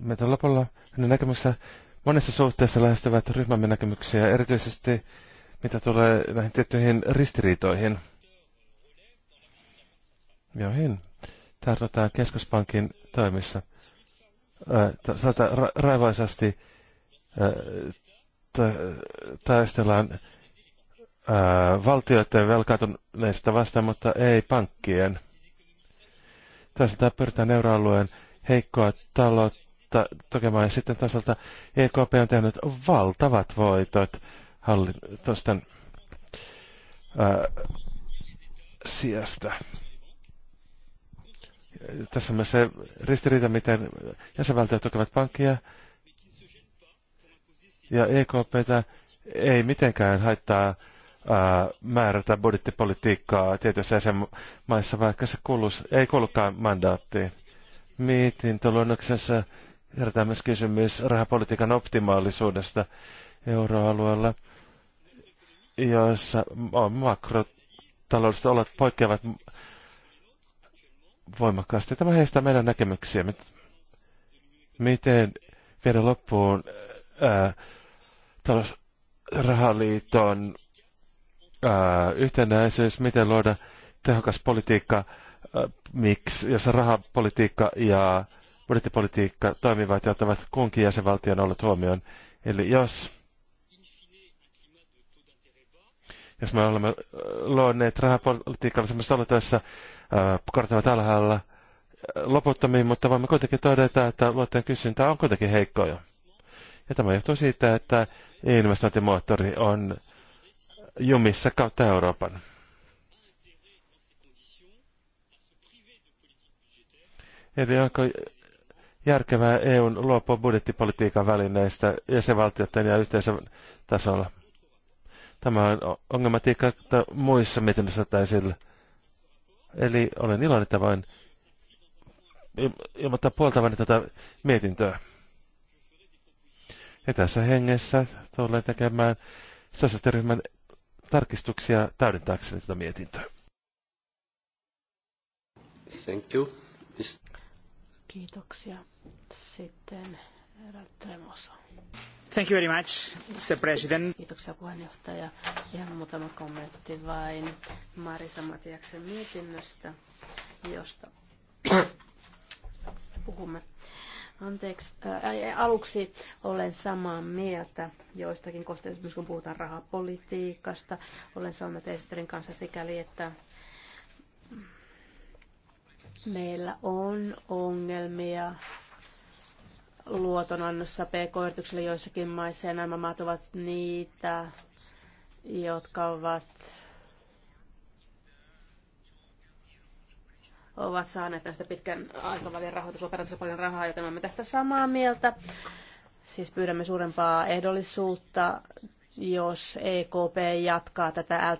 Meidän lopulla hänen näkemyksensä monessa suhteessa lähestyvät ryhmämme näkemyksiä, erityisesti mitä tulee näihin tiettyihin ristiriitoihin – joihin tartutaan keskuspankin toimissa. Sata ra- raivaisasti taistellaan valtioiden velkaantuneista vastaan, mutta ei pankkien. Toisaalta pyritään euroalueen heikkoa taloutta tukemaan ja sitten toisaalta EKP on tehnyt valtavat voitot hallitusten sijasta. Tässä on myös se ristiriita, miten jäsenvaltiot tukevat pankkia ja EKPtä ei mitenkään haittaa ää, määrätä budjettipolitiikkaa tietyissä jäsenmaissa, vaikka se kuulus, ei kuulukaan mandaattiin. Mietintöluonnoksessa herätään myös kysymys rahapolitiikan optimaalisuudesta euroalueella, jossa makrotaloudelliset olot poikkeavat voimakkaasti. Tämä heistää meidän näkemyksiä, miten viedä loppuun rahaliiton yhtenäisyys, miten luoda tehokas politiikka, ää, miksi, jossa rahapolitiikka ja budjettipolitiikka toimivat ja ottavat kunkin jäsenvaltion ollut huomioon. Eli jos, jos me olemme luoneet rahapolitiikalla sellaista olotoissa, Äh, korot alhaalla äh, loputtomiin, mutta voimme kuitenkin todeta, että luottojen kysyntä on kuitenkin heikkoja. Ja tämä johtuu siitä, että investointimoottori on jumissa kautta Euroopan. Eli onko järkevää EUn luopua budjettipolitiikan välineistä jäsenvaltioiden ja yhteisön tasolla? Tämä on ongelmatiikka muissa mietinnöissä tai sillä. Eli olen iloinen, että voin ilmoittaa puoltavani tätä mietintöä. Ja tässä hengessä tulen tekemään sosiaaliryhmän tarkistuksia täydentääkseni tätä mietintöä. Thank you. Kiitoksia. Sitten Herra Tremosa. Thank you very much, Mr. President. Kiitoksia puheenjohtaja. Ihan muutama kommentti vain Marisa Matiaksen mietinnöstä, josta puhumme. Anteeksi, ää, aluksi olen samaa mieltä joistakin kohteista, esimerkiksi kun puhutaan rahapolitiikasta. Olen samaa mieltä esittelin kanssa sikäli, että meillä on ongelmia luotonannossa pk-yrityksille joissakin maissa, ja nämä maat ovat niitä, jotka ovat ovat saaneet näistä pitkän aikavälin rahoitusoperaatiossa paljon rahaa, joten olemme tästä samaa mieltä. Siis pyydämme suurempaa ehdollisuutta, jos EKP jatkaa tätä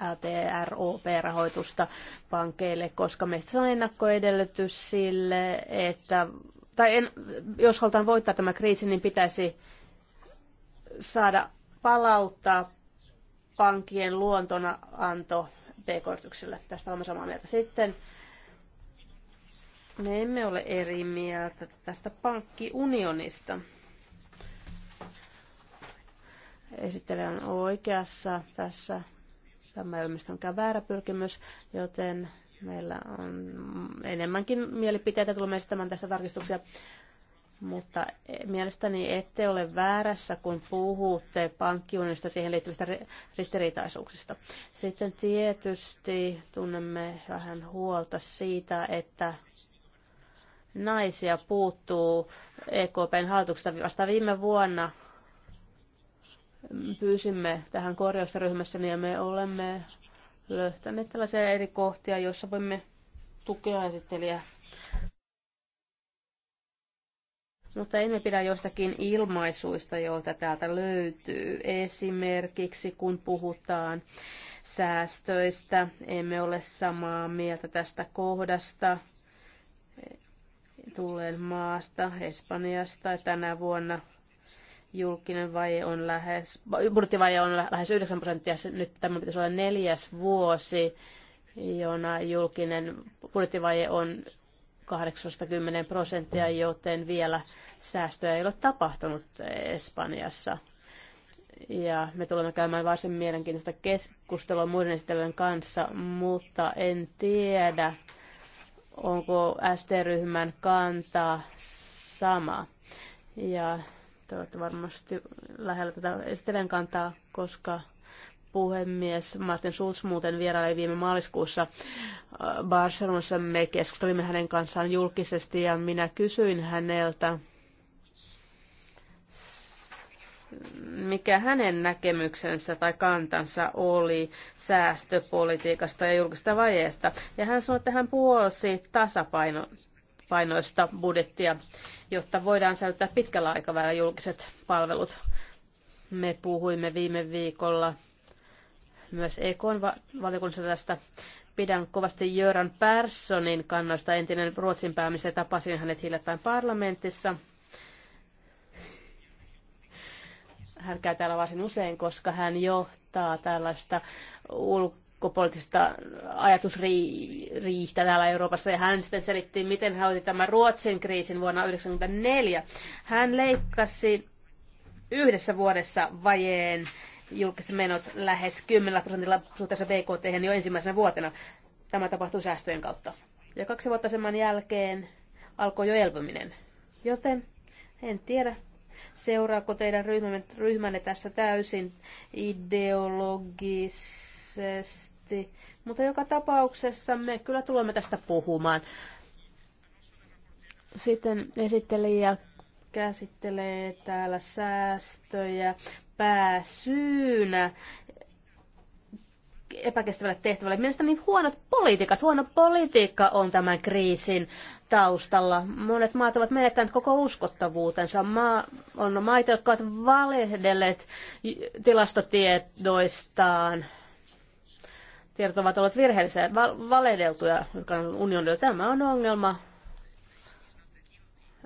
LTROP-rahoitusta pankeille, koska meistä se on ennakkoedellytys sille, että tai en, jos halutaan voittaa tämä kriisi, niin pitäisi saada palauttaa pankkien luontona anto pk kortukselle Tästä olemme samaa mieltä. Sitten me emme ole eri mieltä tästä pankkiunionista. Esittelijä on oikeassa tässä. Tämä ei ole väärä pyrkimys, joten Meillä on enemmänkin mielipiteitä, tulemme esittämään tästä tarkistuksia. Mutta mielestäni ette ole väärässä, kun puhutte pankkiunista siihen liittyvistä ristiriitaisuuksista. Sitten tietysti tunnemme vähän huolta siitä, että naisia puuttuu EKPn hallituksesta. Vasta viime vuonna pyysimme tähän korjausryhmässä ja niin me olemme löytäneet tällaisia eri kohtia, joissa voimme tukea esittelijää. Mutta emme pidä jostakin ilmaisuista, joita täältä löytyy. Esimerkiksi kun puhutaan säästöistä, emme ole samaa mieltä tästä kohdasta. Tulen maasta, Espanjasta, tänä vuonna julkinen vaje on lähes, budjettivaje on lähes 9 prosenttia, nyt tämä pitäisi olla neljäs vuosi, jona julkinen budjettivaje on 80 prosenttia, joten vielä säästöä ei ole tapahtunut Espanjassa. Ja me tulemme käymään varsin mielenkiintoista keskustelua muiden esittelyjen kanssa, mutta en tiedä, onko ST-ryhmän kanta sama. Ja te olette varmasti lähellä tätä esittelen kantaa, koska puhemies Martin Schulz muuten vieraili viime maaliskuussa äh, Barcelonassa. Me keskustelimme hänen kanssaan julkisesti ja minä kysyin häneltä, mikä hänen näkemyksensä tai kantansa oli säästöpolitiikasta ja julkista vajeesta. Ja hän sanoi, että hän puolsi tasapaino, painoista budjettia, jotta voidaan säilyttää pitkällä aikavälillä julkiset palvelut. Me puhuimme viime viikolla myös EKn valiokunnassa tästä. Pidän kovasti Jöran Perssonin kannoista entinen Ruotsin pääministeri. Tapasin hänet hiljattain parlamentissa. Hän käy täällä varsin usein, koska hän johtaa tällaista ulko ulkopoliittista ajatusriihtä täällä Euroopassa. Ja hän sitten selitti, miten hän otti tämän Ruotsin kriisin vuonna 1994. Hän leikkasi yhdessä vuodessa vajeen julkiset menot lähes 10 prosentilla suhteessa BKT jo ensimmäisenä vuotena. Tämä tapahtui säästöjen kautta. Ja kaksi vuotta sen jälkeen alkoi jo elpyminen. Joten en tiedä, seuraako teidän ryhmänne, ryhmänne tässä täysin ideologisesti asti. Mutta joka tapauksessa me kyllä tulemme tästä puhumaan. Sitten esittelijä käsittelee täällä säästöjä pääsyynä epäkestävälle tehtävälle. Mielestäni huonot politiikat, huono politiikka on tämän kriisin taustalla. Monet maat ovat menettäneet koko uskottavuutensa. Maa, on maita, jotka ovat valehdelleet tilastotiedoistaan tiedot ovat olleet virheellisiä, val- valehdeltuja, jotka on unionilla. Tämä on ongelma.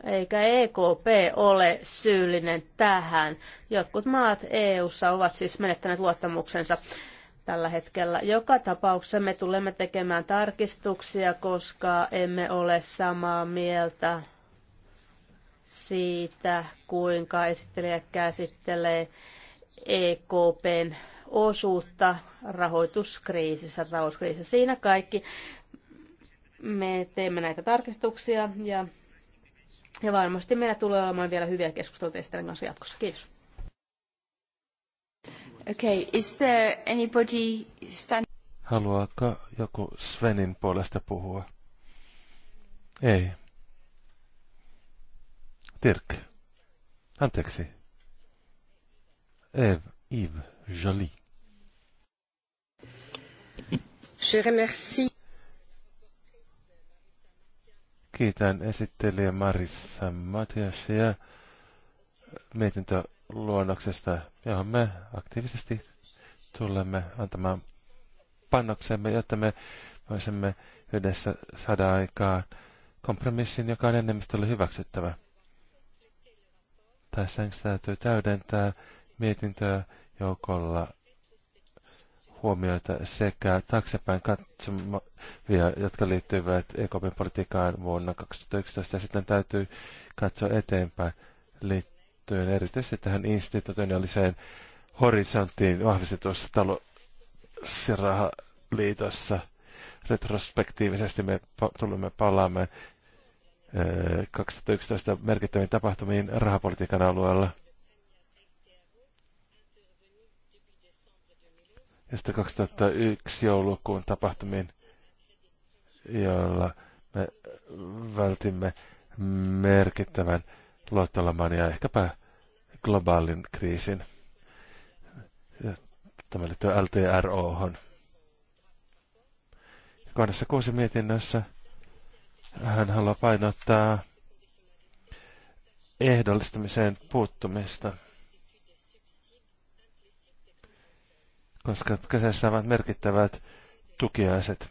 Eikä EKP ole syyllinen tähän. Jotkut maat EU:ssa ovat siis menettäneet luottamuksensa tällä hetkellä. Joka tapauksessa me tulemme tekemään tarkistuksia, koska emme ole samaa mieltä siitä, kuinka esittelijä käsittelee EKPn osuutta rahoituskriisissä, talouskriisissä. Siinä kaikki. Me teemme näitä tarkistuksia ja, ja varmasti meillä tulee olemaan vielä hyviä keskusteluja teidän kanssa jatkossa. Kiitos. Okay, is there anybody stand- Haluaako joku Svenin puolesta puhua? Ei. Dirk. Anteeksi. Eve. Yves, Jolie. Je remercie. Kiitän esittelijä Marissa Matiasia mietintöluonnoksesta, johon me aktiivisesti tulemme antamaan pannoksemme, jotta me voisimme yhdessä saada aikaan kompromissin, joka on enemmistölle hyväksyttävä. Tässä täytyy täydentää mietintöä joukolla huomioita sekä taaksepäin katsomia, jotka liittyvät EKPn politiikkaan vuonna 2011. Ja sitten täytyy katsoa eteenpäin liittyen erityisesti tähän institutionaaliseen horisonttiin vahvistetussa talous- ja rahaliitossa. Retrospektiivisesti me tulemme palaamaan 2011 eh, merkittäviin tapahtumiin rahapolitiikan alueella – ja sitten 2001 joulukuun tapahtumiin, joilla me vältimme merkittävän luottolaman ja ehkäpä globaalin kriisin. Tämä liittyy LTRO. -hon. Kohdassa kuusi mietinnössä hän haluaa painottaa ehdollistamiseen puuttumista – koska kyseessä ovat merkittävät tukiaiset.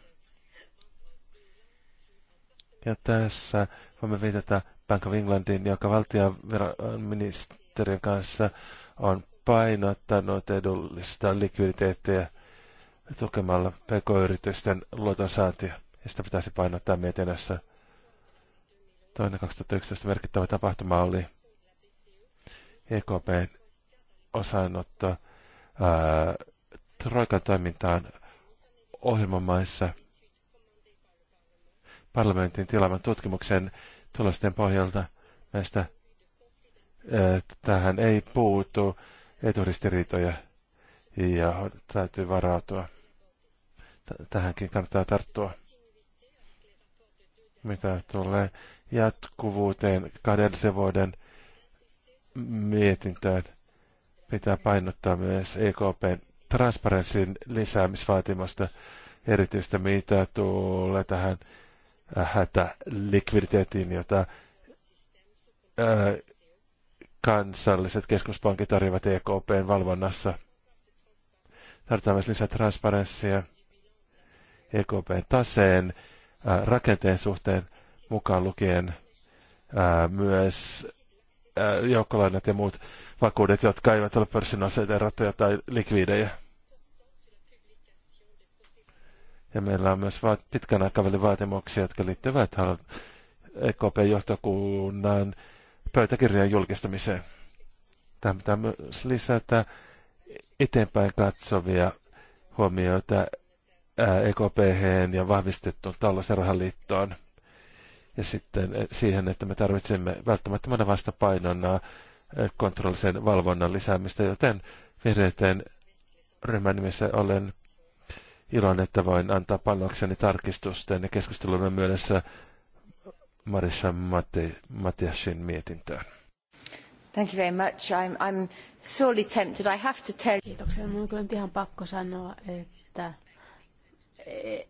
Ja tässä voimme viitata Bank of Englandin, joka valtionministeriön kanssa on painottanut edullista likviditeettiä tukemalla pk-yritysten luotonsaantia. Ja sitä pitäisi painottaa mietinnässä. Toinen 2011 merkittävä tapahtuma oli EKPn osanotto ää, Troikan toimintaan ohjelmamaissa parlamentin tilaman tutkimuksen tulosten pohjalta näistä tähän ei puutu eturistiriitoja ja täytyy varautua. Tähänkin kannattaa tarttua. Mitä tulee jatkuvuuteen kahdellisen vuoden mietintöön, pitää painottaa myös EKPn transparenssin lisäämisvaatimasta erityistä mitä tulee tähän äh, hätälikviditeettiin, jota äh, kansalliset keskuspankit tarjoavat EKPn valvonnassa. Tarvitaan myös lisää transparenssia EKPn taseen äh, rakenteen suhteen mukaan lukien myös joukkolainat ja muut vakuudet, jotka eivät ole pörssin erottuja tai likviidejä. Ja meillä on myös pitkän aikavälin vaatimuksia, jotka liittyvät EKP-johtokunnan pöytäkirjan julkistamiseen. Tämä pitää myös lisätä eteenpäin katsovia huomioita ekp ja vahvistettuun talous- ja Ja sitten siihen, että me tarvitsemme välttämättömänä vastapainona kontrollisen valvonnan lisäämistä, joten vihreiden ryhmän nimessä olen iloinen, että voin antaa panokseni tarkistusten ja keskustelun myönnässä Marisha Matiasin mietintöön. Thank you very much. I'm, I'm sorely tempted. I have to tell you. Kiitoksia. Minun on kyllä ihan pakko sanoa, että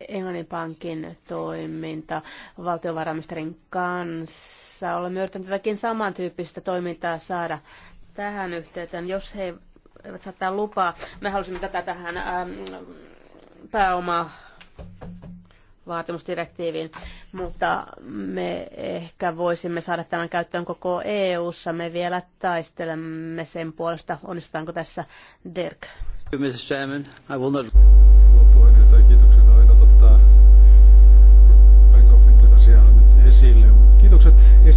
Englannin pankin toiminta valtiovarainministerin kanssa. Olemme yrittäneet tätäkin samantyyppistä toimintaa saada tähän yhteyteen, jos he eivät saattaa lupaa. Me halusimme tätä tähän ähm, pääoma vaatimusdirektiiviin, mutta me ehkä voisimme saada tämän käyttöön koko EU-ssa. Me vielä taistelemme sen puolesta. Onnistutaanko tässä, Dirk? Mr. Chairman, I will not...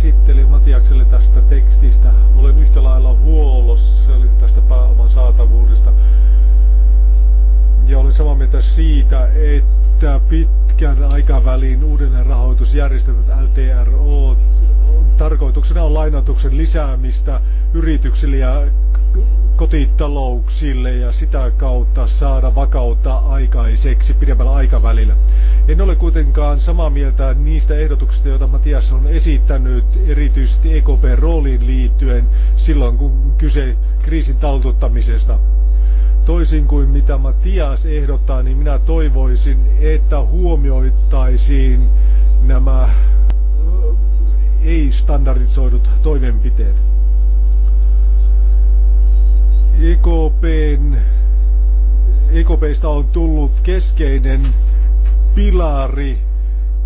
esittelijä Matiakselle tästä tekstistä. Olen yhtä lailla huollossa tästä pääoman saatavuudesta. Ja olen samaa mieltä siitä, että pitkän aikavälin uuden rahoitusjärjestelmät LTRO tarkoituksena on lainatuksen lisäämistä yrityksille ja kotitalouksille ja sitä kautta saada vakautta aikaiseksi pidemmällä aikavälillä. En ole kuitenkaan samaa mieltä niistä ehdotuksista, joita Matias on esittänyt, erityisesti EKP rooliin liittyen silloin, kun kyse kriisin taltuttamisesta. Toisin kuin mitä Matias ehdottaa, niin minä toivoisin, että huomioitaisiin nämä ei-standardisoidut toimenpiteet. EKPn, EKPstä on tullut keskeinen pilari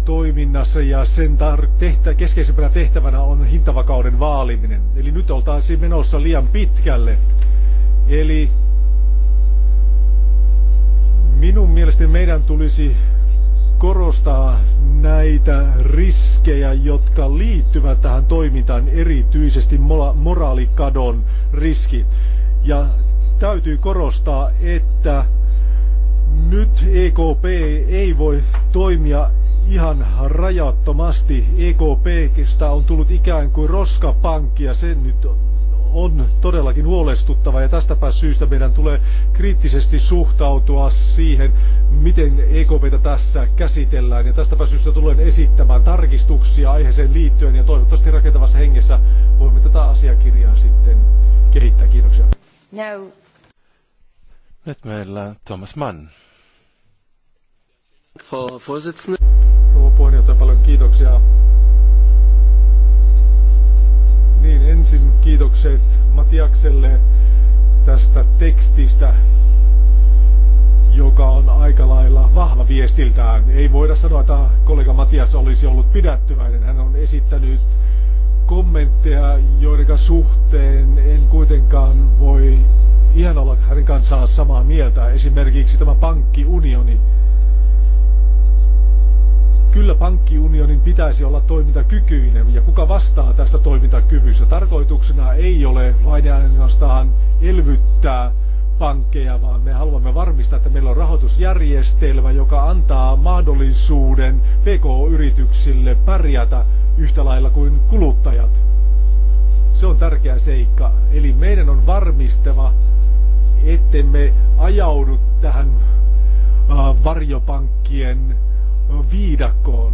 toiminnassa ja sen tar- tehtä- keskeisimpänä tehtävänä on hintavakauden vaaliminen. Eli nyt oltaisiin menossa liian pitkälle. Eli minun mielestäni meidän tulisi korostaa näitä riskejä, jotka liittyvät tähän toimintaan, erityisesti moraalikadon riskit. Ja täytyy korostaa, että nyt EKP ei voi toimia ihan rajattomasti. EKPstä on tullut ikään kuin roskapankki ja se nyt on todellakin huolestuttava ja tästäpä syystä meidän tulee kriittisesti suhtautua siihen, miten EKPtä tässä käsitellään. Ja tästäpä syystä tulen esittämään tarkistuksia aiheeseen liittyen ja toivottavasti rakentavassa hengessä voimme tätä asiakirjaa sitten kehittää. Kiitoksia. Now. Nyt meillä Thomas Mann. Rouva puheenjohtaja, paljon kiitoksia. Niin, ensin kiitokset Matiakselle tästä tekstistä, joka on aika lailla vahva viestiltään. Ei voida sanoa, että kollega Matias olisi ollut pidättyväinen. Hän on esittänyt kommentteja, joiden suhteen en kuitenkaan voi ihan olla hänen kanssaan samaa mieltä. Esimerkiksi tämä pankkiunioni. Kyllä pankkiunionin pitäisi olla toimintakykyinen, ja kuka vastaa tästä toimintakyvystä? Tarkoituksena ei ole vain ainoastaan elvyttää pankkeja, vaan me haluamme varmistaa, että meillä on rahoitusjärjestelmä, joka antaa mahdollisuuden PK-yrityksille pärjätä yhtä lailla kuin kuluttajat. Se on tärkeä seikka. Eli meidän on varmistava, ettemme ajaudu tähän varjopankkien viidakkoon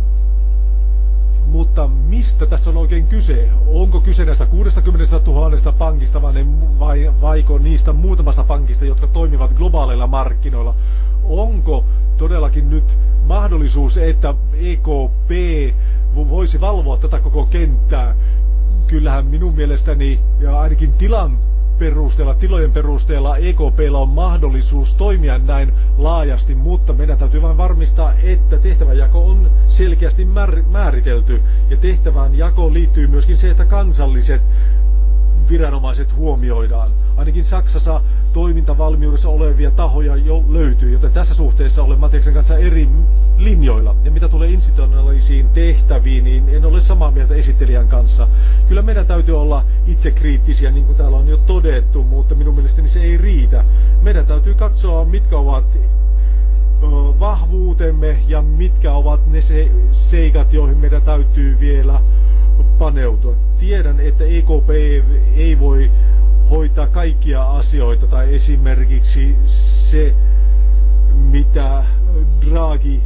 mutta mistä tässä on oikein kyse? Onko kyse näistä 60 000 pankista vai vaiko niistä muutamasta pankista, jotka toimivat globaaleilla markkinoilla? Onko todellakin nyt mahdollisuus, että EKP voisi valvoa tätä koko kenttää? Kyllähän minun mielestäni ja ainakin tilan perusteella, tilojen perusteella EKPllä on mahdollisuus toimia näin laajasti, mutta meidän täytyy vain varmistaa, että tehtäväjako on selkeästi määritelty. Ja tehtävän jakoon liittyy myöskin se, että kansalliset viranomaiset huomioidaan. Ainakin Saksassa toimintavalmiudessa olevia tahoja jo löytyy, joten tässä suhteessa olen Matiaksen kanssa eri linjoilla. Ja mitä tulee institutionaalisiin tehtäviin, niin en ole samaa mieltä esittelijän kanssa. Kyllä meidän täytyy olla itsekriittisiä, niin kuin täällä on jo todettu, mutta minun mielestäni se ei riitä. Meidän täytyy katsoa, mitkä ovat vahvuutemme ja mitkä ovat ne se, seikat, joihin meidän täytyy vielä paneutua. Tiedän, että EKP ei voi hoitaa kaikkia asioita tai esimerkiksi se, mitä Draghi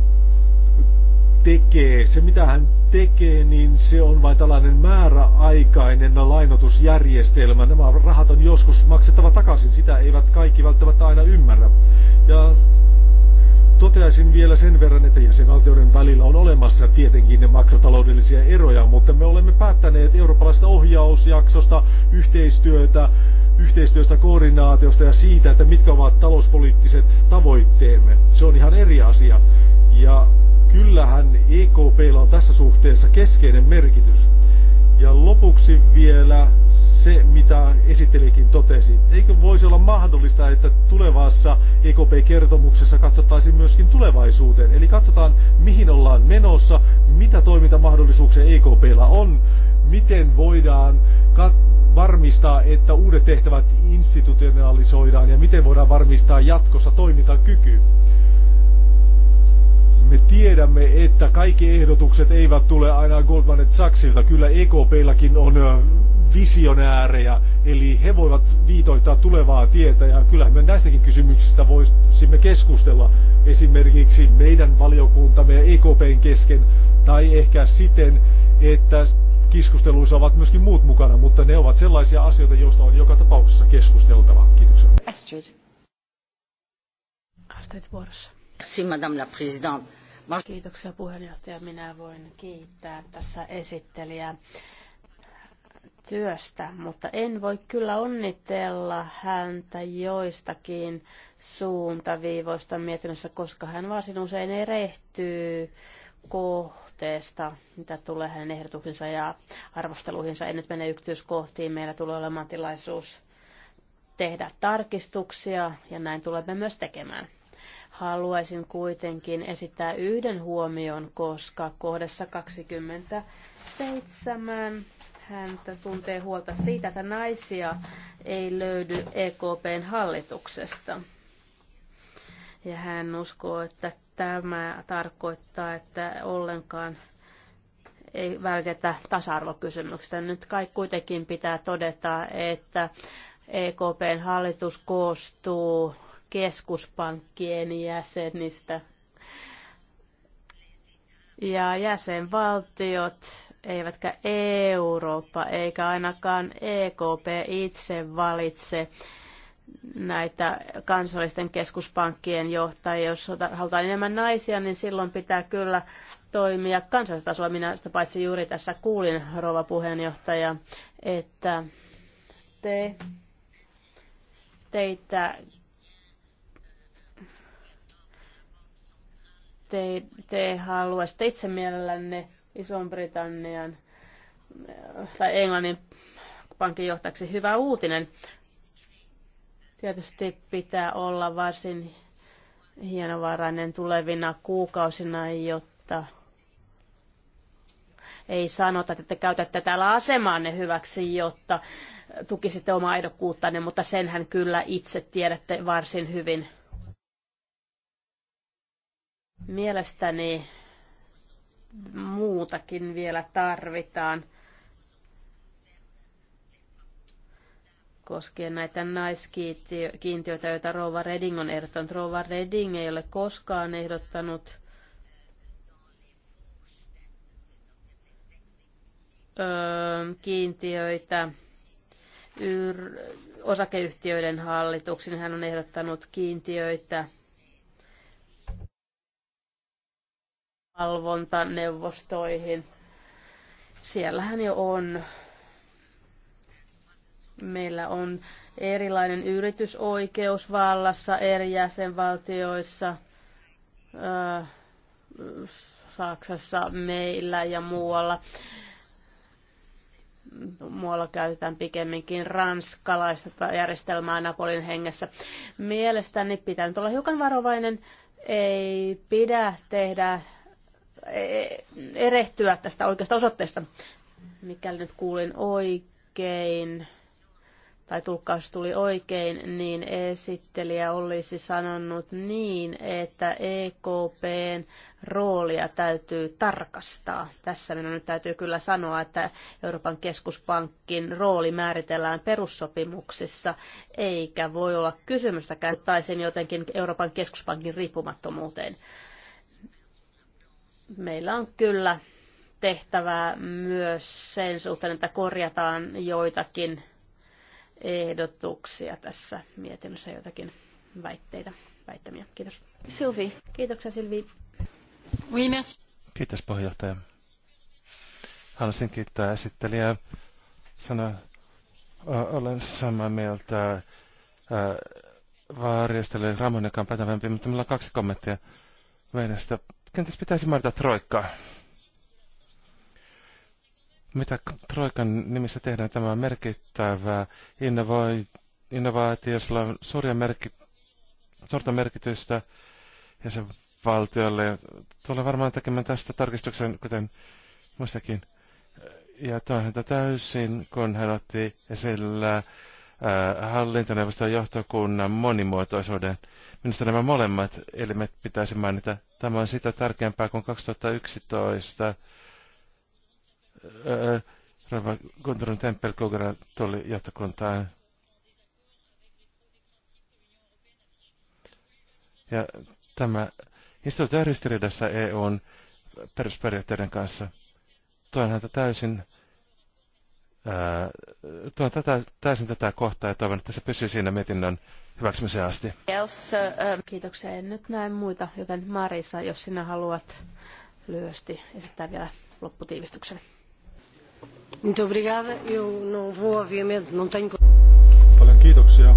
tekee, se mitä hän tekee, niin se on vain tällainen määräaikainen lainotusjärjestelmä. Nämä rahat on joskus maksettava takaisin, sitä eivät kaikki välttämättä aina ymmärrä. Ja Toteaisin vielä sen verran, että jäsenvaltioiden välillä on olemassa tietenkin ne makrotaloudellisia eroja, mutta me olemme päättäneet eurooppalaisesta ohjausjaksosta, yhteistyötä, yhteistyöstä, koordinaatiosta ja siitä, että mitkä ovat talouspoliittiset tavoitteemme. Se on ihan eri asia. Ja kyllähän EKPllä on tässä suhteessa keskeinen merkitys. Ja lopuksi vielä se, mitä esittelikin totesi. Eikö voisi olla mahdollista, että tulevassa EKP-kertomuksessa katsottaisiin myöskin tulevaisuuteen? Eli katsotaan, mihin ollaan menossa, mitä toimintamahdollisuuksia EKP:lla on, miten voidaan varmistaa, että uudet tehtävät institutionalisoidaan ja miten voidaan varmistaa jatkossa toimintakyky. kyky. Me tiedämme, että kaikki ehdotukset eivät tule aina Goldman Sachsilta. Kyllä EKPlläkin on visionäärejä, eli he voivat viitoittaa tulevaa tietä ja kyllähän me näistäkin kysymyksistä voisimme keskustella esimerkiksi meidän valiokuntamme ja EKPn kesken tai ehkä siten, että keskusteluissa ovat myöskin muut mukana, mutta ne ovat sellaisia asioita, joista on joka tapauksessa keskusteltava. Kiitoksia. Astrid. Astrid vuorossa. Kiitoksia puheenjohtaja. Minä voin kiittää tässä esittelijää työstä, mutta en voi kyllä onnitella häntä joistakin suuntaviivoista mietinnössä, koska hän varsin usein erehtyy kohteesta, mitä tulee hänen ehdotuksensa ja arvosteluihinsa. En nyt mene yksityiskohtiin. Meillä tulee olemaan tilaisuus tehdä tarkistuksia ja näin tulemme myös tekemään. Haluaisin kuitenkin esittää yhden huomion, koska kohdassa 27 hän tuntee huolta siitä, että naisia ei löydy EKPn hallituksesta. Ja hän uskoo, että tämä tarkoittaa, että ollenkaan ei välketä tasa-arvokysymyksistä. Nyt kai kuitenkin pitää todeta, että EKPn hallitus koostuu keskuspankkien jäsenistä. Ja jäsenvaltiot, eivätkä Eurooppa, eikä ainakaan EKP itse valitse näitä kansallisten keskuspankkien johtajia. Jos halutaan enemmän naisia, niin silloin pitää kyllä toimia kansallistasolla. Minä sitä paitsi juuri tässä kuulin, rouva puheenjohtaja, että te, teitä te, te haluaisitte itse mielellänne Ison-Britannian tai Englannin johtajaksi hyvä uutinen. Tietysti pitää olla varsin hienovarainen tulevina kuukausina, jotta ei sanota, että te käytätte täällä asemaanne hyväksi, jotta tukisitte omaa ehdokkuuttanne, mutta senhän kyllä itse tiedätte varsin hyvin. Mielestäni muutakin vielä tarvitaan koskien näitä naiskiintiöitä, joita Rova Redding on ehdottanut. Rova Reding ei ole koskaan ehdottanut öö, kiintiöitä yr- osakeyhtiöiden hallituksiin. Hän on ehdottanut kiintiöitä valvontaneuvostoihin. Siellähän jo on. Meillä on erilainen yritysoikeus vallassa eri jäsenvaltioissa. Saksassa, meillä ja muualla. Muualla käytetään pikemminkin ranskalaista järjestelmää Napolin hengessä. Mielestäni pitää nyt olla hiukan varovainen. Ei pidä tehdä E, e, erehtyä tästä oikeasta osoitteesta. Mikäli nyt kuulin oikein, tai tulkkaus tuli oikein, niin esittelijä olisi sanonut niin, että EKPn roolia täytyy tarkastaa. Tässä minun nyt täytyy kyllä sanoa, että Euroopan keskuspankin rooli määritellään perussopimuksissa, eikä voi olla kysymystäkään, käyttäisin jotenkin Euroopan keskuspankin riippumattomuuteen meillä on kyllä tehtävää myös sen suhteen, että korjataan joitakin ehdotuksia tässä mietinnössä, joitakin väitteitä, väittämiä. Kiitos. Silvi. Kiitoksia Silvi. Oui, merci. Kiitos puheenjohtaja. Haluaisin kiittää esittelijää. Sano, olen samaa mieltä vaarjastelijan Ramon, joka on pätevämpi, mutta meillä on kaksi kommenttia. Meidän sitä kenties pitäisi mainita troikkaa. Mitä troikan nimissä tehdään, tämä merkittävä merkittävää innovaatio, jolla on suuria merki- suurta merkitystä ja sen valtiolle. Tulee varmaan tekemään tästä tarkistuksen, kuten muistakin. Ja tämä on täysin, kun hän otti esillä Äh, hallintoneuvoston johtokunnan monimuotoisuuden. Minusta nämä molemmat elimet pitäisi mainita. Tämä on sitä tärkeämpää kuin 2011 äh, Rava Gundrun Tempelkogera tuli johtokuntaan. Ja tämä istutaan ristiriidassa EUn perusperiaatteiden kanssa. Tuen häntä täysin tuon tätä, täysin tätä kohtaa ja toivon, että se pysyy siinä mietinnön hyväksymiseen asti. Kiitoksia. En nyt näe muita, joten Marisa, jos sinä haluat lyhyesti esittää vielä lopputiivistyksen. Muito obrigada. Eu não vou, obviamente, não tenho... Paljon kiitoksia.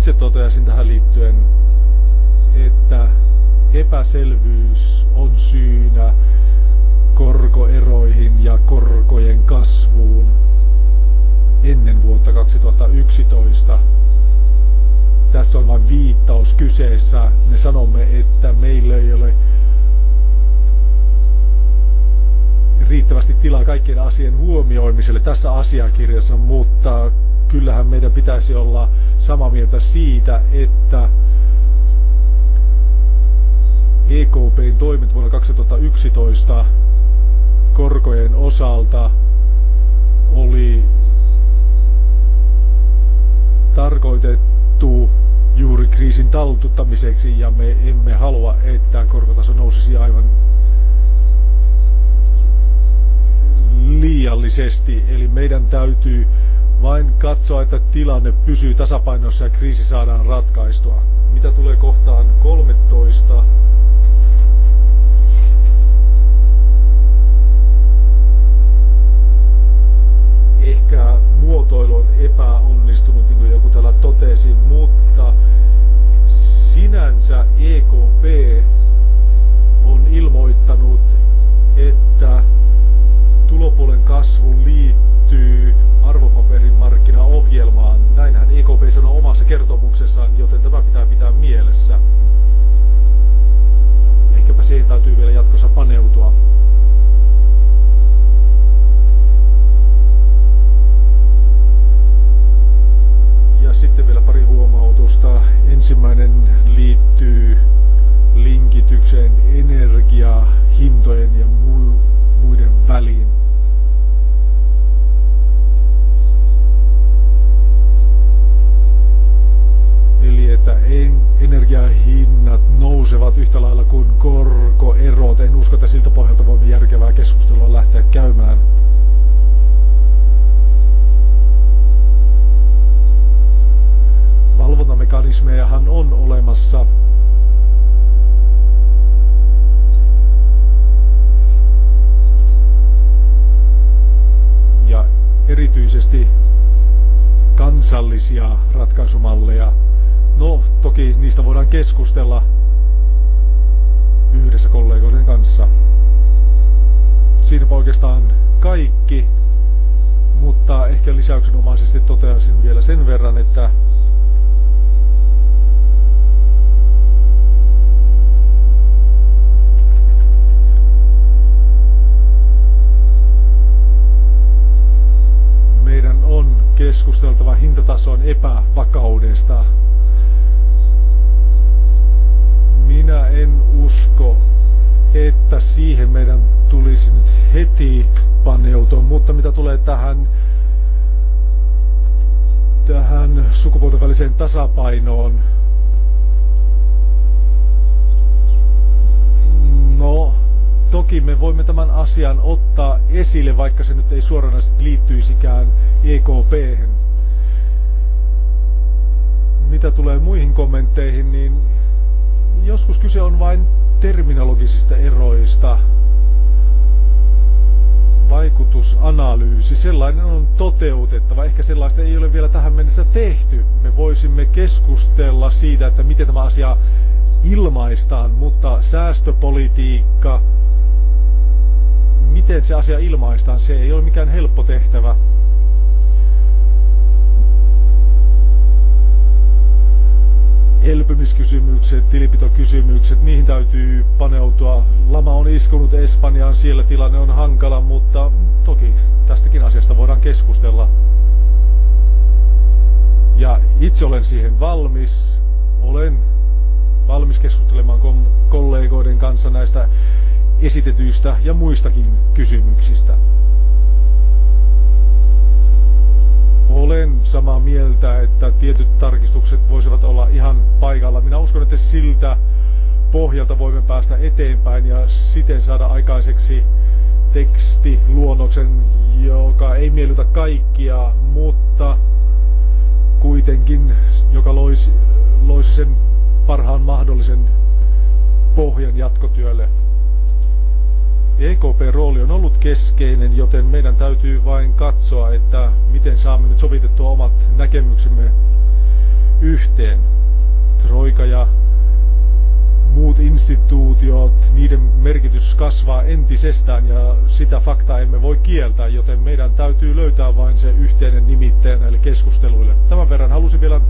Itse toteaisin tähän liittyen, että epäselvyys on syynä korkoeroihin ja korkojen kasvuun ennen vuotta 2011. Tässä on vain viittaus kyseessä. Me sanomme, että meillä ei ole riittävästi tilaa kaikkien asian huomioimiselle tässä asiakirjassa, mutta kyllähän meidän pitäisi olla samaa mieltä siitä, että EKPn toimet vuonna 2011 korkojen osalta oli tarkoitettu juuri kriisin taltuttamiseksi ja me emme halua, että korkotaso nousisi aivan liiallisesti. Eli meidän täytyy vain katsoa, että tilanne pysyy tasapainossa ja kriisi saadaan ratkaistua. Mitä tulee kohtaan 13? Ehkä muotoilu on epäonnistunut, niin kuin joku täällä totesi, mutta sinänsä EKP on ilmoittanut, että tulopuolen kasvu liittyy arvopaperimarkkinaohjelmaan. Näinhän EKP sanoo omassa kertomuksessaan, joten tämä pitää pitää mielessä. Ehkäpä siihen täytyy vielä jatkossa paneutua. Ja sitten vielä pari huomautusta. Ensimmäinen liittyy linkitykseen energiahintojen ja muiden väliin. eli että e- energiahinnat nousevat yhtä lailla kuin korkoerot. En usko, että siltä pohjalta voimme järkevää keskustelua lähteä käymään. Valvontamekanismejahan on olemassa. Ja erityisesti kansallisia ratkaisumalleja No, toki niistä voidaan keskustella yhdessä kollegoiden kanssa. Siinäpä oikeastaan kaikki, mutta ehkä lisäyksenomaisesti toteaisin vielä sen verran, että meidän on keskusteltava hintatason epävakaudesta minä en usko, että siihen meidän tulisi nyt heti paneutua, mutta mitä tulee tähän tähän sukupuolten väliseen tasapainoon. No, toki me voimme tämän asian ottaa esille, vaikka se nyt ei suoranaisesti liittyisikään ekp -hän. Mitä tulee muihin kommentteihin, niin Joskus kyse on vain terminologisista eroista. Vaikutusanalyysi, sellainen on toteutettava. Ehkä sellaista ei ole vielä tähän mennessä tehty. Me voisimme keskustella siitä, että miten tämä asia ilmaistaan, mutta säästöpolitiikka, miten se asia ilmaistaan, se ei ole mikään helppo tehtävä. elpymiskysymykset, tilipitokysymykset, niihin täytyy paneutua. Lama on iskunut Espanjaan, siellä tilanne on hankala, mutta toki tästäkin asiasta voidaan keskustella. Ja itse olen siihen valmis. Olen valmis keskustelemaan kollegoiden kanssa näistä esitetyistä ja muistakin kysymyksistä. Olen samaa mieltä, että tietyt tarkistukset voisivat olla ihan paikalla. Minä uskon, että siltä pohjalta voimme päästä eteenpäin ja siten saada aikaiseksi tekstiluonnoksen, joka ei miellytä kaikkia, mutta kuitenkin, joka loisi, loisi sen parhaan mahdollisen pohjan jatkotyölle. EKPn rooli on ollut keskeinen, joten meidän täytyy vain katsoa, että miten saamme nyt sovitettua omat näkemyksemme yhteen. Troika ja muut instituutiot, niiden merkitys kasvaa entisestään ja sitä faktaa emme voi kieltää, joten meidän täytyy löytää vain se yhteinen nimittäjä näille keskusteluille. Tämän verran halusin vielä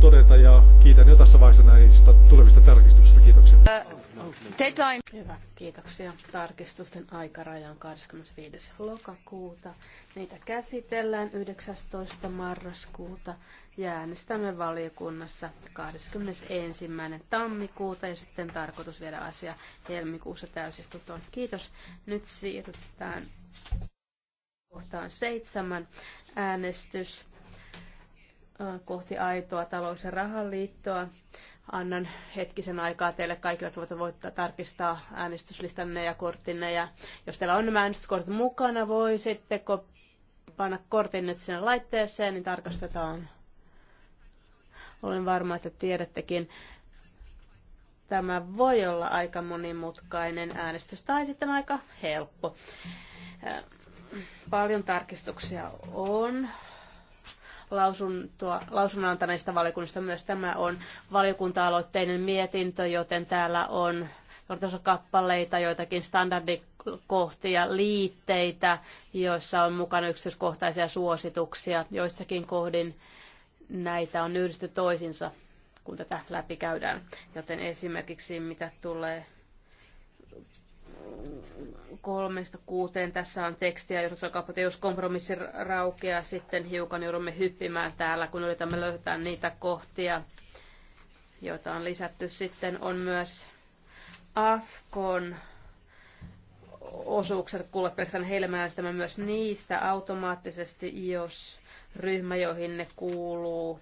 todeta ja kiitän jo tässä vaiheessa näistä tulevista tarkistuksista. Kiitoksia. Deadline. Hyvä, kiitoksia. Tarkistusten aikaraja on 25. lokakuuta. Niitä käsitellään 19. marraskuuta ja äänestämme valiokunnassa 21. tammikuuta ja sitten tarkoitus viedä asia helmikuussa täysistuntoon. Kiitos. Nyt siirrytään kohtaan seitsemän äänestys äh, kohti aitoa talous- ja rahaliittoa. Annan hetkisen aikaa teille kaikille, että voitte tarkistaa äänestyslistanne ja korttinne. Ja jos teillä on nämä äänestyskortit mukana, voisitteko panna kortin nyt sinne laitteeseen, niin tarkastetaan. Olen varma, että tiedättekin. Tämä voi olla aika monimutkainen äänestys tai sitten aika helppo. Paljon tarkistuksia on lausuntoa, lausunnon valiokunnista. Myös tämä on valiokunta-aloitteinen mietintö, joten täällä on kappaleita, joitakin standardikohtia, liitteitä, joissa on mukana yksityiskohtaisia suosituksia. Joissakin kohdin näitä on yhdistetty toisinsa, kun tätä läpi käydään. Joten esimerkiksi mitä tulee kolmesta kuuteen tässä on tekstiä, jossa kappate, jos kompromissi raukeaa, sitten hiukan joudumme hyppimään täällä, kun yritämme löytää niitä kohtia, joita on lisätty. Sitten on myös Afkon osuukset kuuluvat pelkästään heille myös niistä automaattisesti, jos ryhmä, joihin ne kuuluu,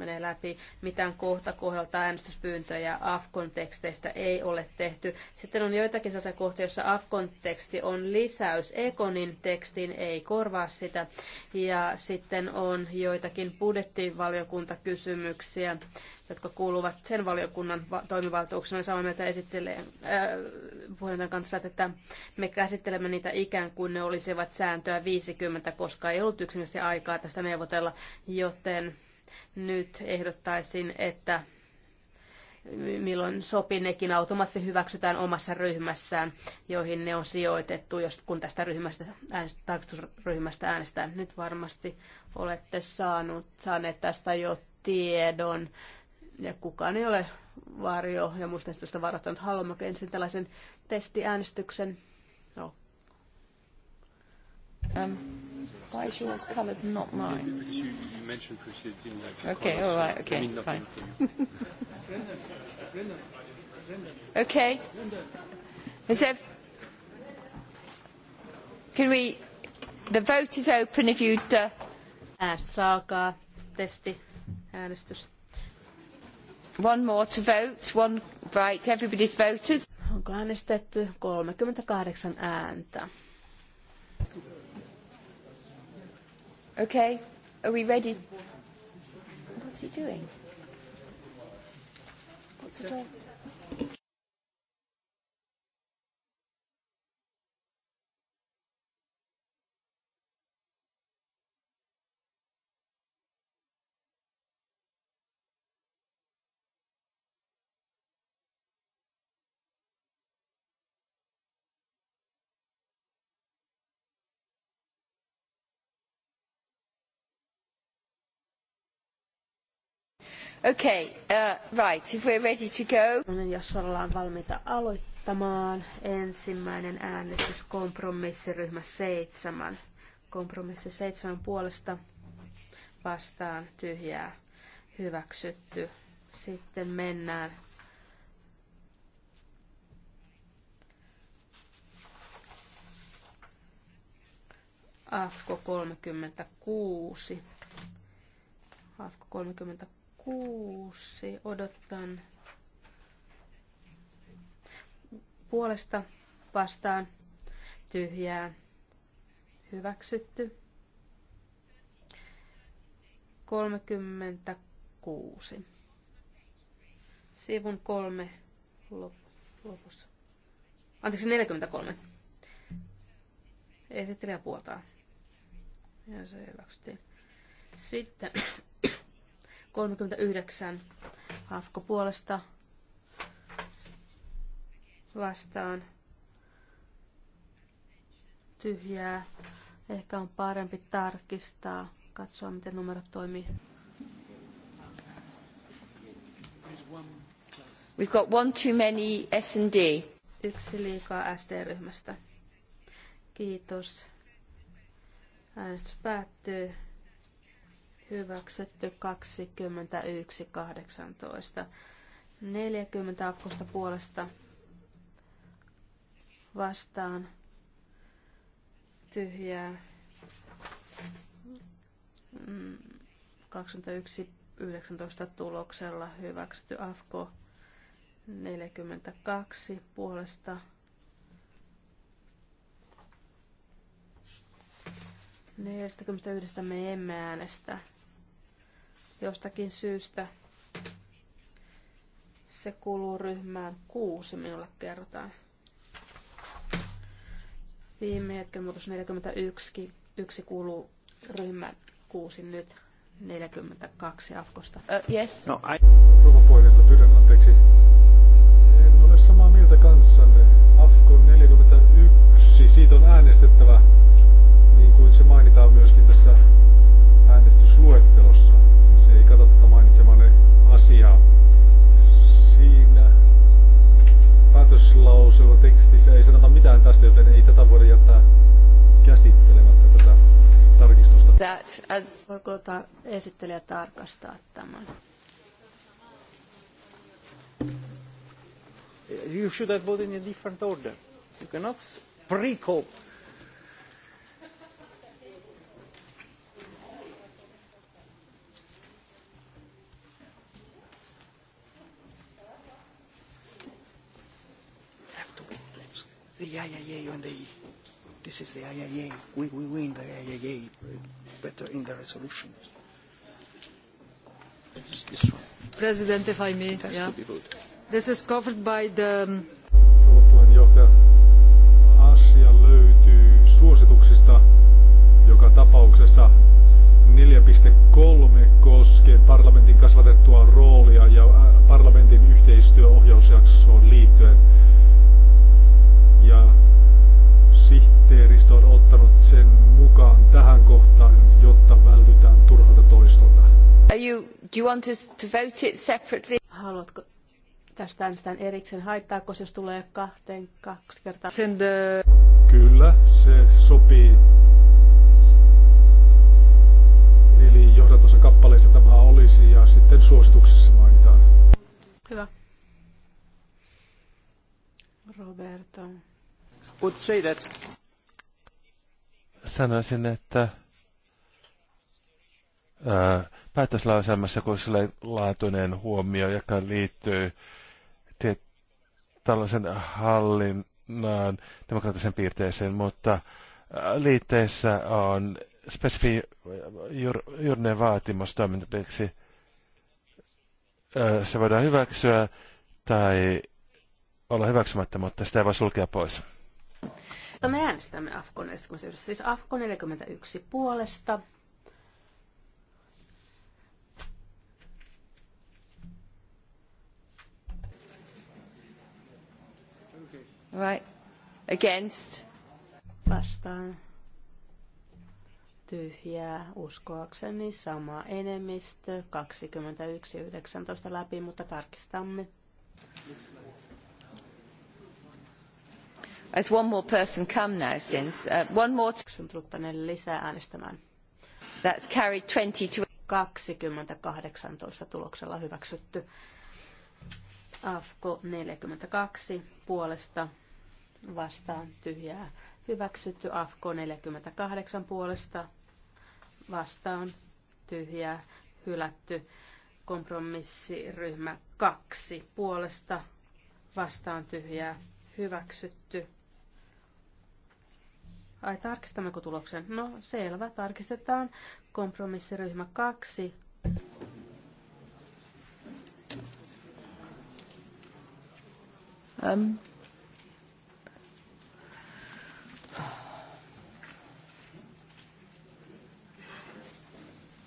menee läpi. Mitään kohta kohdalta äänestyspyyntöjä Afkon teksteistä ei ole tehty. Sitten on joitakin sellaisia kohtia, joissa Afkon teksti on lisäys Ekonin tekstiin, ei korvaa sitä. Ja sitten on joitakin budjettivaliokuntakysymyksiä, jotka kuuluvat sen valiokunnan toimivaltuuksena. Olen samaa mieltä esittelen äh, puheenjohtajan kanssa, että me käsittelemme niitä ikään kuin ne olisivat sääntöä 50, koska ei ollut yksinkertaisesti aikaa tästä neuvotella, joten nyt ehdottaisin, että milloin sopii nekin automaattisesti hyväksytään omassa ryhmässään, joihin ne on sijoitettu, jos, kun tästä ryhmästä, äänest, tarkastusryhmästä äänestää. Nyt varmasti olette saanut, saaneet tästä jo tiedon, ja kukaan ei ole varjo ja muista esitystä varoittanut. Haluammeko ensin tällaisen testiäänestyksen? No. Um. Why is yours coloured, not mine? Because you, you mentioned Prussia didn't actually Okay, all right, okay, fine. okay. Is there, can we, the vote is open if you'd... Uh... Äänestys alkaa, testi, äänestys. One more to vote, one right, everybody's voted. Onko äänestetty 38 ääntä? Okay, are we ready? What's he doing? What's the dog? Okay, uh, right, if we're ready to go. No niin, jos ollaan valmiita aloittamaan, ensimmäinen äänestys kompromissiryhmä seitsemän. Kompromissi seitsemän puolesta vastaan tyhjää hyväksytty. Sitten mennään AFKO 36. AFKO 36 kuusi odotan puolesta vastaan tyhjää hyväksytty. 36. Sivun kolme lopussa. Anteeksi, 43. Esittelijä puoltaa. Ja se hyväksyttiin. Sitten 39 Hafko puolesta vastaan tyhjää. Ehkä on parempi tarkistaa, katsoa miten numerot toimii. We've got one too many S&D. Yksi liikaa SD-ryhmästä. Kiitos. Äänestys päättyy hyväksytty 21.18. 40 akkosta puolesta vastaan tyhjää 21.19 mm, tuloksella hyväksytty AFKO 42 puolesta Neljästäkymmenestä yhdestä me emme äänestä jostakin syystä se kuuluu ryhmään kuusi, minulle kerrotaan. Viime hetken muutos 41, yksi kuuluu ryhmään kuusi nyt. 42 Afkosta. Uh, yes. No, I... Rouva puheenjohtaja, pyydän anteeksi. En ole samaa mieltä kanssanne. Afko 41, siitä on äänestettävä. that. And... Uh, Voiko ta- esittelijä tarkastaa tämän? Uh, you should have voted in a different order. You cannot pre-call. The IIA on the This is the IIA. We, we win the IIA uh, better in the resolution. President, if I may. yeah. to be voted. This is covered by the... Um, asia löytyy suosituksista, joka tapauksessa 4.3 koskee parlamentin kasvatettua roolia ja parlamentin yhteistyöohjausjaksoon liittyen. Ja sihteeristö on ottanut sen mukaan tähän kohtaan, jotta vältytään turhalta toistolta. Are you, do you want us to vote it separately? Haluatko tästä äänestään erikseen? Haittaako se, jos tulee kahteen kaksi kertaa? the... Äh, Kyllä, se sopii. Eli johdatossa kappaleessa tämä olisi ja sitten suosituksessa mainitaan. Hyvä. Roberto. Would say that sanoisin, että päätöslauselmassa kun laatuinen huomio, joka liittyy tällaisen hallinnan demokraattisen piirteeseen, mutta liitteessä on spesifi juurinen vaatimus toimintapiksi. Se voidaan hyväksyä tai olla hyväksymättä, mutta sitä ei voi sulkea pois. Mutta me äänestämme AFKO 41, siis AFKO 41 puolesta. Right. Against. Vastaan. Tyhjää, uskoakseni sama enemmistö, 21-19 läpi, mutta tarkistamme. There's one more person come now since. Uh, one more. On tullut tänne lisää äänestämään. That's carried 20 to... 2018 tuloksella hyväksytty. AFKO 42 puolesta vastaan tyhjää hyväksytty. AFKO 48 puolesta vastaan tyhjää hylätty. Kompromissiryhmä 2 puolesta vastaan tyhjää hyväksytty. Ai tarkistammeko tuloksen? No selvä, tarkistetaan. Kompromissiryhmä 2. Um.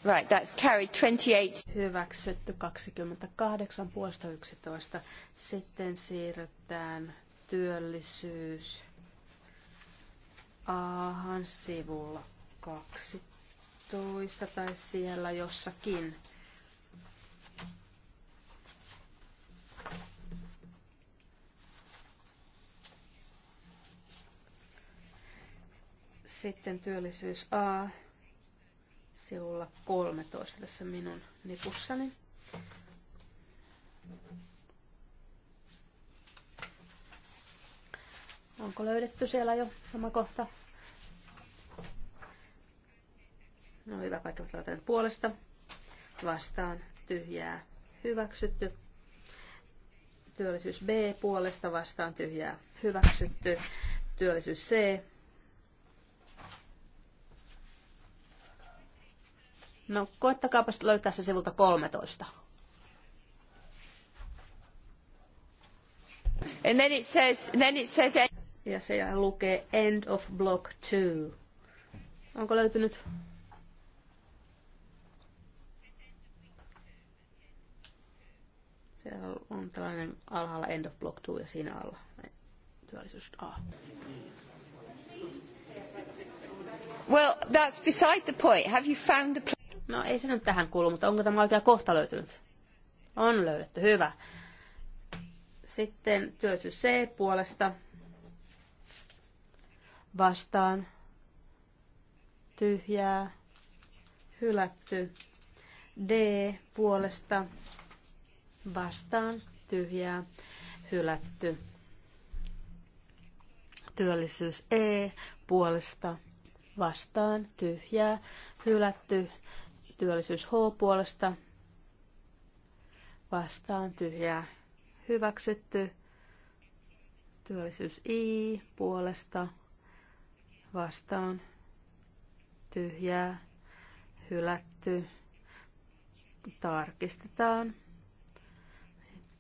Right, that's carried 28. Hyväksytty 28 puolesta 11. Sitten siirrytään työllisyys Ahan sivulla 12 tai siellä jossakin. Sitten työllisyys A sivulla 13 tässä minun nipussani. Onko löydetty siellä jo sama kohta? No hyvä, kaikki ovat puolesta. Vastaan tyhjää hyväksytty. Työllisyys B puolesta vastaan tyhjää hyväksytty. Työllisyys C. No koettakaapa löytää se sivulta 13. And then it says, then it says ja se lukee End of Block 2. Onko löytynyt? Siellä on tällainen alhaalla End of Block 2 ja siinä alla työllisyys A. Well, that's beside the point. Have you found the place? No ei se nyt tähän kuulu, mutta onko tämä oikea kohta löytynyt? On löydetty, hyvä. Sitten työllisyys C puolesta vastaan tyhjää hylätty. D puolesta vastaan tyhjää hylätty. Työllisyys E puolesta vastaan tyhjää hylätty. Työllisyys H puolesta vastaan tyhjää hyväksytty. Työllisyys I puolesta vastaan tyhjää hylätty. Tarkistetaan.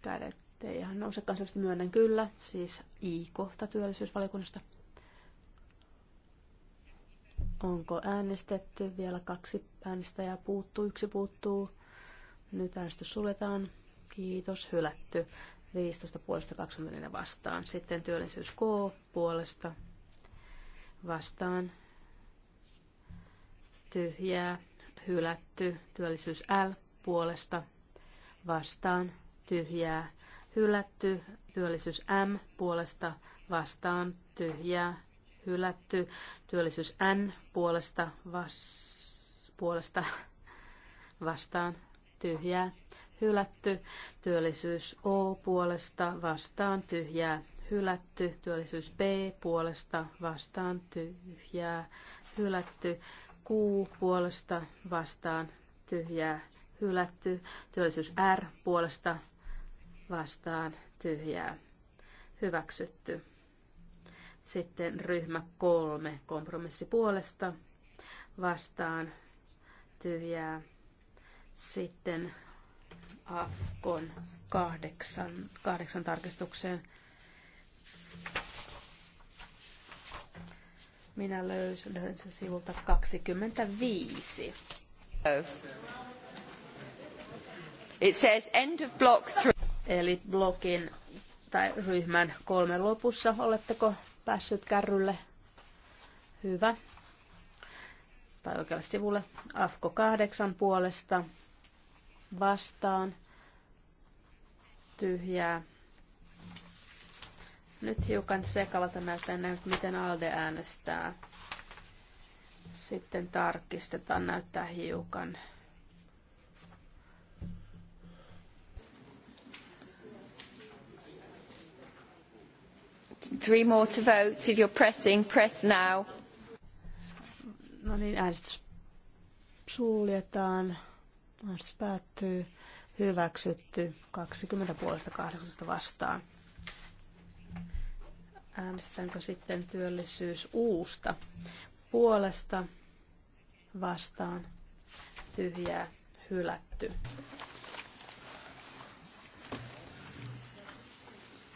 Kädet ei ihan nouse kansallisesti myönnän kyllä, siis I-kohta työllisyysvaliokunnasta. Onko äänestetty? Vielä kaksi äänestäjää puuttuu, yksi puuttuu. Nyt äänestys suljetaan. Kiitos, hylätty. 15 puolesta 24 vastaan. Sitten työllisyys K puolesta vastaan tyhjää, hylätty, työllisyys L puolesta vastaan tyhjää, hylätty, työllisyys M puolesta vastaan tyhjää, hylätty, työllisyys N puolesta, vas, puolesta vastaan tyhjää, hylätty, työllisyys O puolesta vastaan tyhjää, hylätty, työllisyys B puolesta vastaan tyhjää, hylätty, Q puolesta vastaan tyhjää, hylätty, työllisyys R puolesta vastaan tyhjää, hyväksytty. Sitten ryhmä kolme, kompromissi puolesta vastaan tyhjää. Sitten Afkon kahdeksan, kahdeksan tarkistukseen Minä löysin sen sivulta 25. It says end of block three. Eli blokin tai ryhmän kolmen lopussa. Oletteko päässyt kärrylle? Hyvä. Tai oikealle sivulle. Afko 8 puolesta vastaan. Tyhjää nyt hiukan sekavalta näyttää nyt, miten ALDE äänestää. Sitten tarkistetaan, näyttää hiukan. Three more to vote. If you're pressing, press now. No niin, äänestys suljetaan. Äänestys päättyy. Hyväksytty 20 puolesta 8 vastaan äänestänkö sitten työllisyys uusta puolesta vastaan tyhjää hylätty.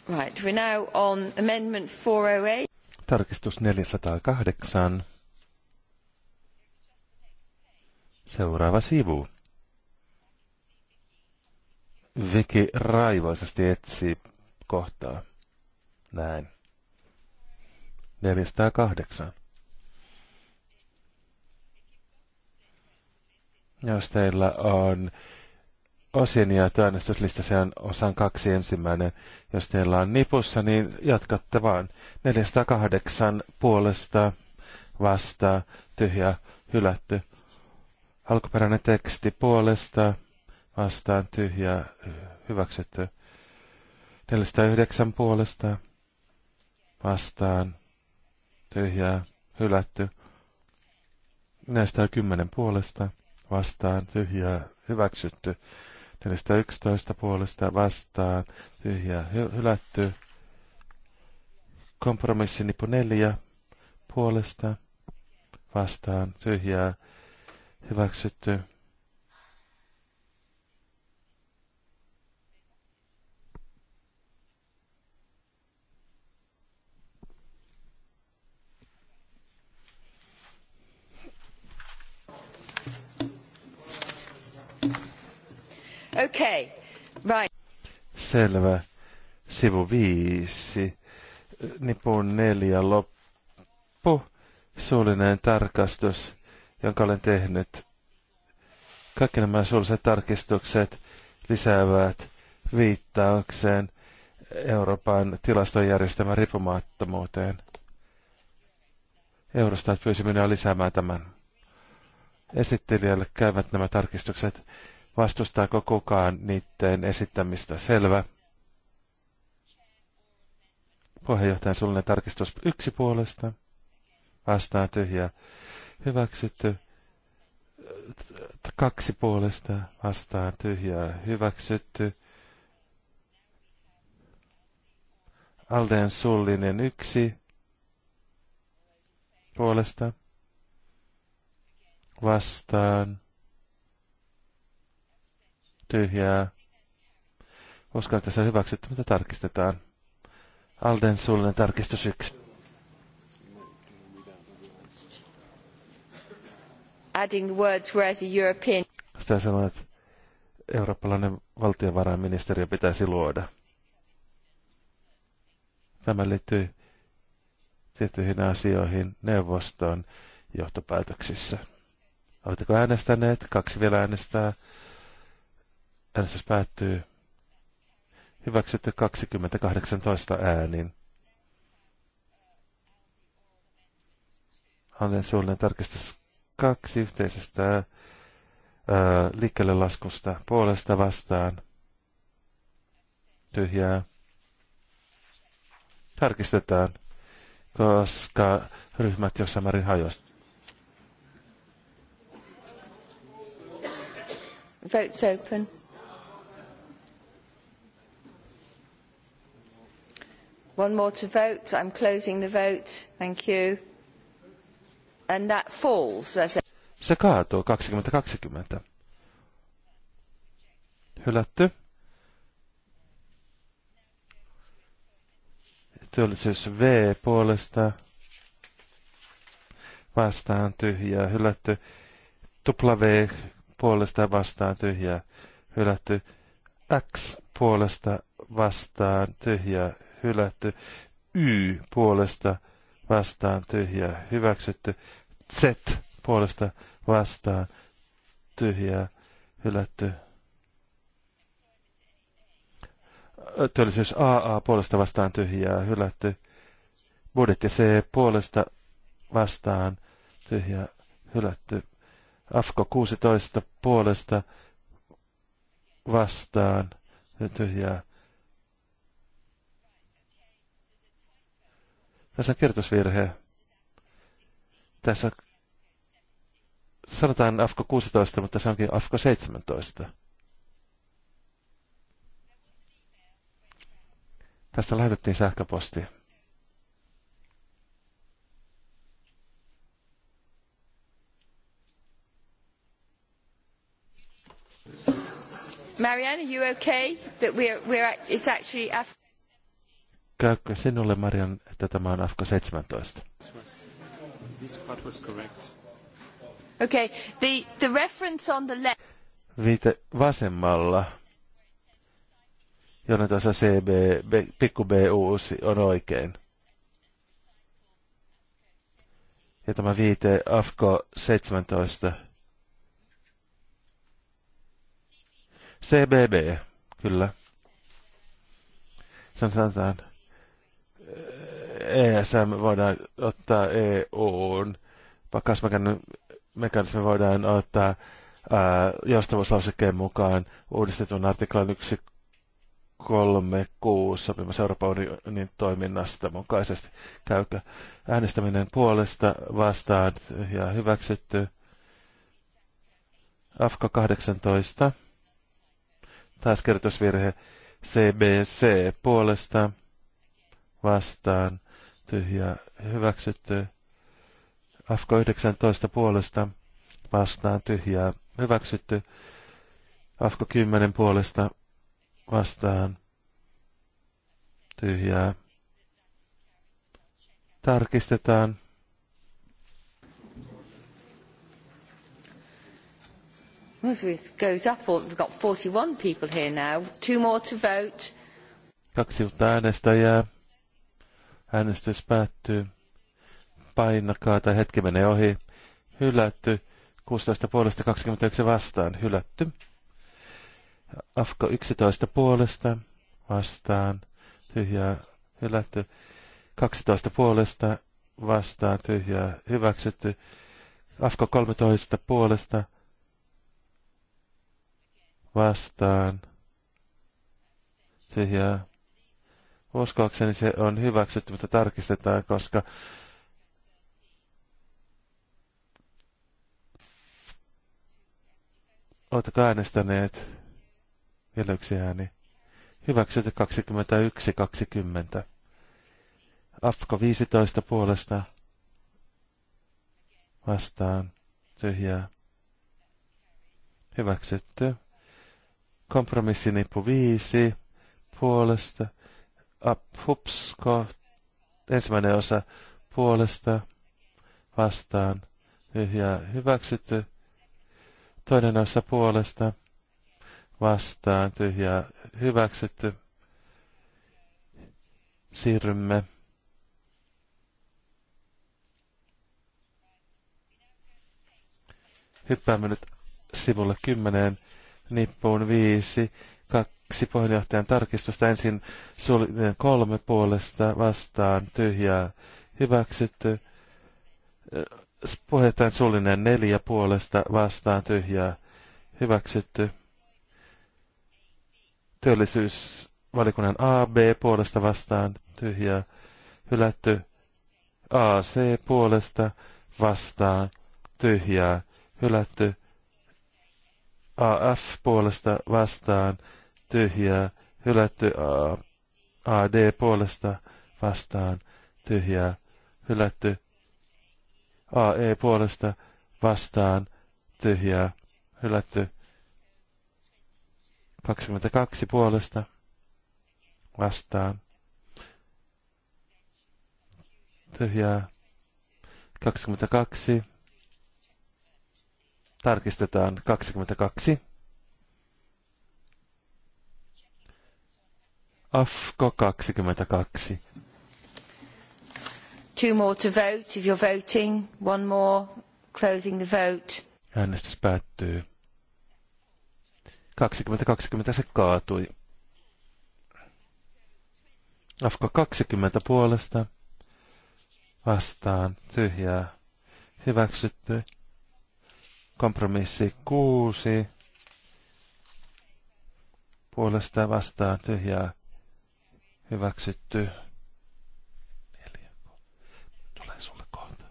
Right, we're now on amendment 408. Tarkistus 408. Seuraava sivu. Viki raivoisesti etsii kohtaa. Näin. 408. Jos teillä on osin ja äänestyslista, se on osan kaksi ensimmäinen. Jos teillä on nipussa, niin jatkatte vaan. 408 puolesta vasta tyhjä hylätty. Alkuperäinen teksti puolesta vastaan tyhjä hyväksytty. 409 puolesta vastaan tyhjää, hylätty. kymmenen puolesta vastaan, tyhjää, hyväksytty. yksitoista puolesta vastaan, tyhjää, hy- hylätty. Kompromissinippu neljä puolesta vastaan, tyhjää, hyväksytty. Okay. Right. Selvä. Sivu viisi. Nipun neljä loppu. Suullinen tarkastus, jonka olen tehnyt. Kaikki nämä suulliset tarkistukset lisäävät viittaukseen Euroopan tilastojärjestelmän riippumattomuuteen. Eurostat pyysi minua lisäämään tämän. Esittelijälle käyvät nämä tarkistukset Vastustaako kukaan niiden esittämistä? Selvä. Puheenjohtajan sulle tarkistus yksi puolesta. vastaa tyhjää. Hyväksytty. Kaksi puolesta. vastaa tyhjää. Hyväksytty. Alden sullinen yksi puolesta vastaan tyhjää. koska että se hyväksytty, mitä tarkistetaan. Alden suullinen tarkistus yksi. Adding words whereas a European... Sitä sanoo, että eurooppalainen valtiovarainministeriö pitäisi luoda. Tämä liittyy tiettyihin asioihin neuvoston johtopäätöksissä. Oletteko äänestäneet? Kaksi vielä äänestää. Äänestys päättyy. Hyväksytty 2018 äänin. Hanlen suullinen tarkistus kaksi yhteisestä ää, liikkeelle laskusta puolesta vastaan. Tyhjää. Tarkistetaan, koska ryhmät jossain määrin hajosivat. Votes open. One more to vote. I'm closing the vote. Thank you. And that falls. As a... Se kaatuu 2020. Hylätty. Työllisyys V puolesta. Vastaan tyhjää. Hylätty. Tupla V puolesta vastaan tyhjää. Hylätty. X puolesta vastaan tyhjää hylätty. Y puolesta vastaan tyhjää hyväksytty. Z puolesta vastaan tyhjää hylätty. Työllisyys AA puolesta vastaan tyhjää hylätty. Budjetti C puolesta vastaan tyhjää hylätty. Afko 16 puolesta vastaan tyhjää Tässä on kirjoitusvirhe. Tässä sanotaan AFKO 16, mutta se onkin AFKO 17. Tästä lähetettiin sähköposti. Marianne, are you okay that we're, we're, at, it's actually Af Käykö sinulle, Marian, että tämä on AFKA 17? Okay, the, the reference on the left. Viite vasemmalla, jonne tuossa CB, B, pikku B uusi on oikein. Ja tämä viite AFKO 17. CBB, kyllä. on sanotaan ESM voidaan ottaa EUn, mekanismi voidaan ottaa ää, joustavuuslausekkeen mukaan uudistetun artiklan 136 kolme sopimus Euroopan unionin toiminnasta mukaisesti. Käykö äänestäminen puolesta vastaan ja hyväksytty? AFKA 18. Taas kertosvirhe CBC puolesta vastaan tyhjä. hyväksytty. f 19 puolesta vastaan tyhjää hyväksytty. f 10 puolesta vastaan tyhjää. Tarkistetaan. Muswith goes up. We've got 41 people here now. Two more to vote. Kaksi uutta äänestäjää. Äänestys päättyy. Painakaa tai hetki menee ohi. Hylätty. 16 puolesta 21 vastaan. Hylätty. Afko 11 puolesta vastaan. Tyhjää. Hylätty. 12 puolesta vastaan. Tyhjää. Hyväksytty. Afko 13 puolesta vastaan. Tyhjää Uskoakseni se on hyväksytty, mutta tarkistetaan, koska Oletko äänestäneet? Vielä yksi ääni. Hyväksytty 21-20. Afko 15 puolesta. Vastaan. Tyhjää. Hyväksytty. Kompromissinippu 5 puolesta Abhupsko, ensimmäinen osa puolesta vastaan, tyhjää hyväksytty. Toinen osa puolesta vastaan, tyhjää hyväksytty. Siirrymme. Hyppäämme nyt sivulle 10, nippuun 5, 2, kaksi puheenjohtajan tarkistusta. Ensin suullinen kolme puolesta vastaan tyhjää hyväksytty. Puheenjohtajan suullinen neljä puolesta vastaan tyhjää hyväksytty. Työllisyysvalikunnan AB puolesta vastaan tyhjää hylätty. AC puolesta vastaan tyhjää hylätty. AF puolesta vastaan tyhjää tyhjää, hylätty A, AD puolesta vastaan, tyhjää, hylätty AE puolesta vastaan, tyhjää, hylätty 22 puolesta vastaan, tyhjää, 22, tarkistetaan 22. AFKO 22. Two more to vote if you're voting. One more. Closing the vote. Äänestys päättyy. 2020 se kaatui. Afko 20 puolesta vastaan tyhjää hyväksytty. Kompromissi 6 puolesta vastaan tyhjää Hyväksytty. Tulee sulle kohta.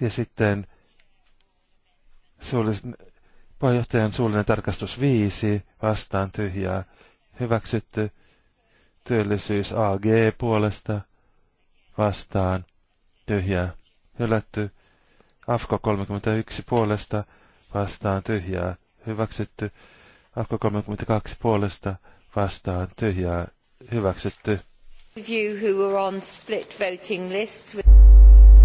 Ja sitten suullisen, puheenjohtajan suullinen tarkastus 5 vastaan tyhjää. Hyväksytty. Työllisyys AG puolesta vastaan tyhjää. Hylätty. AFKO 31 puolesta vastaan tyhjää. Hyväksytty. AFKO 32 puolesta vastaan tyhjää Hyväksytty.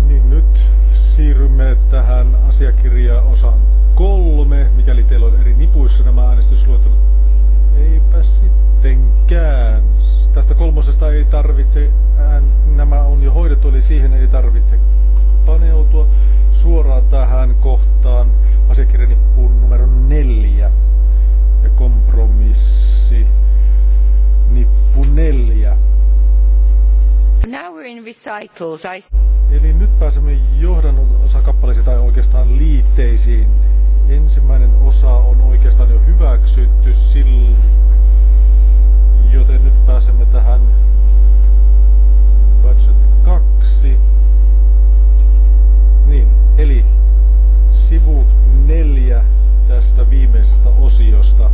Niin nyt siirrymme tähän asiakirjaosaan kolme, mikäli teillä on eri nipuissa nämä äänestysluettelot. Eipä sittenkään. Tästä kolmosesta ei tarvitse, ään, nämä on jo hoidettu, eli siihen ei tarvitse paneutua suoraan tähän kohtaan asiakirjanippuun numero neljä ja kompromissi Now we're in recitals. I... Eli nyt pääsemme johdannon osakappaleisiin tai oikeastaan liitteisiin. Ensimmäinen osa on oikeastaan jo hyväksytty sillä, joten nyt pääsemme tähän budget 2. Niin, eli sivu neljä tästä viimeisestä osiosta.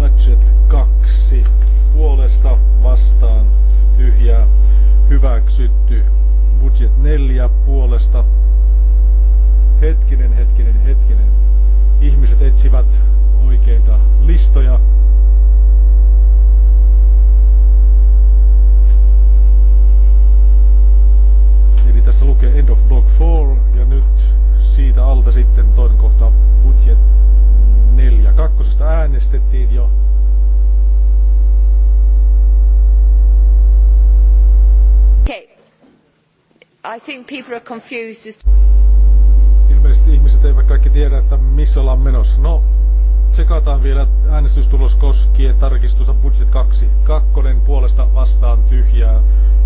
Ratchet 2 puolesta vastaan tyhjää hyväksytty. Budget 4 puolesta hetkinen, hetkinen, hetkinen. Ihmiset etsivät oikeita listoja. Eli tässä lukee End of Block 4 ja nyt siitä alta sitten toinen kohta budjet 4. Kakkosesta äänestettiin jo. Okay. I think people are confused. Ilmeisesti ihmiset eivät kaikki tiedä, että missä ollaan menossa. No, tsekataan vielä äänestystulos koskien tarkistusta budjet 2. Kakkonen puolesta vastaan tyhjää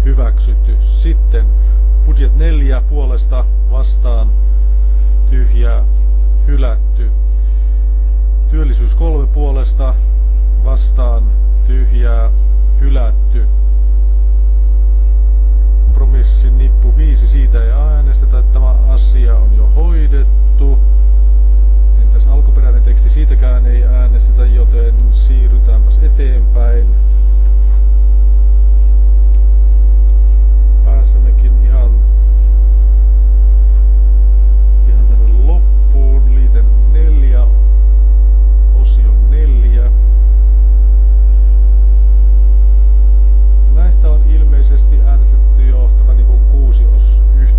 hyväksytty. Sitten budjet 4 puolesta vastaan tyhjää hylätty. Työllisyys kolme puolesta vastaan tyhjää hylätty. Promissi nippu viisi siitä ei äänestetä, tämä asia on jo hoidettu. Entäs alkuperäinen teksti, siitäkään ei äänestetä, joten siirrytäänpäs eteenpäin. Pääsemmekin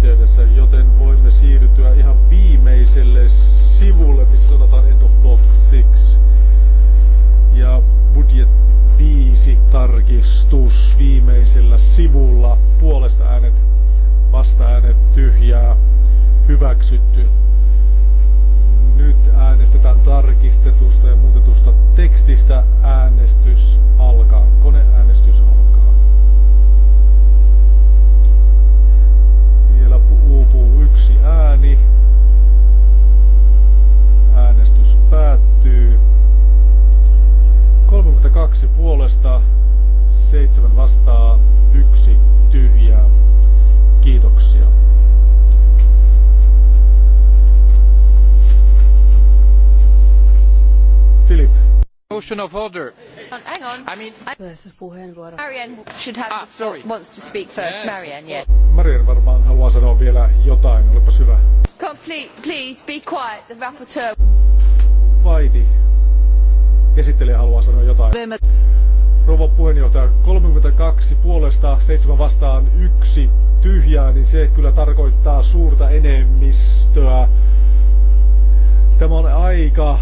yhteydessä, joten voimme siirtyä ihan viimeiselle sivulle, missä sanotaan End of Block 6 ja budjet 5 tarkistus viimeisellä sivulla. Puolesta äänet, vasta äänet, tyhjää, hyväksytty. Nyt äänestetään tarkistetusta ja muutetusta tekstistä. Äänestys alkaa. Koneäänestys. yksi ääni. Äänestys päättyy. 32 puolesta, 7 vastaa, yksi tyhjää. Kiitoksia. Filip motion of order. Oh, hang on. I mean... Marianne should have ah, the floor, wants to speak first. Yes. Marianne, yes. Marianne varmaan haluaa sanoa vielä jotain, olipa hyvä. Complete, please, be quiet, the rapporteur. Vaiti. Esittelijä haluaa sanoa jotain. Rouva puheenjohtaja, 32 puolesta, 7 vastaan, yksi tyhjää, niin se kyllä tarkoittaa suurta enemmistöä. Tämä on aika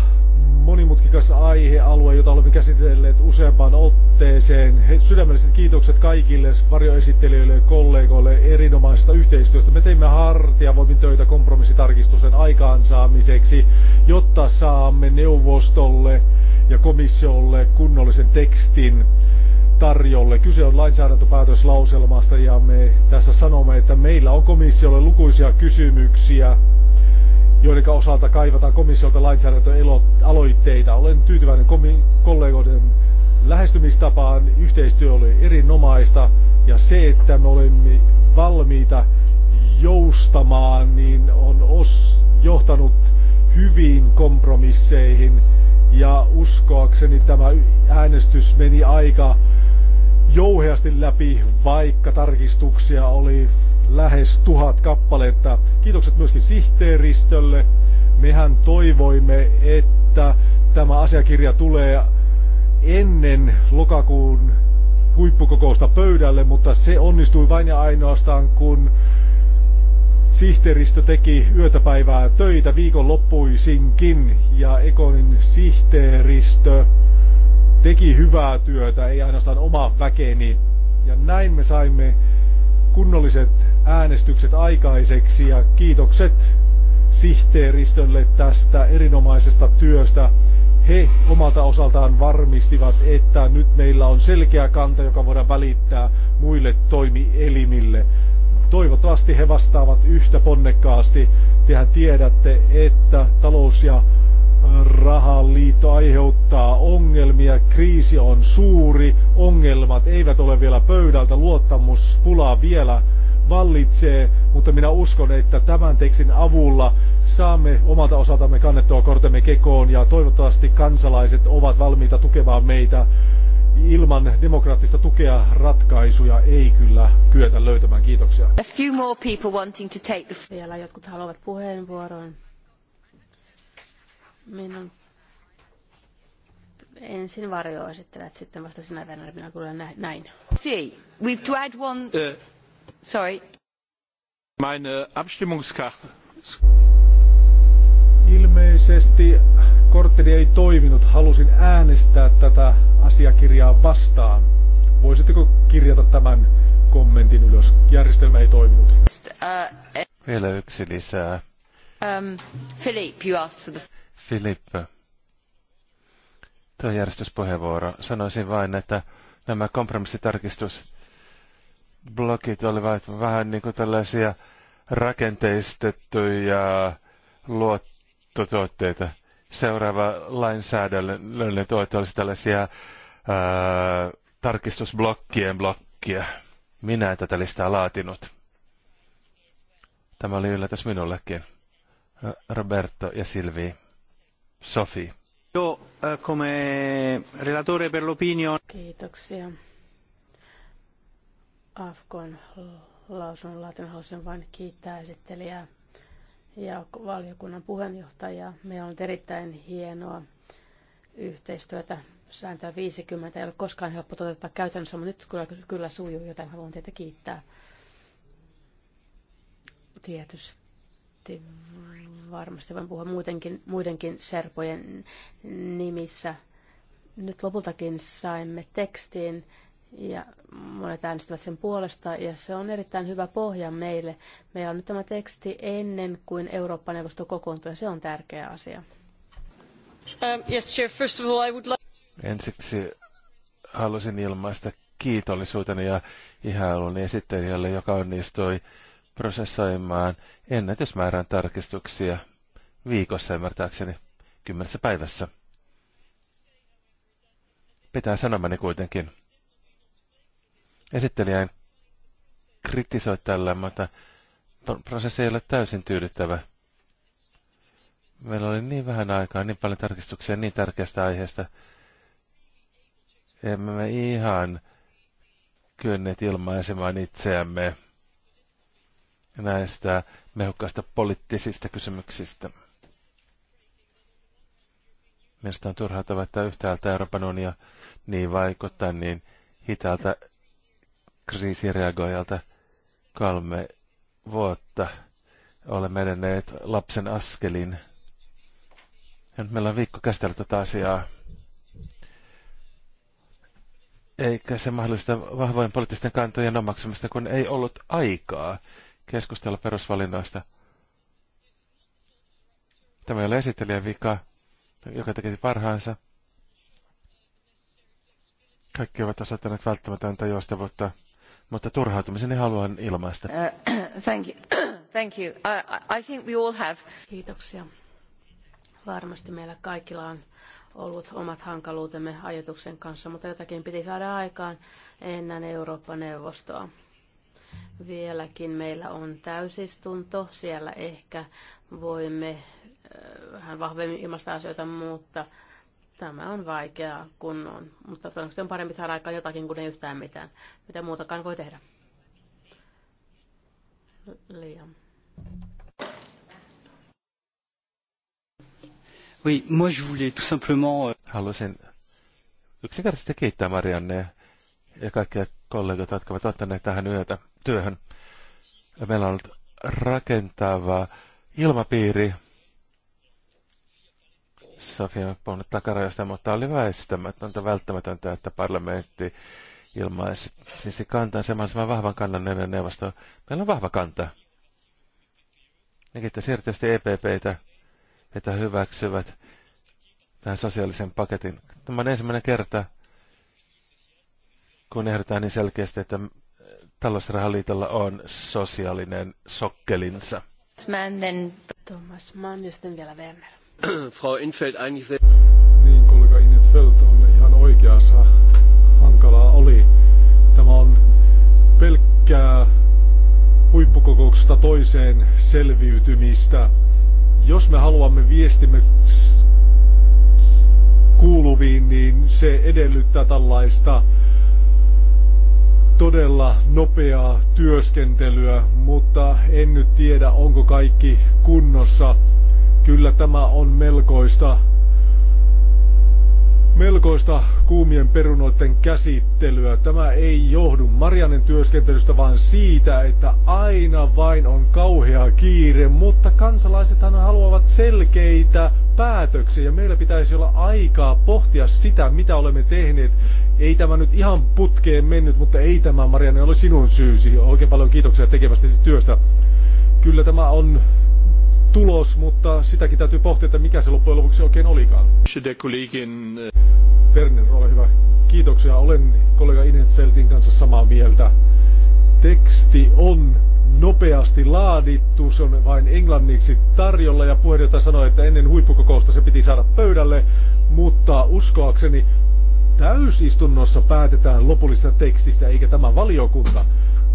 monimutkikas aihealue, jota olemme käsitelleet useampaan otteeseen. He, sydämelliset kiitokset kaikille varjoesittelijöille ja kollegoille erinomaisesta yhteistyöstä. Me teimme hartiavoimin töitä kompromissitarkistusten aikaansaamiseksi, jotta saamme neuvostolle ja komissiolle kunnollisen tekstin tarjolle. Kyse on lainsäädäntöpäätöslauselmasta ja me tässä sanomme, että meillä on komissiolle lukuisia kysymyksiä joiden osalta kaivataan komissiolta lainsäädäntöaloitteita. Olen tyytyväinen kollegoiden lähestymistapaan. Yhteistyö oli erinomaista ja se, että me olemme valmiita joustamaan, niin on os, johtanut hyviin kompromisseihin. Ja uskoakseni tämä äänestys meni aika jouheasti läpi, vaikka tarkistuksia oli lähes tuhat kappaletta. Kiitokset myöskin sihteeristölle. Mehän toivoimme, että tämä asiakirja tulee ennen lokakuun huippukokousta pöydälle, mutta se onnistui vain ja ainoastaan, kun sihteeristö teki yötäpäivää töitä viikonloppuisinkin ja Ekonin sihteeristö teki hyvää työtä, ei ainoastaan oma väkeni. Ja näin me saimme kunnolliset äänestykset aikaiseksi ja kiitokset sihteeristölle tästä erinomaisesta työstä. He omalta osaltaan varmistivat, että nyt meillä on selkeä kanta, joka voidaan välittää muille toimielimille. Toivottavasti he vastaavat yhtä ponnekkaasti. Tehän tiedätte, että talous- ja rahaliitto aiheuttaa ongelmia, kriisi on suuri, ongelmat eivät ole vielä pöydältä, luottamuspula vielä vallitsee, mutta minä uskon, että tämän tekstin avulla saamme omalta osaltamme kannettua kortemme kekoon ja toivottavasti kansalaiset ovat valmiita tukemaan meitä. Ilman demokraattista tukea ratkaisuja ei kyllä kyetä löytämään. Kiitoksia. A few more people wanting to take the... Vielä jotkut haluavat puheenvuoron. Minun ensin että sitten vasta sinä Werner, minä kuulen näin. See, we've tried one... Uh, Sorry. Meine Abstimmungskarte. Ilmeisesti korttini ei toiminut. Halusin äänestää tätä asiakirjaa vastaan. Voisitteko kirjata tämän kommentin ylös? Järjestelmä ei toiminut. Uh, Vielä yksi lisää. Um, Philippe, you asked for the... Filippo, tuo järjestyspuheenvuoro. Sanoisin vain, että nämä kompromissitarkistusblokit olivat vähän niin kuin tällaisia rakenteistettuja luottotuotteita. Seuraava lainsäädännöllinen tuote olisi tällaisia ää, tarkistusblokkien blokkia. Minä en tätä listaa laatinut. Tämä oli yllätys minullekin. Roberto ja Silvi. Sofi. Joo, eh, come Kiitoksia. Afkon lausunnon laatun halusin vain kiittää esittelijää ja valiokunnan puheenjohtajaa. Meillä on ollut erittäin hienoa yhteistyötä. Sääntöä 50 ei ole koskaan helppo toteuttaa käytännössä, mutta nyt kyllä, kyllä sujuu, joten haluan teitä kiittää. Tietysti varmasti voin puhua muutenkin, muidenkin serpojen nimissä. Nyt lopultakin saimme tekstiin ja monet äänestävät sen puolesta ja se on erittäin hyvä pohja meille. Meillä on nyt tämä teksti ennen kuin Eurooppa-neuvosto kokoontuu ja se on tärkeä asia. Um, yes, Chair, first of all, I would like... Ensiksi halusin ilmaista kiitollisuuteni ja ihailun esittelijälle, joka onnistui prosessoimaan ennätysmäärän tarkistuksia viikossa ymmärtääkseni kymmenessä päivässä. Pitää sanomani kuitenkin. Esittelijän kritisoi tällä, mutta prosessi ei ole täysin tyydyttävä. Meillä oli niin vähän aikaa, niin paljon tarkistuksia niin tärkeästä aiheesta. Emme me ihan kyenneet ilmaisemaan itseämme näistä mehukkaista poliittisista kysymyksistä. Mielestäni on turhaa tavata yhtäältä Euroopan unia niin vaikuttaa niin hitaalta kriisireagoijalta kolme vuotta. Olemme edenneet lapsen askelin. Ja nyt meillä on viikko käsitellä tätä asiaa. Eikä se mahdollista vahvojen poliittisten kantojen omaksumista, kun ei ollut aikaa keskustella perusvalinnoista. Tämä ei ole esittelijän vika, joka teki parhaansa. Kaikki ovat osoittaneet välttämätöntä joustavuutta, mutta turhautumiseni haluan ilmaista. Uh, thank you. thank you. I, think we all have. Kiitoksia. Varmasti meillä kaikilla on ollut omat hankaluutemme ajatuksen kanssa, mutta jotakin piti saada aikaan ennen Eurooppa-neuvostoa. Vieläkin meillä on täysistunto, siellä ehkä voimme äh, vähän vahvemmin ilmaista asioita, mutta tämä on vaikeaa, kun on. Mutta todennäköisesti on parempi saada aikaan jotakin kuin ei yhtään mitään. Mitä muutakaan voi tehdä? Liam. Oui, moi je voulais tout simplement... Euh, Haluaisin yksinkertaisesti kiittää Marianne ja kaikkia kollegoita, jotka ovat ottaneet tähän yötä työhön. Meillä on ollut rakentava ilmapiiri. Sofia on puhunut takarajasta, mutta oli väistämätöntä, välttämätöntä, että parlamentti ilmaisi siis kantaa mahdollisimman vahvan kannan ennen neuvostoa. Meillä on vahva kanta. Nekin kiittäisi erityisesti EPPtä, että hyväksyvät tämän sosiaalisen paketin. Tämä on ensimmäinen kerta, kun ehdotetaan niin selkeästi, että talousrahaliitolla on sosiaalinen sokkelinsa. Mann, then Thomas Mann ja sitten vielä Werner. Frau Infeld eigentlich se... Niin, kollega Infeld on ihan oikeassa. Hankalaa oli. Tämä on pelkkää huippukokouksesta toiseen selviytymistä. Jos me haluamme viestimme kuuluviin, niin se edellyttää tällaista todella nopeaa työskentelyä, mutta en nyt tiedä, onko kaikki kunnossa. Kyllä tämä on melkoista, melkoista kuumien perunoiden käsittelyä. Tämä ei johdu Marianen työskentelystä, vaan siitä, että aina vain on kauhea kiire, mutta kansalaisethan haluavat selkeitä päätöksiä ja meillä pitäisi olla aikaa pohtia sitä, mitä olemme tehneet. Ei tämä nyt ihan putkeen mennyt, mutta ei tämä, Marianne, ole sinun syysi. Oikein paljon kiitoksia tekemästäsi työstä. Kyllä tämä on tulos, mutta sitäkin täytyy pohtia, että mikä se loppujen lopuksi oikein olikaan. Uh, Werner, ole hyvä. Kiitoksia. Olen kollega Inetfeldin kanssa samaa mieltä. Teksti on nopeasti laadittu, se on vain englanniksi tarjolla ja puheenjohtaja sanoi, että ennen huippukokousta se piti saada pöydälle, mutta uskoakseni täysistunnossa päätetään lopullisesta tekstistä eikä tämä valiokunta.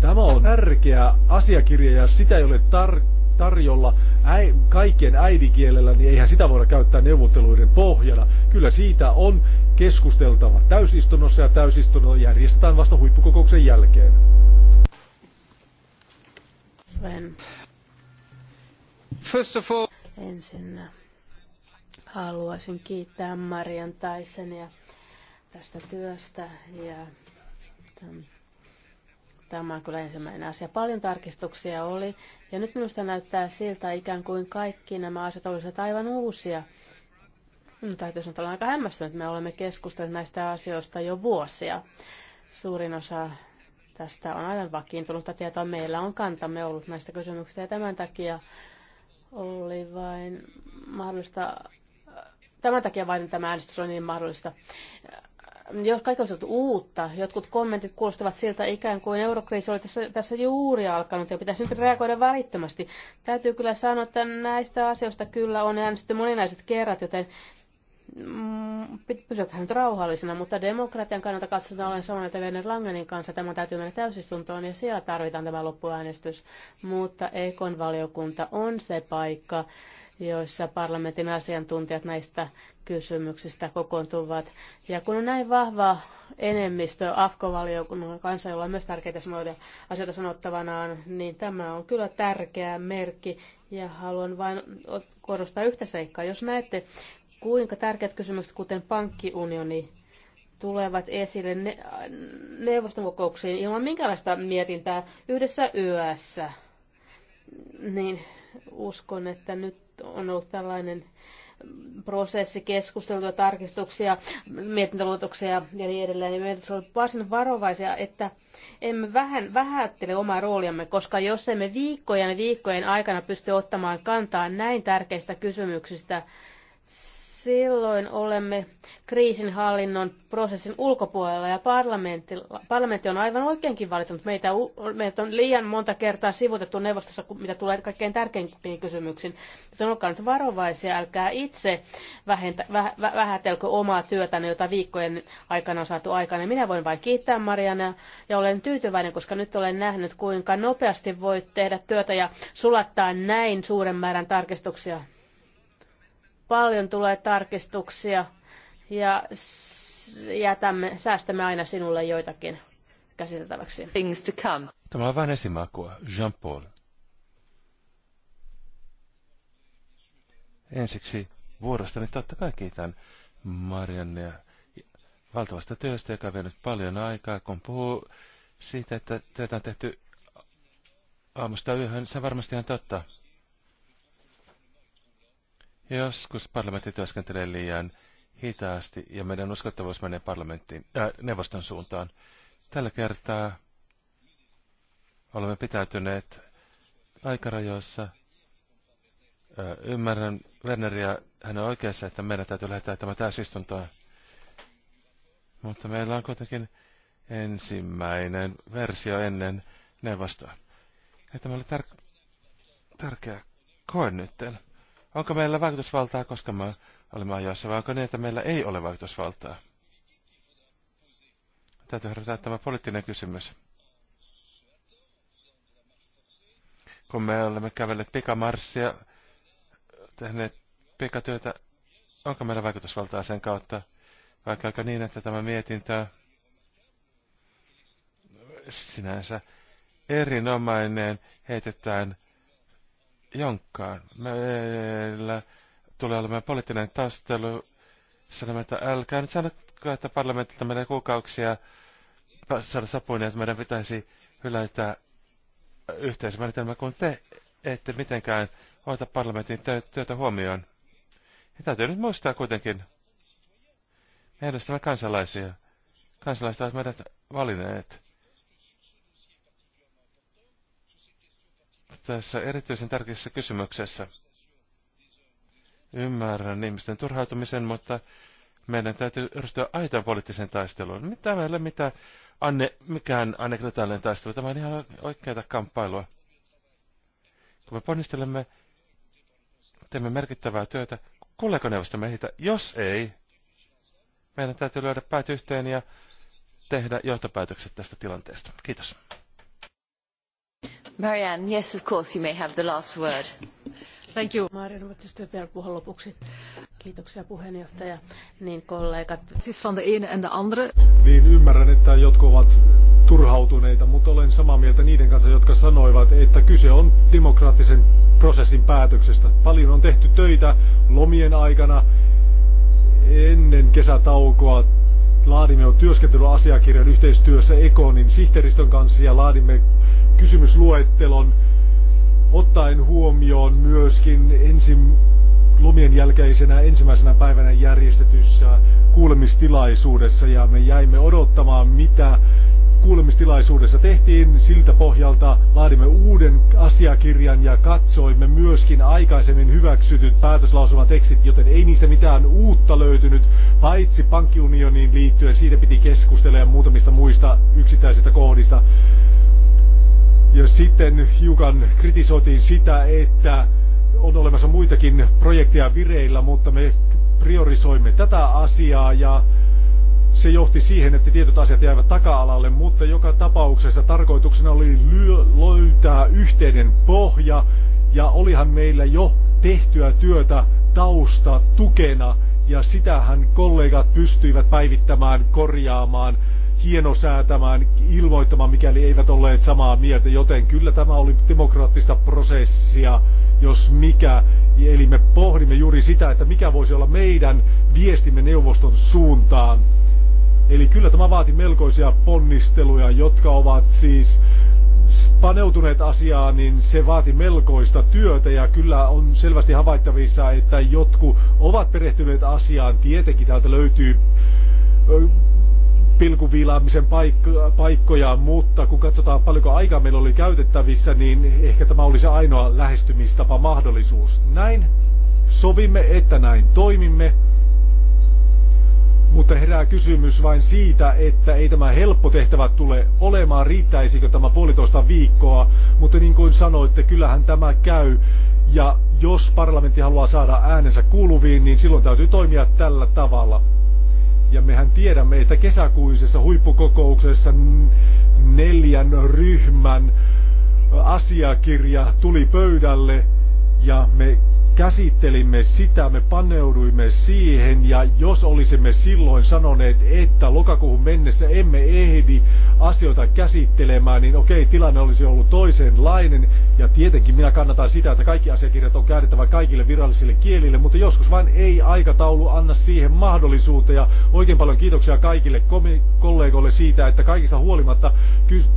Tämä on tärkeä asiakirja ja sitä ei ole tar- tarjolla äi- kaikkien äidinkielellä, niin eihän sitä voida käyttää neuvotteluiden pohjana. Kyllä siitä on keskusteltava täysistunnossa ja täysistunnon järjestetään vasta huippukokouksen jälkeen. Sven. First of all... Ensin haluaisin kiittää Marian Taisenia tästä työstä ja Tämä on kyllä ensimmäinen asia. Paljon tarkistuksia oli, ja nyt minusta näyttää siltä ikään kuin kaikki nämä asiat olisivat aivan uusia. No, täytyy sanoa, että olen aika hämmästynyt, me olemme keskustelleet näistä asioista jo vuosia. Suurin osa Tästä on aivan vakiintunutta tietoa. Meillä on kantamme ollut näistä kysymyksistä ja tämän takia oli vain mahdollista, tämän takia vain tämä äänestys on niin mahdollista. Jos kaikki olisi uutta, jotkut kommentit kuulostavat siltä ikään kuin eurokriisi oli tässä, tässä juuri alkanut ja pitäisi nyt reagoida välittömästi. Täytyy kyllä sanoa, että näistä asioista kyllä on äänestetty moninaiset kerrat, joten Mm, pysytään nyt rauhallisena, mutta demokratian kannalta katsotaan olen samaa mieltä Werner Langenin kanssa. Tämä täytyy mennä täysistuntoon ja siellä tarvitaan tämä loppuäänestys. Mutta Ekon valiokunta on se paikka, joissa parlamentin asiantuntijat näistä kysymyksistä kokoontuvat. Ja kun on näin vahva enemmistö AFKO-valiokunnan kanssa, jolla on myös tärkeitä sanoja, asioita sanottavanaan, niin tämä on kyllä tärkeä merkki. Ja haluan vain korostaa yhtä seikkaa. Jos näette kuinka tärkeät kysymykset, kuten pankkiunioni, tulevat esille ne, neuvoston kokouksiin ilman minkälaista mietintää yhdessä yössä. Niin uskon, että nyt on ollut tällainen prosessi, keskustelua, tarkistuksia, mietintäluotoksia ja niin edelleen. Ja meidän on varsin varovaisia, että emme vähän vähättele omaa rooliamme, koska jos emme viikkojen ja viikkojen aikana pysty ottamaan kantaa näin tärkeistä kysymyksistä, silloin olemme kriisinhallinnon prosessin ulkopuolella ja parlamentti, on aivan oikeinkin valittu. Meitä, meitä on liian monta kertaa sivutettu neuvostossa, mitä tulee kaikkein tärkeimpiin kysymyksiin. Joten olkaa nyt varovaisia, älkää itse vähentä, väh, vähätelkö omaa työtänne, jota viikkojen aikana on saatu aikana. Minä voin vain kiittää Mariana ja olen tyytyväinen, koska nyt olen nähnyt, kuinka nopeasti voit tehdä työtä ja sulattaa näin suuren määrän tarkistuksia paljon tulee tarkistuksia ja jätämme, säästämme aina sinulle joitakin käsiteltäväksi. Things to come. Tämä on vähän esimakua. Jean-Paul. Ensiksi vuorostani totta kai kiitän Marianne valtavasta työstä, joka on vienyt paljon aikaa, kun puhuu siitä, että työtä on tehty aamusta yöhön. Se on varmasti ihan totta. Joskus parlamentti työskentelee liian hitaasti ja meidän uskottavuus menee parlamenttiin, äh, neuvoston suuntaan. Tällä kertaa olemme pitäytyneet aikarajoissa. Äh, ymmärrän Werneriä hänen oikeassa, että meidän täytyy lähettää tämä täysistuntoon. Mutta meillä on kuitenkin ensimmäinen versio ennen neuvostoa. Ja tämä oli tär- tärkeä koe nytten. Onko meillä vaikutusvaltaa, koska me olemme ajoissa, vai onko niin, että meillä ei ole vaikutusvaltaa? Täytyy herätä tämä poliittinen kysymys. Kun me olemme kävelleet pikamarssia, tehneet pikatyötä, onko meillä vaikutusvaltaa sen kautta? vaikka aika niin, että tämä mietintö sinänsä erinomainen heitetään – jonkkaan. Meillä tulee olemaan poliittinen taistelu. Sanomme, että älkää nyt sanotko, että parlamentilta menee kuukauksia saada sapuun, niin että meidän pitäisi hylätä yhteismenetelmä, kun te ette mitenkään ota parlamentin työtä huomioon. Ja täytyy nyt muistaa kuitenkin. Me edustamme kansalaisia. Kansalaiset ovat meidät valinneet. tässä erityisen tärkeässä kysymyksessä. Ymmärrän ihmisten turhautumisen, mutta meidän täytyy ryhtyä aitoon poliittiseen taisteluun. Mitä ei ole mitään anne, mikään anekdotaalinen taistelu, tämä on ihan oikeaa kamppailua. Kun me ponnistelemme, teemme merkittävää työtä, kuuleeko neuvosto meitä? Jos ei, meidän täytyy löydä päät yhteen ja tehdä johtopäätökset tästä tilanteesta. Kiitos. Marianne, yes, of course, you may have the last word. Thank you. Marianne, voitte vielä puhua lopuksi. Kiitoksia puheenjohtaja. Niin kollegat. Siis van de ene en de andere. Niin ymmärrän, että jotkut ovat turhautuneita, mutta olen samaa mieltä niiden kanssa, jotka sanoivat, että kyse on demokraattisen prosessin päätöksestä. Paljon on tehty töitä lomien aikana, ennen kesätaukoa laadimme jo työskentelyasiakirjan yhteistyössä Ekonin sihteeristön kanssa ja laadimme kysymysluettelon ottaen huomioon myöskin ensin lomien jälkeisenä ensimmäisenä päivänä järjestetyssä kuulemistilaisuudessa ja me jäimme odottamaan, mitä kuulemistilaisuudessa tehtiin. Siltä pohjalta laadimme uuden asiakirjan ja katsoimme myöskin aikaisemmin hyväksytyt päätöslausuman tekstit, joten ei niistä mitään uutta löytynyt, paitsi pankkiunioniin liittyen. Siitä piti keskustella ja muutamista muista yksittäisistä kohdista. Ja sitten hiukan kritisoitiin sitä, että on olemassa muitakin projekteja vireillä, mutta me priorisoimme tätä asiaa ja se johti siihen, että tietyt asiat jäivät taka-alalle, mutta joka tapauksessa tarkoituksena oli lyö, löytää yhteinen pohja ja olihan meillä jo tehtyä työtä tausta tukena ja sitähän kollegat pystyivät päivittämään, korjaamaan, hienosäätämään, ilmoittamaan, mikäli eivät olleet samaa mieltä, joten kyllä tämä oli demokraattista prosessia, jos mikä. Eli me pohdimme juuri sitä, että mikä voisi olla meidän viestimme neuvoston suuntaan. Eli kyllä tämä vaati melkoisia ponnisteluja, jotka ovat siis paneutuneet asiaan, niin se vaati melkoista työtä ja kyllä on selvästi havaittavissa, että jotkut ovat perehtyneet asiaan. Tietenkin täältä löytyy pilkuviilaamisen paikko, paikkoja, mutta kun katsotaan paljonko aikaa meillä oli käytettävissä, niin ehkä tämä se ainoa lähestymistapa mahdollisuus. Näin sovimme, että näin toimimme. Mutta herää kysymys vain siitä, että ei tämä helppo tehtävä tule olemaan, riittäisikö tämä puolitoista viikkoa, mutta niin kuin sanoitte, kyllähän tämä käy. Ja jos parlamentti haluaa saada äänensä kuuluviin, niin silloin täytyy toimia tällä tavalla. Ja mehän tiedämme, että kesäkuisessa huippukokouksessa neljän ryhmän asiakirja tuli pöydälle ja me käsittelimme sitä, me paneuduimme siihen ja jos olisimme silloin sanoneet, että lokakuuhun mennessä emme ehdi asioita käsittelemään, niin okei, tilanne olisi ollut toisenlainen ja tietenkin minä kannatan sitä, että kaikki asiakirjat on käännettävä kaikille virallisille kielille, mutta joskus vain ei aikataulu anna siihen mahdollisuutta ja oikein paljon kiitoksia kaikille kollegoille siitä, että kaikista huolimatta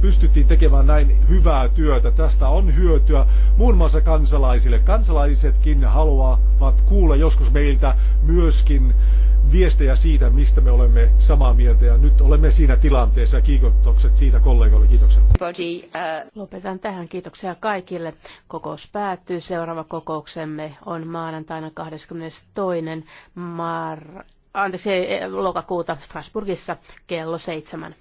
pystyttiin tekemään näin hyvää työtä. Tästä on hyötyä muun muassa kansalaisille. Kansalaisetkin vaan kuulla joskus meiltä myöskin viestejä siitä, mistä me olemme samaa mieltä. Ja nyt olemme siinä tilanteessa. Kiitokset siitä kollegoille. Kiitoksia. Uh, Lopetan tähän. Kiitoksia kaikille. Kokous päättyy. Seuraava kokouksemme on maanantaina 22. mar... Anteeksi, lokakuuta Strasburgissa kello seitsemän.